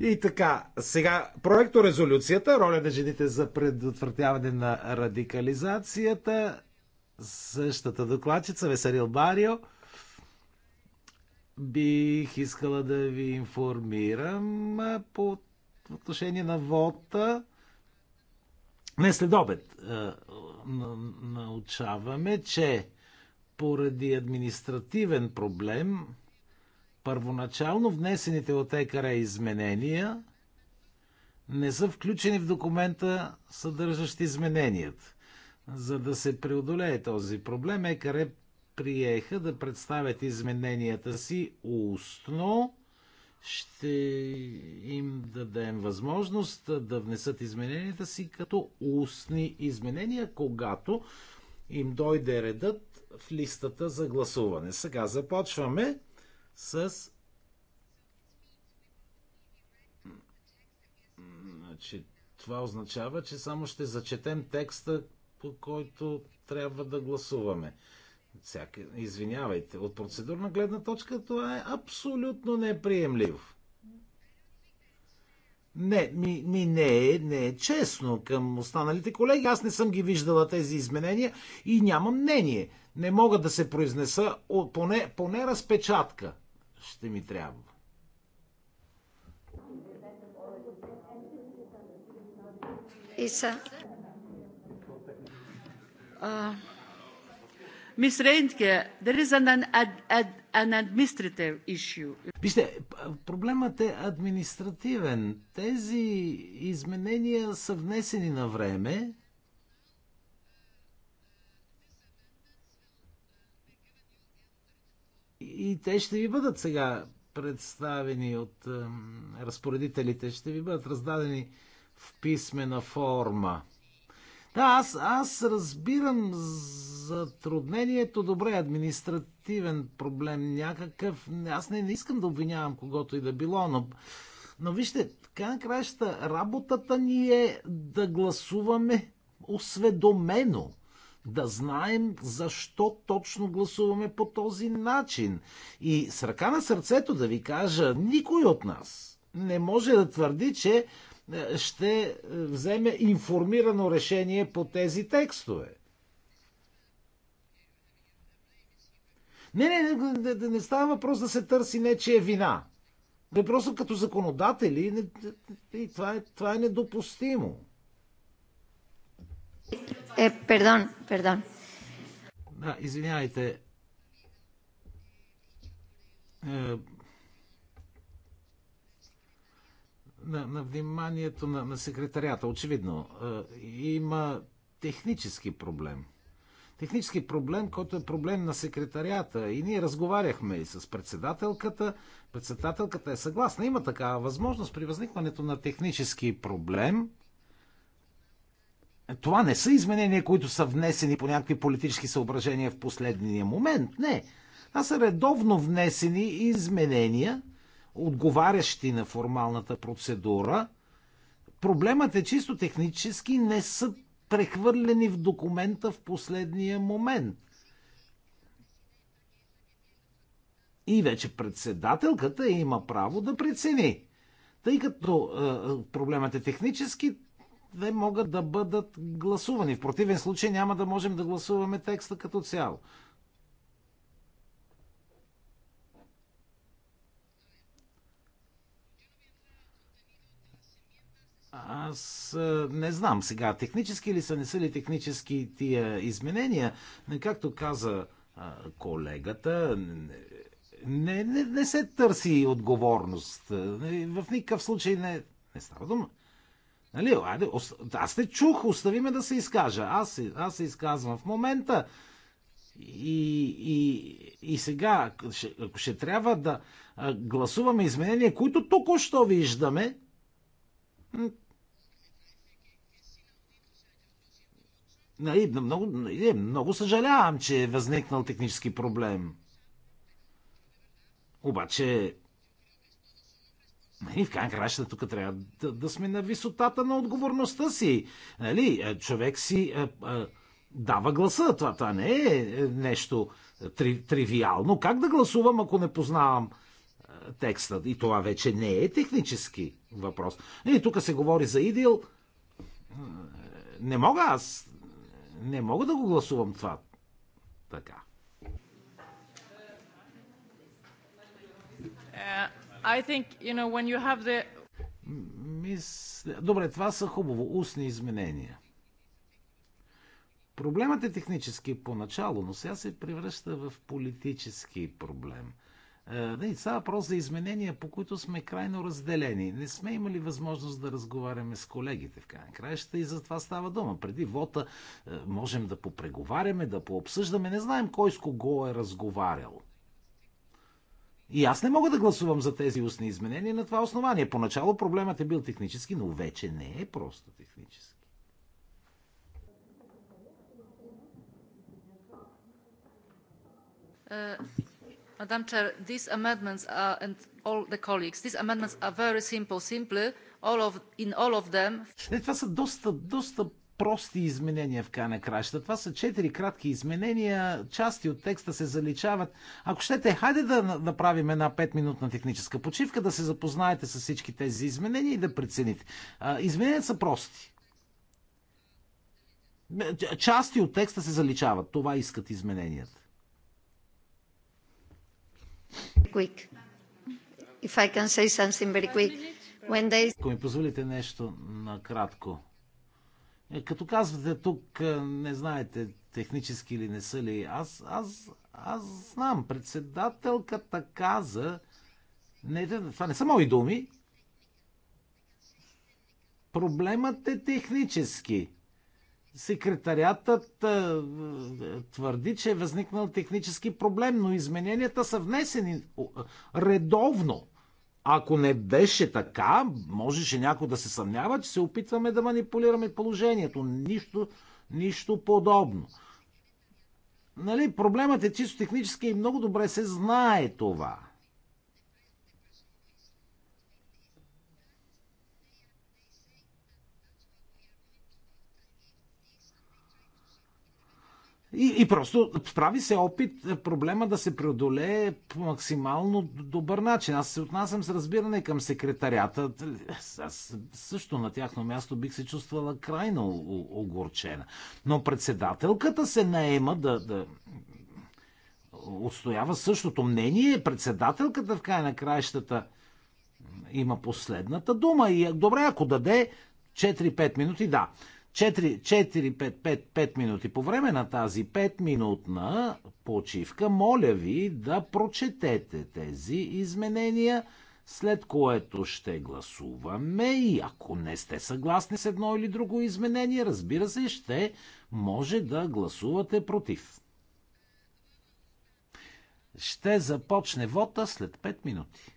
И така, сега проекто резолюцията, роля на жените за предотвратяване на радикализацията, същата докладчица Весарил Барио. Бих искала да ви информирам по отношение на вота. Не след обед научаваме, че поради административен проблем Първоначално внесените от ЕКР изменения не са включени в документа, съдържащ измененията. За да се преодолее този проблем, ЕКР приеха да представят измененията си устно. Ще им дадем възможност да внесат измененията си като устни изменения, когато им дойде редът в листата за гласуване. Сега започваме с значи, това означава, че само ще зачетем текста, по който трябва да гласуваме. Всяка... Извинявайте, от процедурна гледна точка това е абсолютно неприемливо. Не, ми, ми не, е, не е честно към останалите колеги. Аз не съм ги виждала тези изменения и нямам мнение. Не мога да се произнеса поне, поне разпечатка ще ми трябва. Иса. Мис Рейнтке, there is an, an, an administrative issue. Вижте, проблемът е административен. Тези изменения са внесени на време, И те ще ви бъдат сега представени от разпоредителите, ще ви бъдат раздадени в писмена форма. Да, аз, аз разбирам затруднението. Добре, административен проблем някакъв. Аз не, не искам да обвинявам когото и да било, но, но вижте, така на работата ни е да гласуваме осведомено да знаем защо точно гласуваме по този начин. И с ръка на сърцето да ви кажа, никой от нас не може да твърди, че е, ще е, вземе информирано решение по тези текстове. Не, не, не, не, не става въпрос да се търси нечия е вина. Не, просто като законодатели не, не, това, е, това е недопустимо. Е, пердон, пердон. Да, извинявайте. Е, на, на вниманието на, на секретарията, очевидно, е, има технически проблем. Технически проблем, който е проблем на секретарията. И ние разговаряхме и с председателката. Председателката е съгласна. Има такава възможност при възникването на технически проблем, това не са изменения, които са внесени по някакви политически съображения в последния момент. Не. Това са редовно внесени изменения, отговарящи на формалната процедура. Проблемът е чисто технически, не са прехвърлени в документа в последния момент. И вече председателката има право да прецени. Тъй като е, е проблемът е технически, те могат да бъдат гласувани. В противен случай няма да можем да гласуваме текста като цяло. Аз не знам сега, технически ли са, не са ли технически тия изменения. Както каза колегата, не, не, не се търси отговорност. Е, в никакъв случай не, не става дума. Нали, айде, аз те чух, остави ме да се изкажа. Аз, аз се изказвам в момента. И, и, и сега, ако ще, ако ще трябва да гласуваме изменения, които току-що виждаме, Нали, много, нали, много съжалявам, че е възникнал технически проблем. Обаче, и нали, в крайна краща тук трябва да, да сме на висотата на отговорността си. Нали, е, човек си а, е, а, е, дава гласа. Това, това не е нещо три, тривиално. Как да гласувам, ако не познавам а, текста? И това вече не е технически въпрос. И нали, тук се говори за идил. Не мога аз. Не мога да го гласувам това. Така. Yeah. I think, you know, when you have the... Добре, това са хубаво, устни изменения. Проблемът е технически поначало, но сега се превръща в политически проблем. Да, и е въпрос за изменения, по които сме крайно разделени. Не сме имали възможност да разговаряме с колегите в крайна краища и за това става дума. Преди вота е, можем да попреговаряме, да пообсъждаме. Не знаем кой с кого е разговарял. И аз не мога да гласувам за тези устни изменения на това основание. Поначало проблемът е бил технически, но вече не е просто технически. Uh, Madam Chair, these amendments are, and all the colleagues, these amendments are very simple. Simply, all of, in all of them... Не, това са доста, доста прости изменения в края на краща. Това са четири кратки изменения, части от текста се заличават. Ако щете, хайде да направим една 5-минутна техническа почивка, да се запознаете с всички тези изменения и да прецените. Изменения са прости. Части от текста се заличават. Това искат измененията. Quick. If I can say something very quick. When they... Ако ми позволите нещо накратко е, като казвате тук, е, не знаете технически или не са ли, аз, аз, аз знам, председателката каза, не, това не са мои думи, проблемът е технически. Секретариатът е, твърди, че е възникнал технически проблем, но измененията са внесени редовно ако не беше така, можеше някой да се съмнява, че се опитваме да манипулираме положението. Нищо, нищо подобно. Нали, проблемът е чисто технически и много добре се знае това. И, и просто прави се опит проблема да се преодолее по максимално добър начин. Аз се отнасям с разбиране към секретарята. Аз също на тяхно място бих се чувствала крайно огорчена. Но председателката се наема да, да отстоява същото мнение. Председателката в край на краищата има последната дума. И добре, ако даде 4-5 минути, да. 4-5 минути. По време на тази 5-минутна почивка, моля ви да прочетете тези изменения, след което ще гласуваме и ако не сте съгласни с едно или друго изменение, разбира се, ще може да гласувате против. Ще започне вота след 5 минути.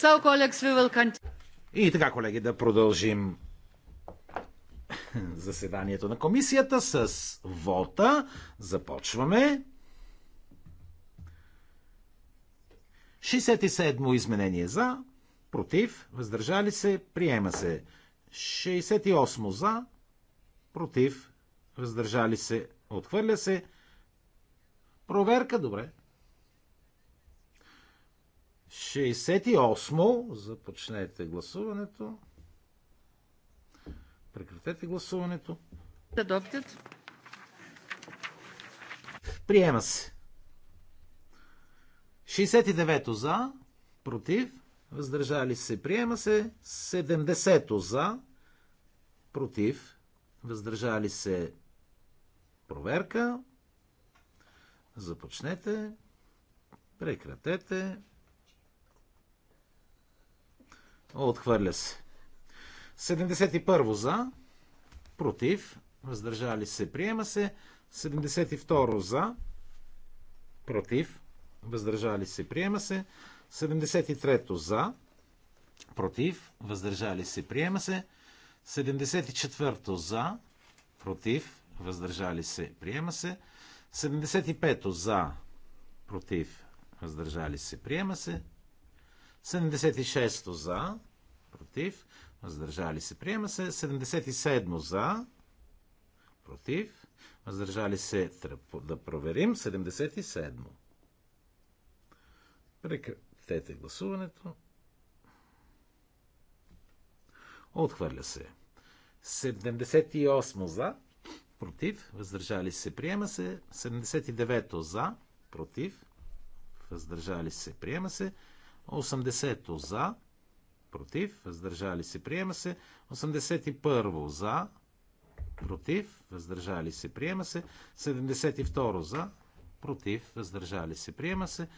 So, colleagues, we will continue. И така, колеги, да продължим заседанието на комисията с вота. Започваме. 67 изменение за, против, въздържали се, приема се. 68 за, против, въздържали се, отхвърля се. Проверка, добре. 68 започнете гласуването. Прекратете гласуването. Адоптят. Приема се. 69 за, против, въздържали се, приема се. 70 за, против, въздържали се, проверка. Започнете. Прекратете. Отхвърля се. 71 за. Против. Въздържали се. Приема се. 72 за. Против. Въздържали се. Приема се. 73 за. Против. Въздържали се. Приема се. 74 за. Против. Въздържали се. Приема се. 75 за. Против. Въздържали се. Приема се. 76 за, против, въздържали се, приема се. 77 за, против, въздържали се, да проверим. 77. Прекратете гласуването. Отхвърля се. 78 за, против, въздържали се, приема се. 79 за, против, въздържали се, приема се. 80-то за, против, въздържали се, приема се. 81-во за, против, въздържали се, приема се. 72-ро за, против, въздържали се, приема се.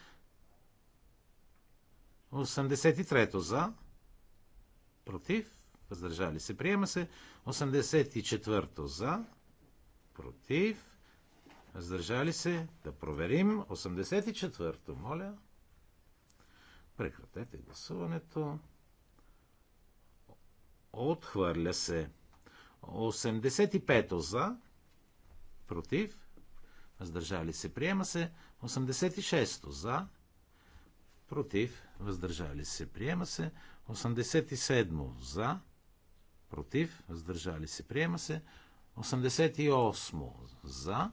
83-то за, против, въздържали се, приема се. 84-то за, против, въздържали се, да проверим. 84-то, моля. Прекратете гласуването. Отхвърля се. 85-то за. Против. Въздържали се. Приема се. 86-то за. Против. Въздържали се. Приема се. 87-то за. Против. Въздържали се. Приема се. 88 за,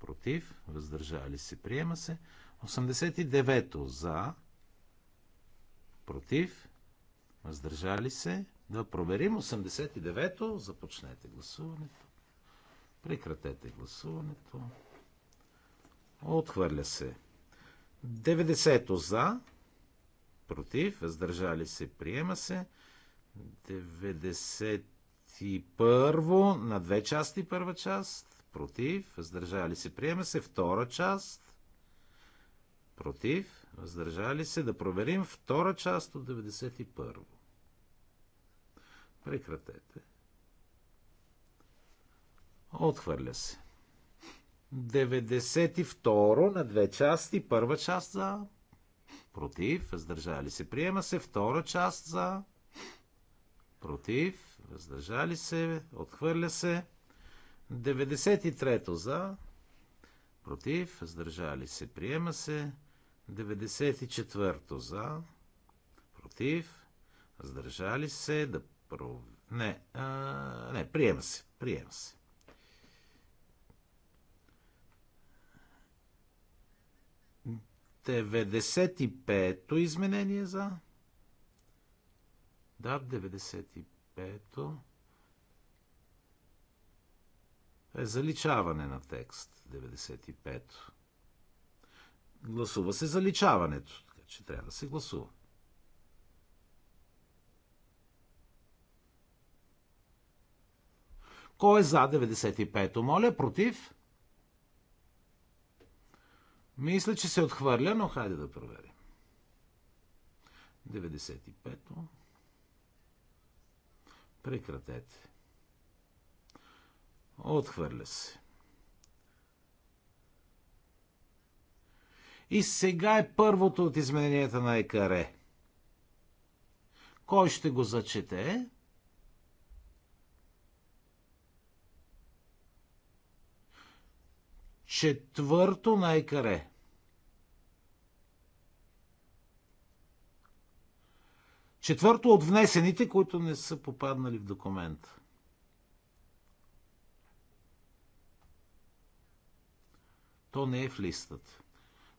против, въздържали се, приема се. 89 за, против, въздържали се. Да проверим 89-то. Започнете гласуването. Прекратете гласуването. Отхвърля се. 90-то за, против, въздържали се, приема се. 91-во на две части първа част, против, въздържали се, приема се втора част, против, въздържали се, да проверим втора част от 91. Прекратете. Отхвърля се. 92 на две части. Първа част за. Против. Въздържали се. Приема се. Втора част за. Против. Въздържали се. Отхвърля се. 93 за. Против. Въздържали се. Приема се. 94-то за, против, въздържали се, да пров... Не, а, не, приема се, приема се. Деветдесет изменение за. Да, 95-то е заличаване на текст 95-то. Гласува се заличаването, така че трябва да се гласува. Кой е за 95-то? Моля, против? Мисля, че се отхвърля, но хайде да проверим. 95-то. Прекратете. Отхвърля се. И сега е първото от измененията на Екаре. Кой ще го зачете? Четвърто на Екаре. Четвърто от внесените, които не са попаднали в документ. То не е в листата.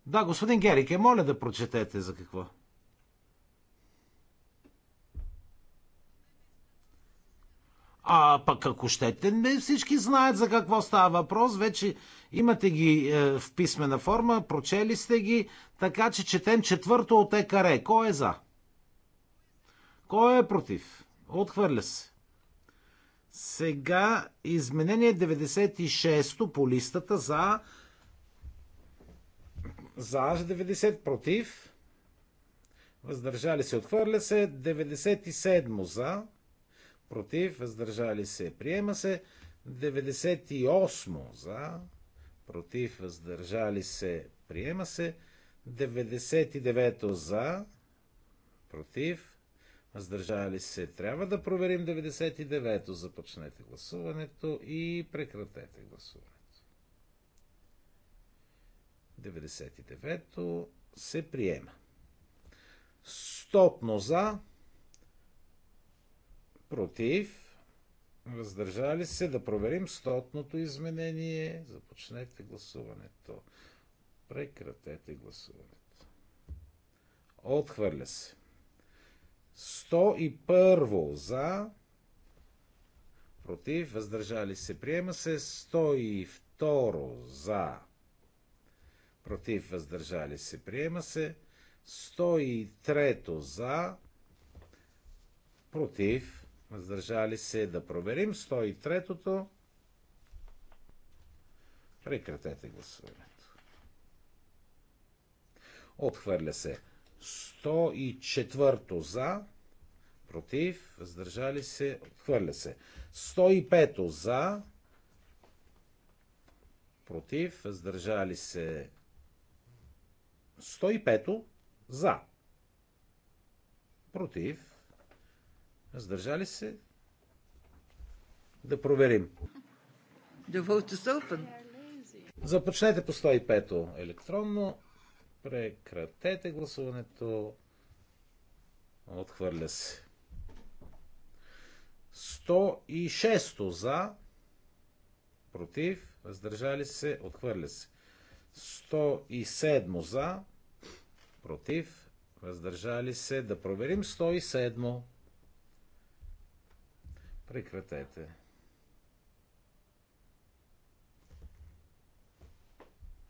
Да, господин Герике, моля да прочетете за какво. А пък ако щете, не всички знаят за какво става въпрос. Вече имате ги е, в писмена форма, прочели сте ги, така че четем четвърто от екаре. Кой е за? Кой е против? Отхвърля се. Сега изменение 96-то по листата за за 90 против, въздържали се, отхвърля се, 97 за, против, въздържали се, приема се, 98 за, против, въздържали се, приема се, 99 за, против, въздържали се, трябва да проверим 99 започнете гласуването и прекратете гласуването. 99-то се приема. Стотно за, против, въздържали се да проверим стотното изменение. Започнете гласуването. Прекратете гласуването. Отхвърля се. 101 за, против, въздържали се, приема се. 102 за, против, въздържали се, приема се. 103 за, против, въздържали се, да проверим. 103-то. Прекратете гласуването. Отхвърля се. 104 за, против, въздържали се, отхвърля се. 105 за, против, въздържали се, 105 за. Против. Въздържали се. Да проверим. Започнете по 105-то електронно. Прекратете гласуването. Отхвърля се. 106 за. Против. Въздържали се. Отхвърля се. 107 за, против, въздържали се. Да проверим 107. Прекратете.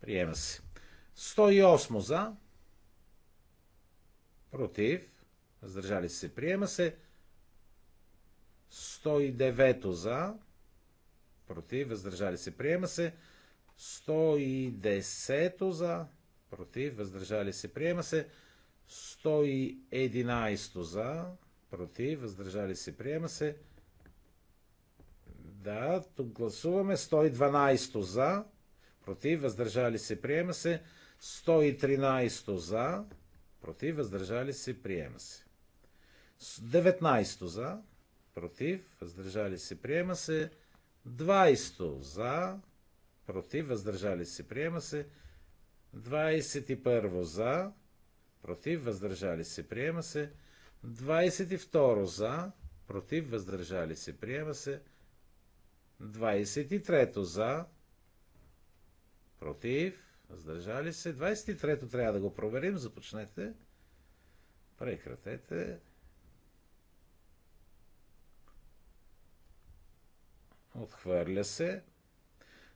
Приема се. 108 за, против, въздържали се. Приема се. 109 за, против, въздържали се. Приема се. 110 за, против, въздържали се, приема се. 111 за, против, въздържали се, приема се. Да, тук гласуваме 112 за, против, въздържали се, приема се. 113 за, против, въздържали се, приема се. 19 за, против, въздържали се, приема се. 20 за, против, въздържали се, приема се. 21 за, против, въздържали се, приема се. 22 за, против, въздържали се, приема се. 23 за, против, въздържали се. 23 трябва да го проверим, започнете. Прекратете. Отхвърля се.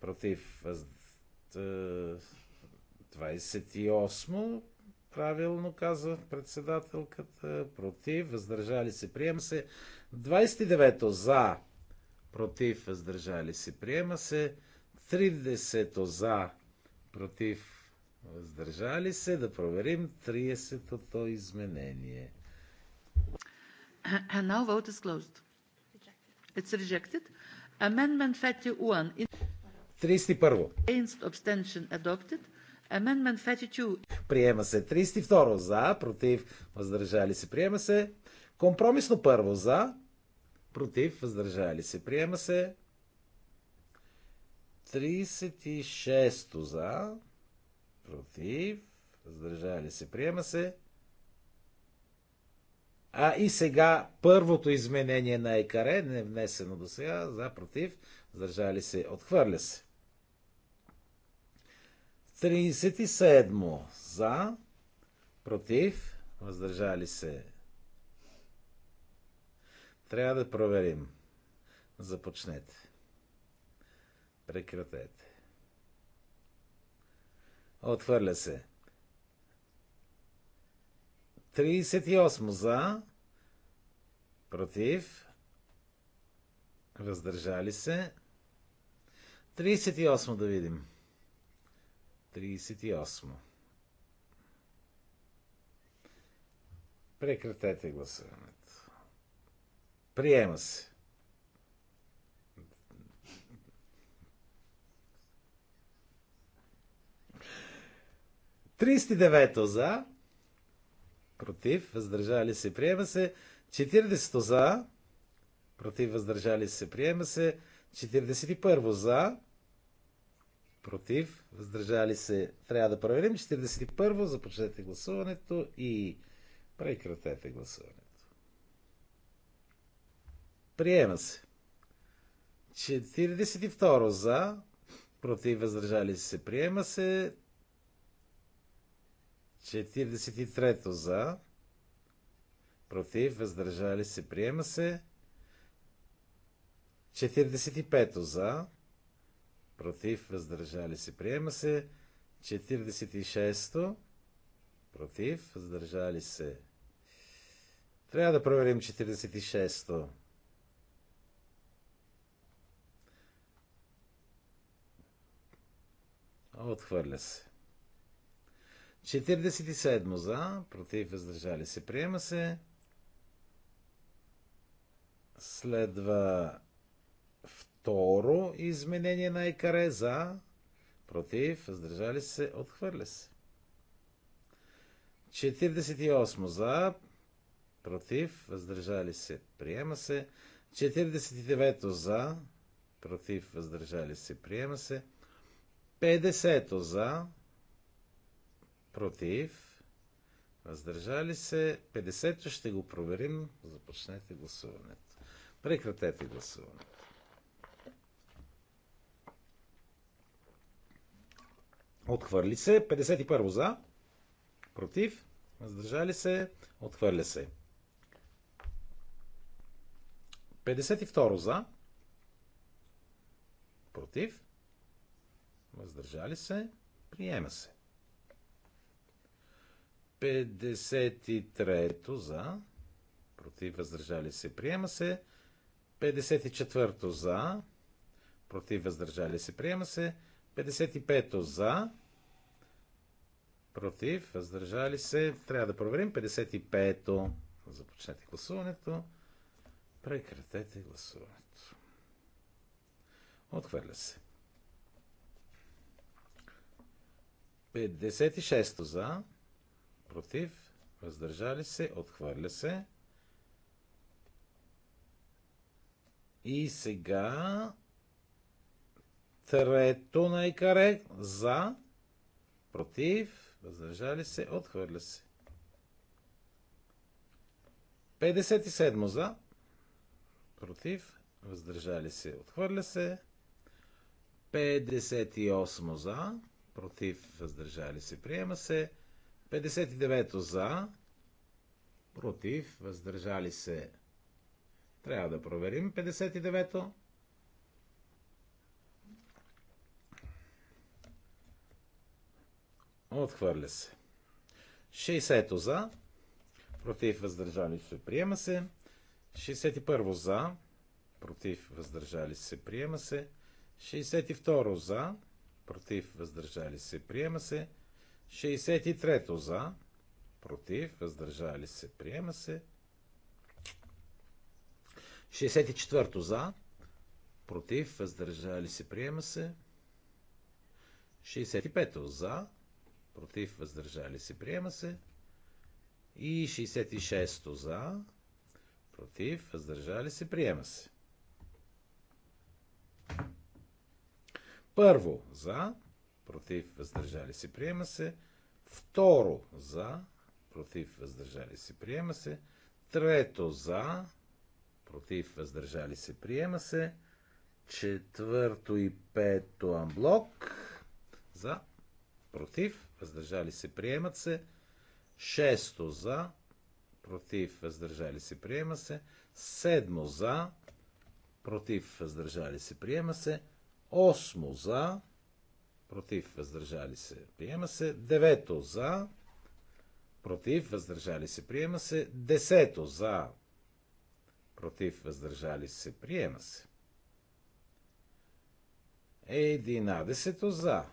против 28, правилно казва председателката, против, въздържали се, приема се. 29 за, против, въздържали се, приема се. 30 за, против, въздържали се. Да проверим 30-то изменение. And now vote is closed. It's rejected. Amendment 31. 31. Приема се 32 за, против, въздържали се, приема се. Компромисно първо за, против, въздържали се, приема се. 36 за, против, въздържали се, приема се. А и сега първото изменение на Екаре, не е внесено до сега, за, против, въздържали се, отхвърля се. 37 за, против, въздържали се. Трябва да проверим. Започнете. Прекратете. Отхвърля се. 38 за, против, въздържали се. 38 да видим. 38. Прекратете гласуването. Приема се. Тридесет девето за, против, въздържали се, приема се. 40 за, против, въздържали се, приема се. 41 за, против, въздържали се, трябва да проверим. 41. Започнете гласуването и прекратете гласуването. Приема се. 42 за, против, въздържали се, приема се. 43 за, против, въздържали се, приема се. 45 за, против, въздържали се, приема се. 46-то, против, въздържали се. Трябва да проверим 46-то. Отхвърля се. 47 за, против, въздържали се, приема се. Следва второ изменение на Екаре за, против, въздържали се, отхвърля се. 48 за, против, въздържали се, приема се. 49 за, против, въздържали се, приема се. 50 за, против, въздържали се. 50 ще го проверим. Започнете гласуването. Прекратете гласуването. Отхвърли се. 51 за. Против. Въздържали се. Отхвърля се. 52 за. Против. Въздържали се. Приема се. 53 за. Против. Въздържали се. Приема се. 54 за. Против. Въздържали се. Приема се. 55 за, против, въздържали се. Трябва да проверим 55-то. Започнете гласуването. Прекратете гласуването. Отхвърля се. 56-то за, против, въздържали се, отхвърля се. И сега Трето на Икаре за, против, въздържали се, отхвърля се. 57 за, против, въздържали се, отхвърля се. 58 за, против, въздържали се, приема се. 59 за, против, въздържали се. Трябва да проверим 59-то. Отхвърля се. 60-то за. Против въздържали се. Приема се. 61 за. Против въздържали се. Приема се. 62 за. Против въздържали се. Приема се. 63 за. Против въздържали се. Приема се. 64 за. Против въздържали се. Приема се. 65 за против, въздържали се, приема се. И 66 за, против, въздържали се, приема се. Първо за, против, въздържали се, приема се. Второ за, против, въздържали се, приема се. Трето за, против, въздържали се, приема се. Четвърто и пето амблок за, против, въздържали се, приемат се. Шесто за, против, въздържали се, приема се. Седмо за, против, въздържали се, приема се. Осмо за, против, въздържали се, приема се. Девето за, против, въздържали се, приема се. Десето за, против, въздържали се, приема се. Единадесето за,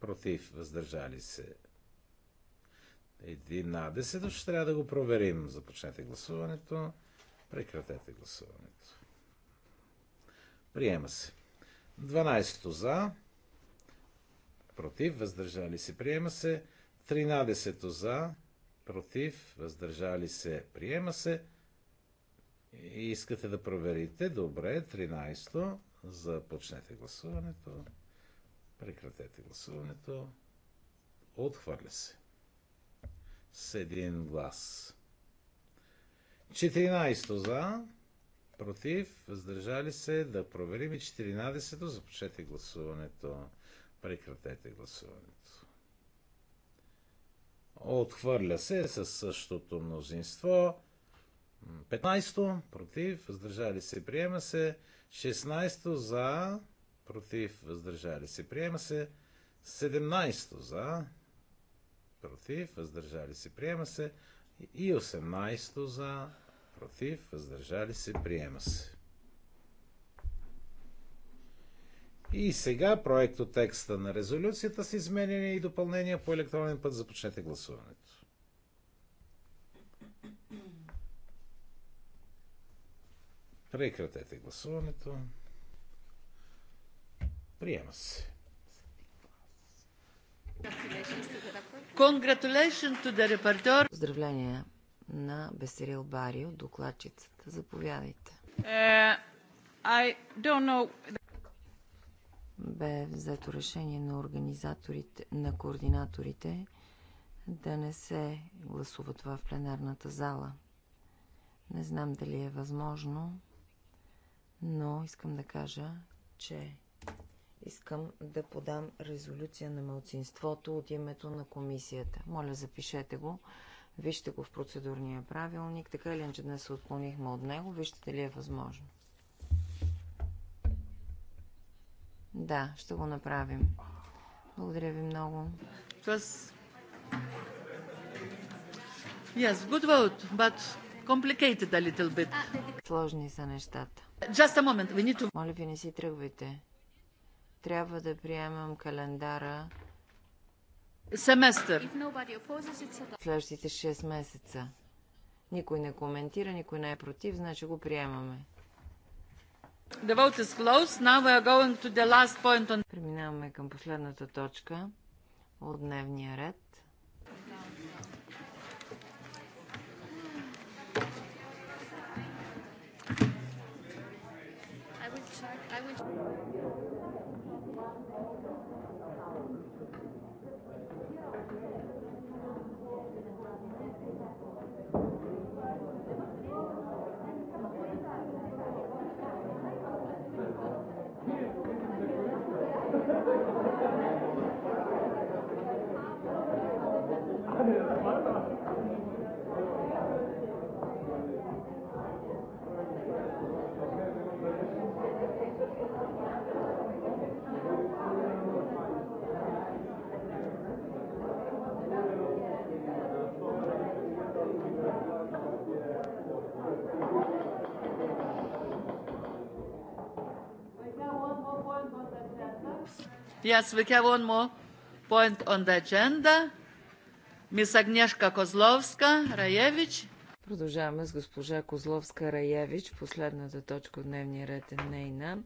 против, въздържали се. 11, ще трябва да го проверим. Започнете гласуването, прекратете гласуването. Приема се. 12 за, против, въздържали се, приема се. 13 за, против, въздържали се, приема се. И искате да проверите. Добре, 13-то. Започнете гласуването. Прекратете гласуването. Отхвърля се. С един глас. 14 за. Против. Въздържали се. Да проверим и 14-то. Започнете гласуването. Прекратете гласуването. Отхвърля се със същото мнозинство. 15 против, въздържали се, приема се. 16 за, против, въздържали се, приема се. 17 за, против, въздържали се, приема се. И 18 за, против, въздържали се, приема се. И сега проекто текста на резолюцията с изменения и допълнения по електронен път. Започнете гласуването. Прекратете гласуването. Приема се. Поздравления на Бесерил Барио, докладчицата. Заповядайте. Uh, I don't know бе взето решение на организаторите, на координаторите да не се гласува това в пленарната зала. Не знам дали е възможно, но искам да кажа, че искам да подам резолюция на мълцинството от името на комисията. Моля, запишете го. Вижте го в процедурния правилник. Така или че днес се отклонихме от него. Вижте ли е възможно. Да, ще го направим. Благодаря ви много. Yes, good vote, but complicated a little bit. Сложни са нещата. Just a moment, we need to... Моля ви, не си тръгвайте трябва да приемам календара семестър следващите 6 месеца. Никой не коментира, никой не е против, значи го приемаме. The vote is closed. Now we are going to the last point on... Преминаваме към последната точка от дневния ред. Yes, we have one more point on the agenda. Miss Agnieszka Козловска-Раевич. Продължаваме с госпожа Козловска-Раевич. Последната точка от дневния ред е нейна.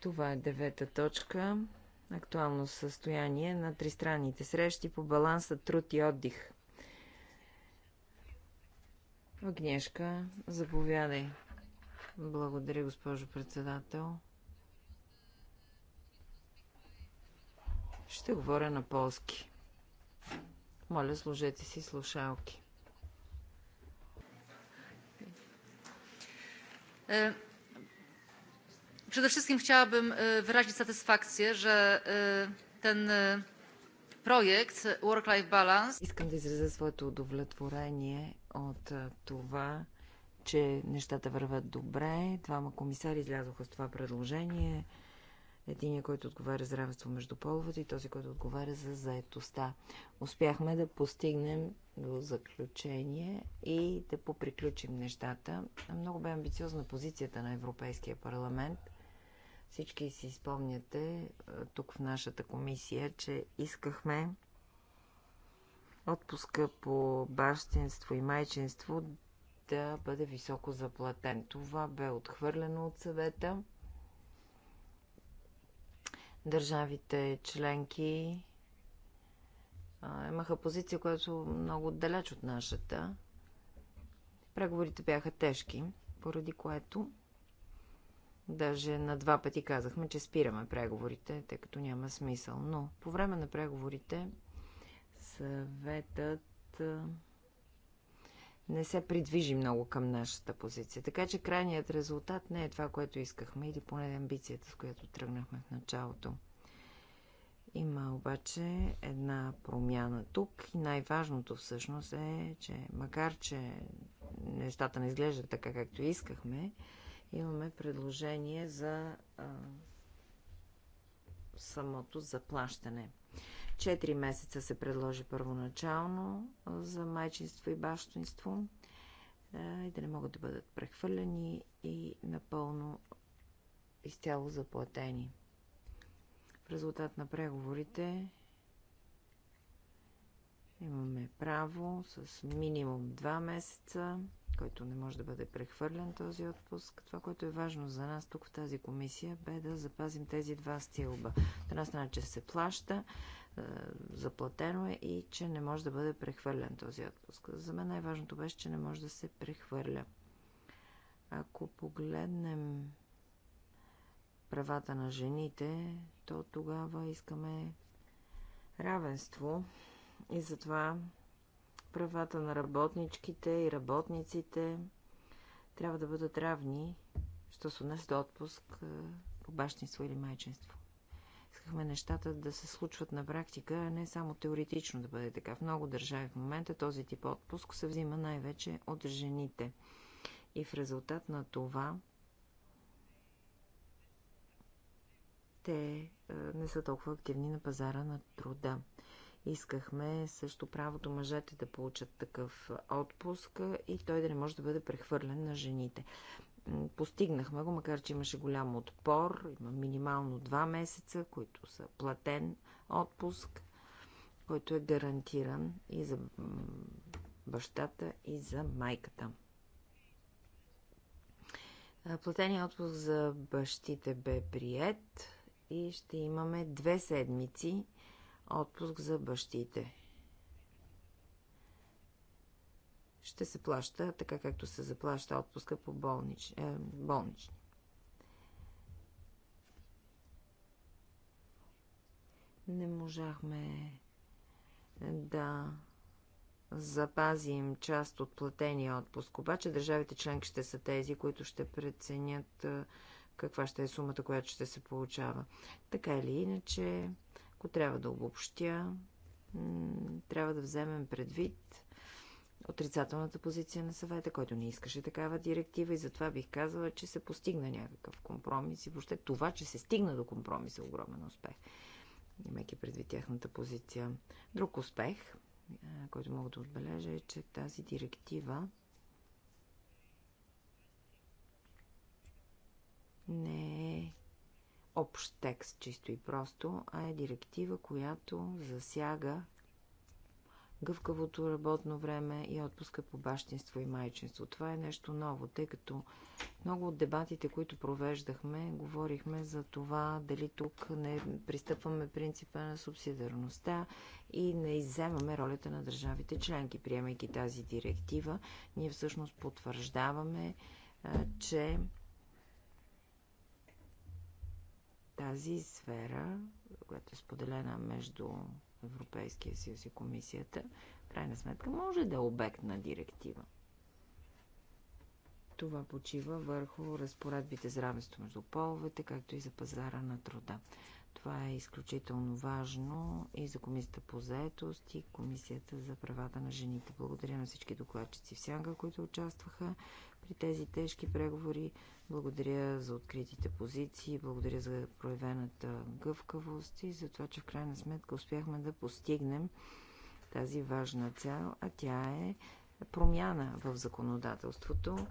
Това е девета точка. Актуално състояние на тристранните срещи по баланса труд и отдих. Огнешка, заповядай. Благодаря, госпожо председател. Ще говоря на полски. Моля, служете си слушалки. Е, Przede wszystkim chciałabym e, wyrazić satysfakcję, że e, ten проект e, Work-Life Balance. Искам да изразя своето удовлетворение от е, това, че нещата върват добре. Двама комисари излязоха с това предложение. Единия, който отговаря за равенство между половете и този, който отговаря за заетостта. Успяхме да постигнем до заключение и да поприключим нещата. Много бе амбициозна позицията на Европейския парламент. Всички си спомняте тук в нашата комисия, че искахме отпуска по бащинство и майчинство да бъде високо заплатен. Това бе отхвърлено от съвета държавите членки имаха позиция, която много далеч от нашата. Преговорите бяха тежки, поради което даже на два пъти казахме, че спираме преговорите, тъй като няма смисъл. Но по време на преговорите съветът не се придвижи много към нашата позиция. Така че крайният резултат не е това, което искахме или поне амбицията, с която тръгнахме в началото. Има обаче една промяна тук и най-важното всъщност е, че макар, че нещата не изглеждат така, както искахме, имаме предложение за а, самото заплащане. Четири месеца се предложи първоначално за майчинство и бащинство и да не могат да бъдат прехвърлени и напълно изцяло заплатени. В резултат на преговорите имаме право с минимум 2 месеца, който не може да бъде прехвърлен този отпуск. Това, което е важно за нас тук в тази комисия, бе да запазим тези два стилба. Това значи, че се плаща, е, заплатено е и че не може да бъде прехвърлен този отпуск. За мен най-важното беше, че не може да се прехвърля. Ако погледнем правата на жените, то тогава искаме равенство и затова правата на работничките и работниците трябва да бъдат равни, що се отнесе до отпуск е, по бащинство или майчинство искахме нещата да се случват на практика, а не само теоретично да бъде така. В много държави в момента този тип отпуск се взима най-вече от жените. И в резултат на това те е, не са толкова активни на пазара на труда. Искахме също правото мъжете да получат такъв отпуск и той да не може да бъде прехвърлен на жените. Постигнахме го, макар че имаше голям отпор. Има минимално два месеца, които са платен отпуск, който е гарантиран и за бащата, и за майката. Платеният отпуск за бащите бе прият и ще имаме две седмици отпуск за бащите. ще се плаща така, както се заплаща отпуска по болнич, е, болнични. Не можахме да запазим част от платения отпуск. Обаче държавите членки ще са тези, които ще преценят е, каква ще е сумата, която ще се получава. Така или иначе, ако трябва да обобщя, трябва да вземем предвид отрицателната позиция на съвета, който не искаше такава директива и затова бих казала, че се постигна някакъв компромис и въобще това, че се стигна до компромис е огромен успех, имайки предвид тяхната позиция. Друг успех, който мога да отбележа е, че тази директива не е общ текст, чисто и просто, а е директива, която засяга гъвкавото работно време и отпуска по бащинство и майчинство. Това е нещо ново, тъй като много от дебатите, които провеждахме, говорихме за това дали тук не пристъпваме принципа на субсидиарността и не изземаме ролята на държавите членки. Приемайки тази директива, ние всъщност потвърждаваме, че тази сфера, която е споделена между Европейския съюз и комисията, крайна сметка може да е обект на директива. Това почива върху разпоредбите за равенство между половете, както и за пазара на труда. Това е изключително важно и за Комисията по заетост и Комисията за правата на жените. Благодаря на всички докладчици в Сянга, които участваха при тези тежки преговори. Благодаря за откритите позиции, благодаря за проявената гъвкавост и за това, че в крайна сметка успяхме да постигнем тази важна цел, а тя е промяна в законодателството.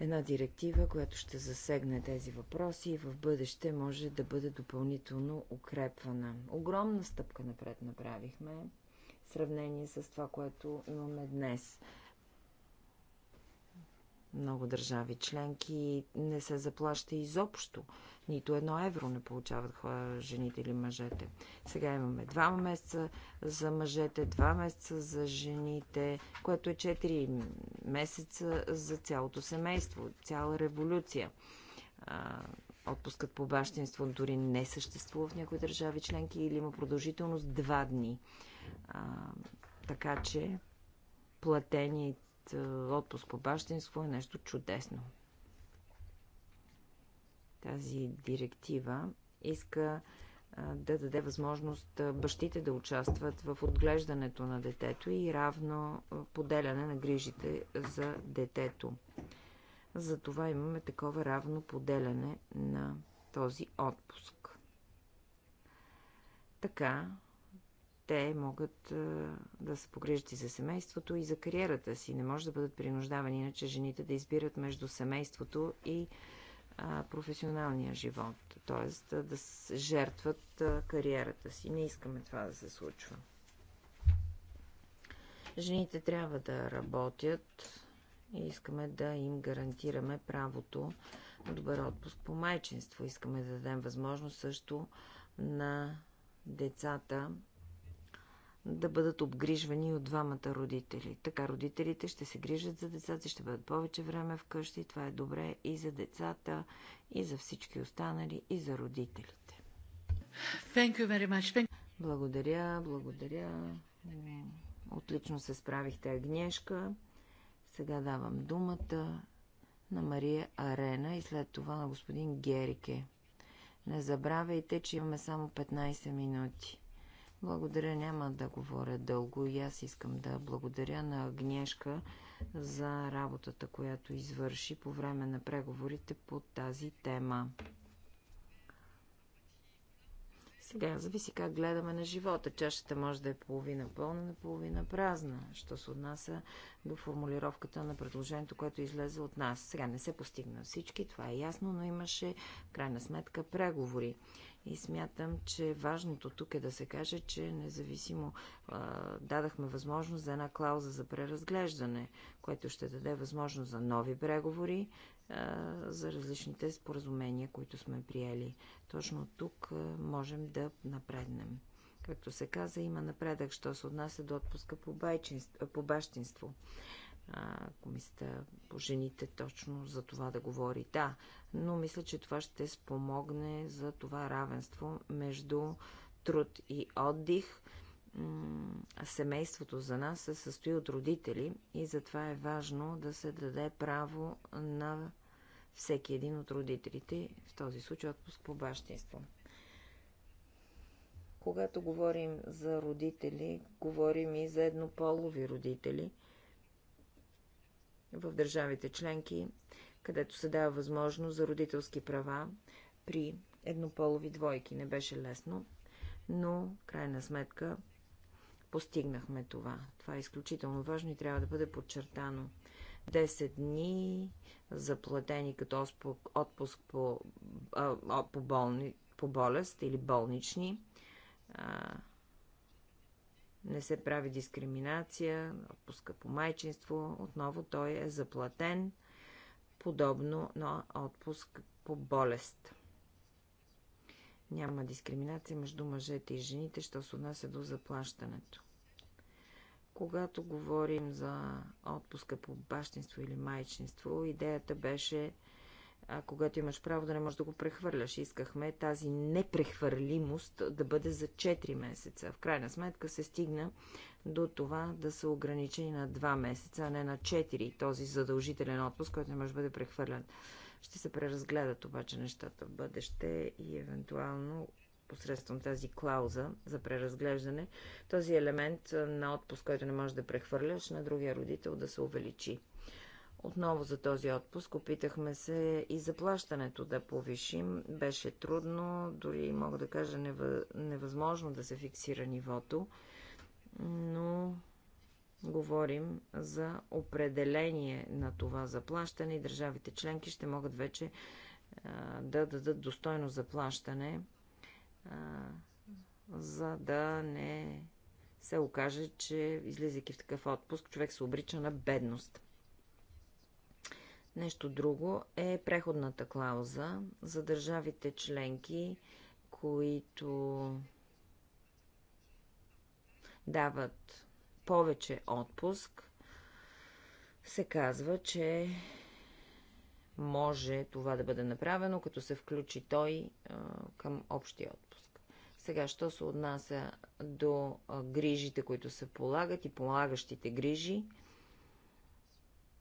Една директива, която ще засегне тези въпроси и в бъдеще може да бъде допълнително укрепвана. Огромна стъпка напред направихме в сравнение с това, което имаме днес – много държави членки не се заплаща изобщо. Нито едно евро не получават хора, жените или мъжете. Сега имаме два месеца за мъжете, два месеца за жените, което е 4 месеца за цялото семейство, цяла революция отпускът по бащинство дори не съществува в някои държави членки или има продължителност два дни. А, така че платени отпуск по бащинство е нещо чудесно. Тази директива иска да даде възможност бащите да участват в отглеждането на детето и равно поделяне на грижите за детето. Затова имаме такова равно поделяне на този отпуск. Така те могат да се погрежат и за семейството, и за кариерата си. Не може да бъдат принуждавани иначе жените да избират между семейството и професионалния живот, т.е. да жертват кариерата си. Не искаме това да се случва. Жените трябва да работят и искаме да им гарантираме правото на добър отпуск по майчинство. Искаме да дадем възможност също на децата да бъдат обгрижвани от двамата родители. Така родителите ще се грижат за децата, ще бъдат повече време вкъщи. Това е добре и за децата, и за всички останали, и за родителите. Thank you very much. Thank... Благодаря, благодаря. Отлично се справихте, Агнешка. Сега давам думата на Мария Арена и след това на господин Герике. Не забравяйте, че имаме само 15 минути. Благодаря, няма да говоря дълго и аз искам да благодаря на Агнешка за работата, която извърши по време на преговорите по тази тема. Сега зависи как гледаме на живота. Чашата може да е половина пълна, наполовина празна, що се отнася до формулировката на предложението, което излезе от нас. Сега не се постигна всички, това е ясно, но имаше крайна сметка преговори. И смятам, че важното тук е да се каже, че независимо а, дадахме възможност за една клауза за преразглеждане, което ще даде възможност за нови преговори а, за различните споразумения, които сме приели. Точно тук а, можем да напреднем. Както се каза, има напредък, що се отнася до отпуска по, байчинство, по бащинство комисията по жените точно за това да говори. Да, но мисля, че това ще спомогне за това равенство между труд и отдих. Семейството за нас се състои от родители и затова е важно да се даде право на всеки един от родителите, в този случай отпуск по бащинство. Когато говорим за родители, говорим и за еднополови родители – в държавите членки, където се дава възможност за родителски права при еднополови двойки. Не беше лесно, но крайна сметка постигнахме това. Това е изключително важно и трябва да бъде подчертано. 10 дни заплатени като отпуск по, а, по, болни, по болест или болнични. А, не се прави дискриминация, отпуска по майчинство, отново той е заплатен, подобно на отпуск по болест. Няма дискриминация между мъжете и жените, що се отнася до заплащането. Когато говорим за отпуска по бащинство или майчинство, идеята беше а, когато имаш право да не можеш да го прехвърляш. Искахме тази непрехвърлимост да бъде за 4 месеца. В крайна сметка се стигна до това да са ограничени на 2 месеца, а не на 4, този задължителен отпуск, който не може да бъде прехвърлен. Ще се преразгледат обаче нещата в бъдеще и евентуално посредством тази клауза за преразглеждане, този елемент на отпуск, който не можеш да прехвърляш на другия родител да се увеличи. Отново за този отпуск опитахме се и заплащането да повишим. Беше трудно, дори мога да кажа невъзможно да се фиксира нивото, но говорим за определение на това заплащане и държавите членки ще могат вече да дадат достойно заплащане, за да не се окаже, че излизайки в такъв отпуск, човек се обрича на бедност. Нещо друго е преходната клауза за държавите членки, които дават повече отпуск, се казва, че може това да бъде направено, като се включи той а, към общия отпуск. Сега, що се отнася до а, грижите, които се полагат и полагащите грижи,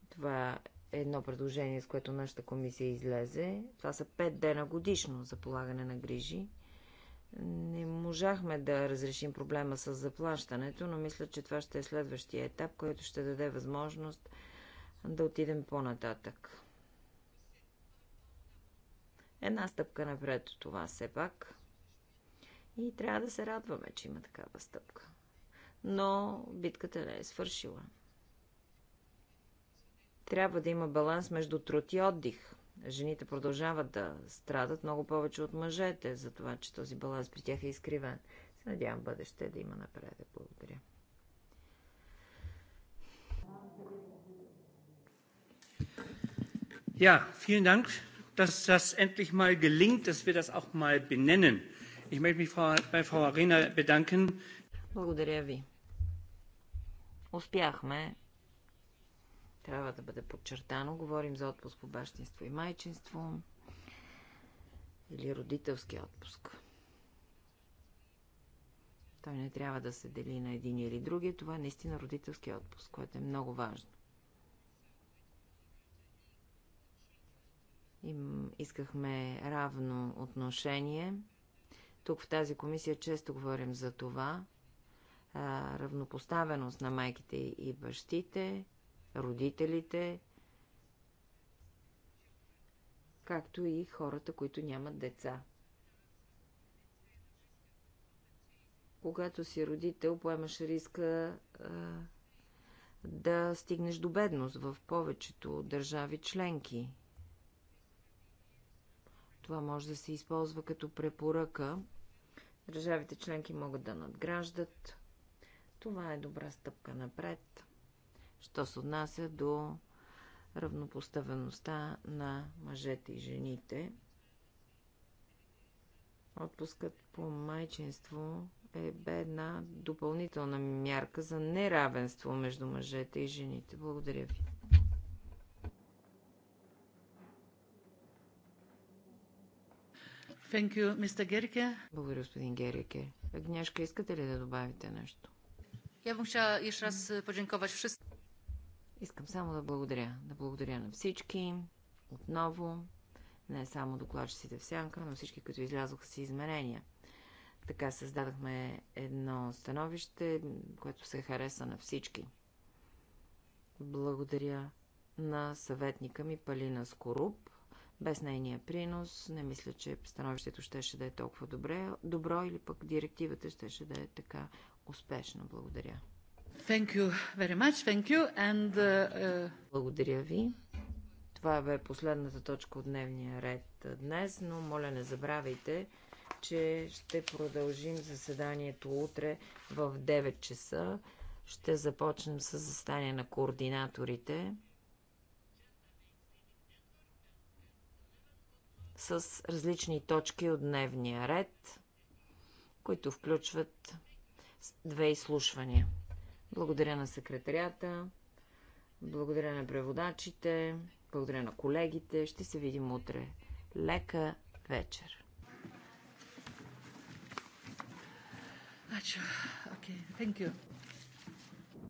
това едно предложение, с което нашата комисия излезе. Това са 5 дена годишно за полагане на грижи. Не можахме да разрешим проблема с заплащането, но мисля, че това ще е следващия етап, който ще даде възможност да отидем по-нататък. Една стъпка напред от това все пак. И трябва да се радваме, че има такава стъпка. Но битката не е свършила. Трябва да има баланс между труд и отдих. Жените продължават да страдат много повече от мъжете, за това, че този баланс при тях е изкривен. Се надявам бъдеще да има напредък. Благодаря. Ja, vielen Dank, dass das endlich mal gelingt, dass wir das auch mal benennen. Ich möchte mich bei Frau Arena bedanken. Благодаря ви. Успяхме трябва да бъде подчертано. Говорим за отпуск по бащинство и майчинство или родителски отпуск. Той не трябва да се дели на един или другия. Това е наистина родителски отпуск, което е много важно. Им искахме равно отношение. Тук в тази комисия често говорим за това. А, равнопоставеност на майките и бащите родителите, както и хората, които нямат деца. Когато си родител, поемаш риска а, да стигнеш до бедност в повечето държави членки. Това може да се използва като препоръка. Държавите членки могат да надграждат. Това е добра стъпка напред що се отнася до равнопоставеността на мъжете и жените. Отпускът по майчинство е бе една допълнителна мярка за неравенство между мъжете и жените. Благодаря ви. Thank you, Mr. Gerke. Благодаря, господин Герике. Агняшка, искате ли да добавите нещо? Я бих ще раз е, поженковать всички. Искам само да благодаря. Да благодаря на всички. Отново. Не само докладчиците в сянка, но всички, които излязоха си изменения. Така създадахме едно становище, което се хареса на всички. Благодаря на съветника ми Палина Скоруп. Без нейния принос не мисля, че становището щеше да е толкова добре, добро или пък директивата щеше да е така успешна. Благодаря. Thank you very much. Thank you. And, uh, uh... Благодаря ви. Това бе последната точка от дневния ред днес, но моля не забравяйте, че ще продължим заседанието утре в 9 часа. Ще започнем с застание на координаторите с различни точки от дневния ред, които включват две изслушвания. Благодаря на секретарията. Благодаря на преводачите. Благодаря на колегите. Ще се видим утре. Лека вечер. Ачо, окей, okay, thank you.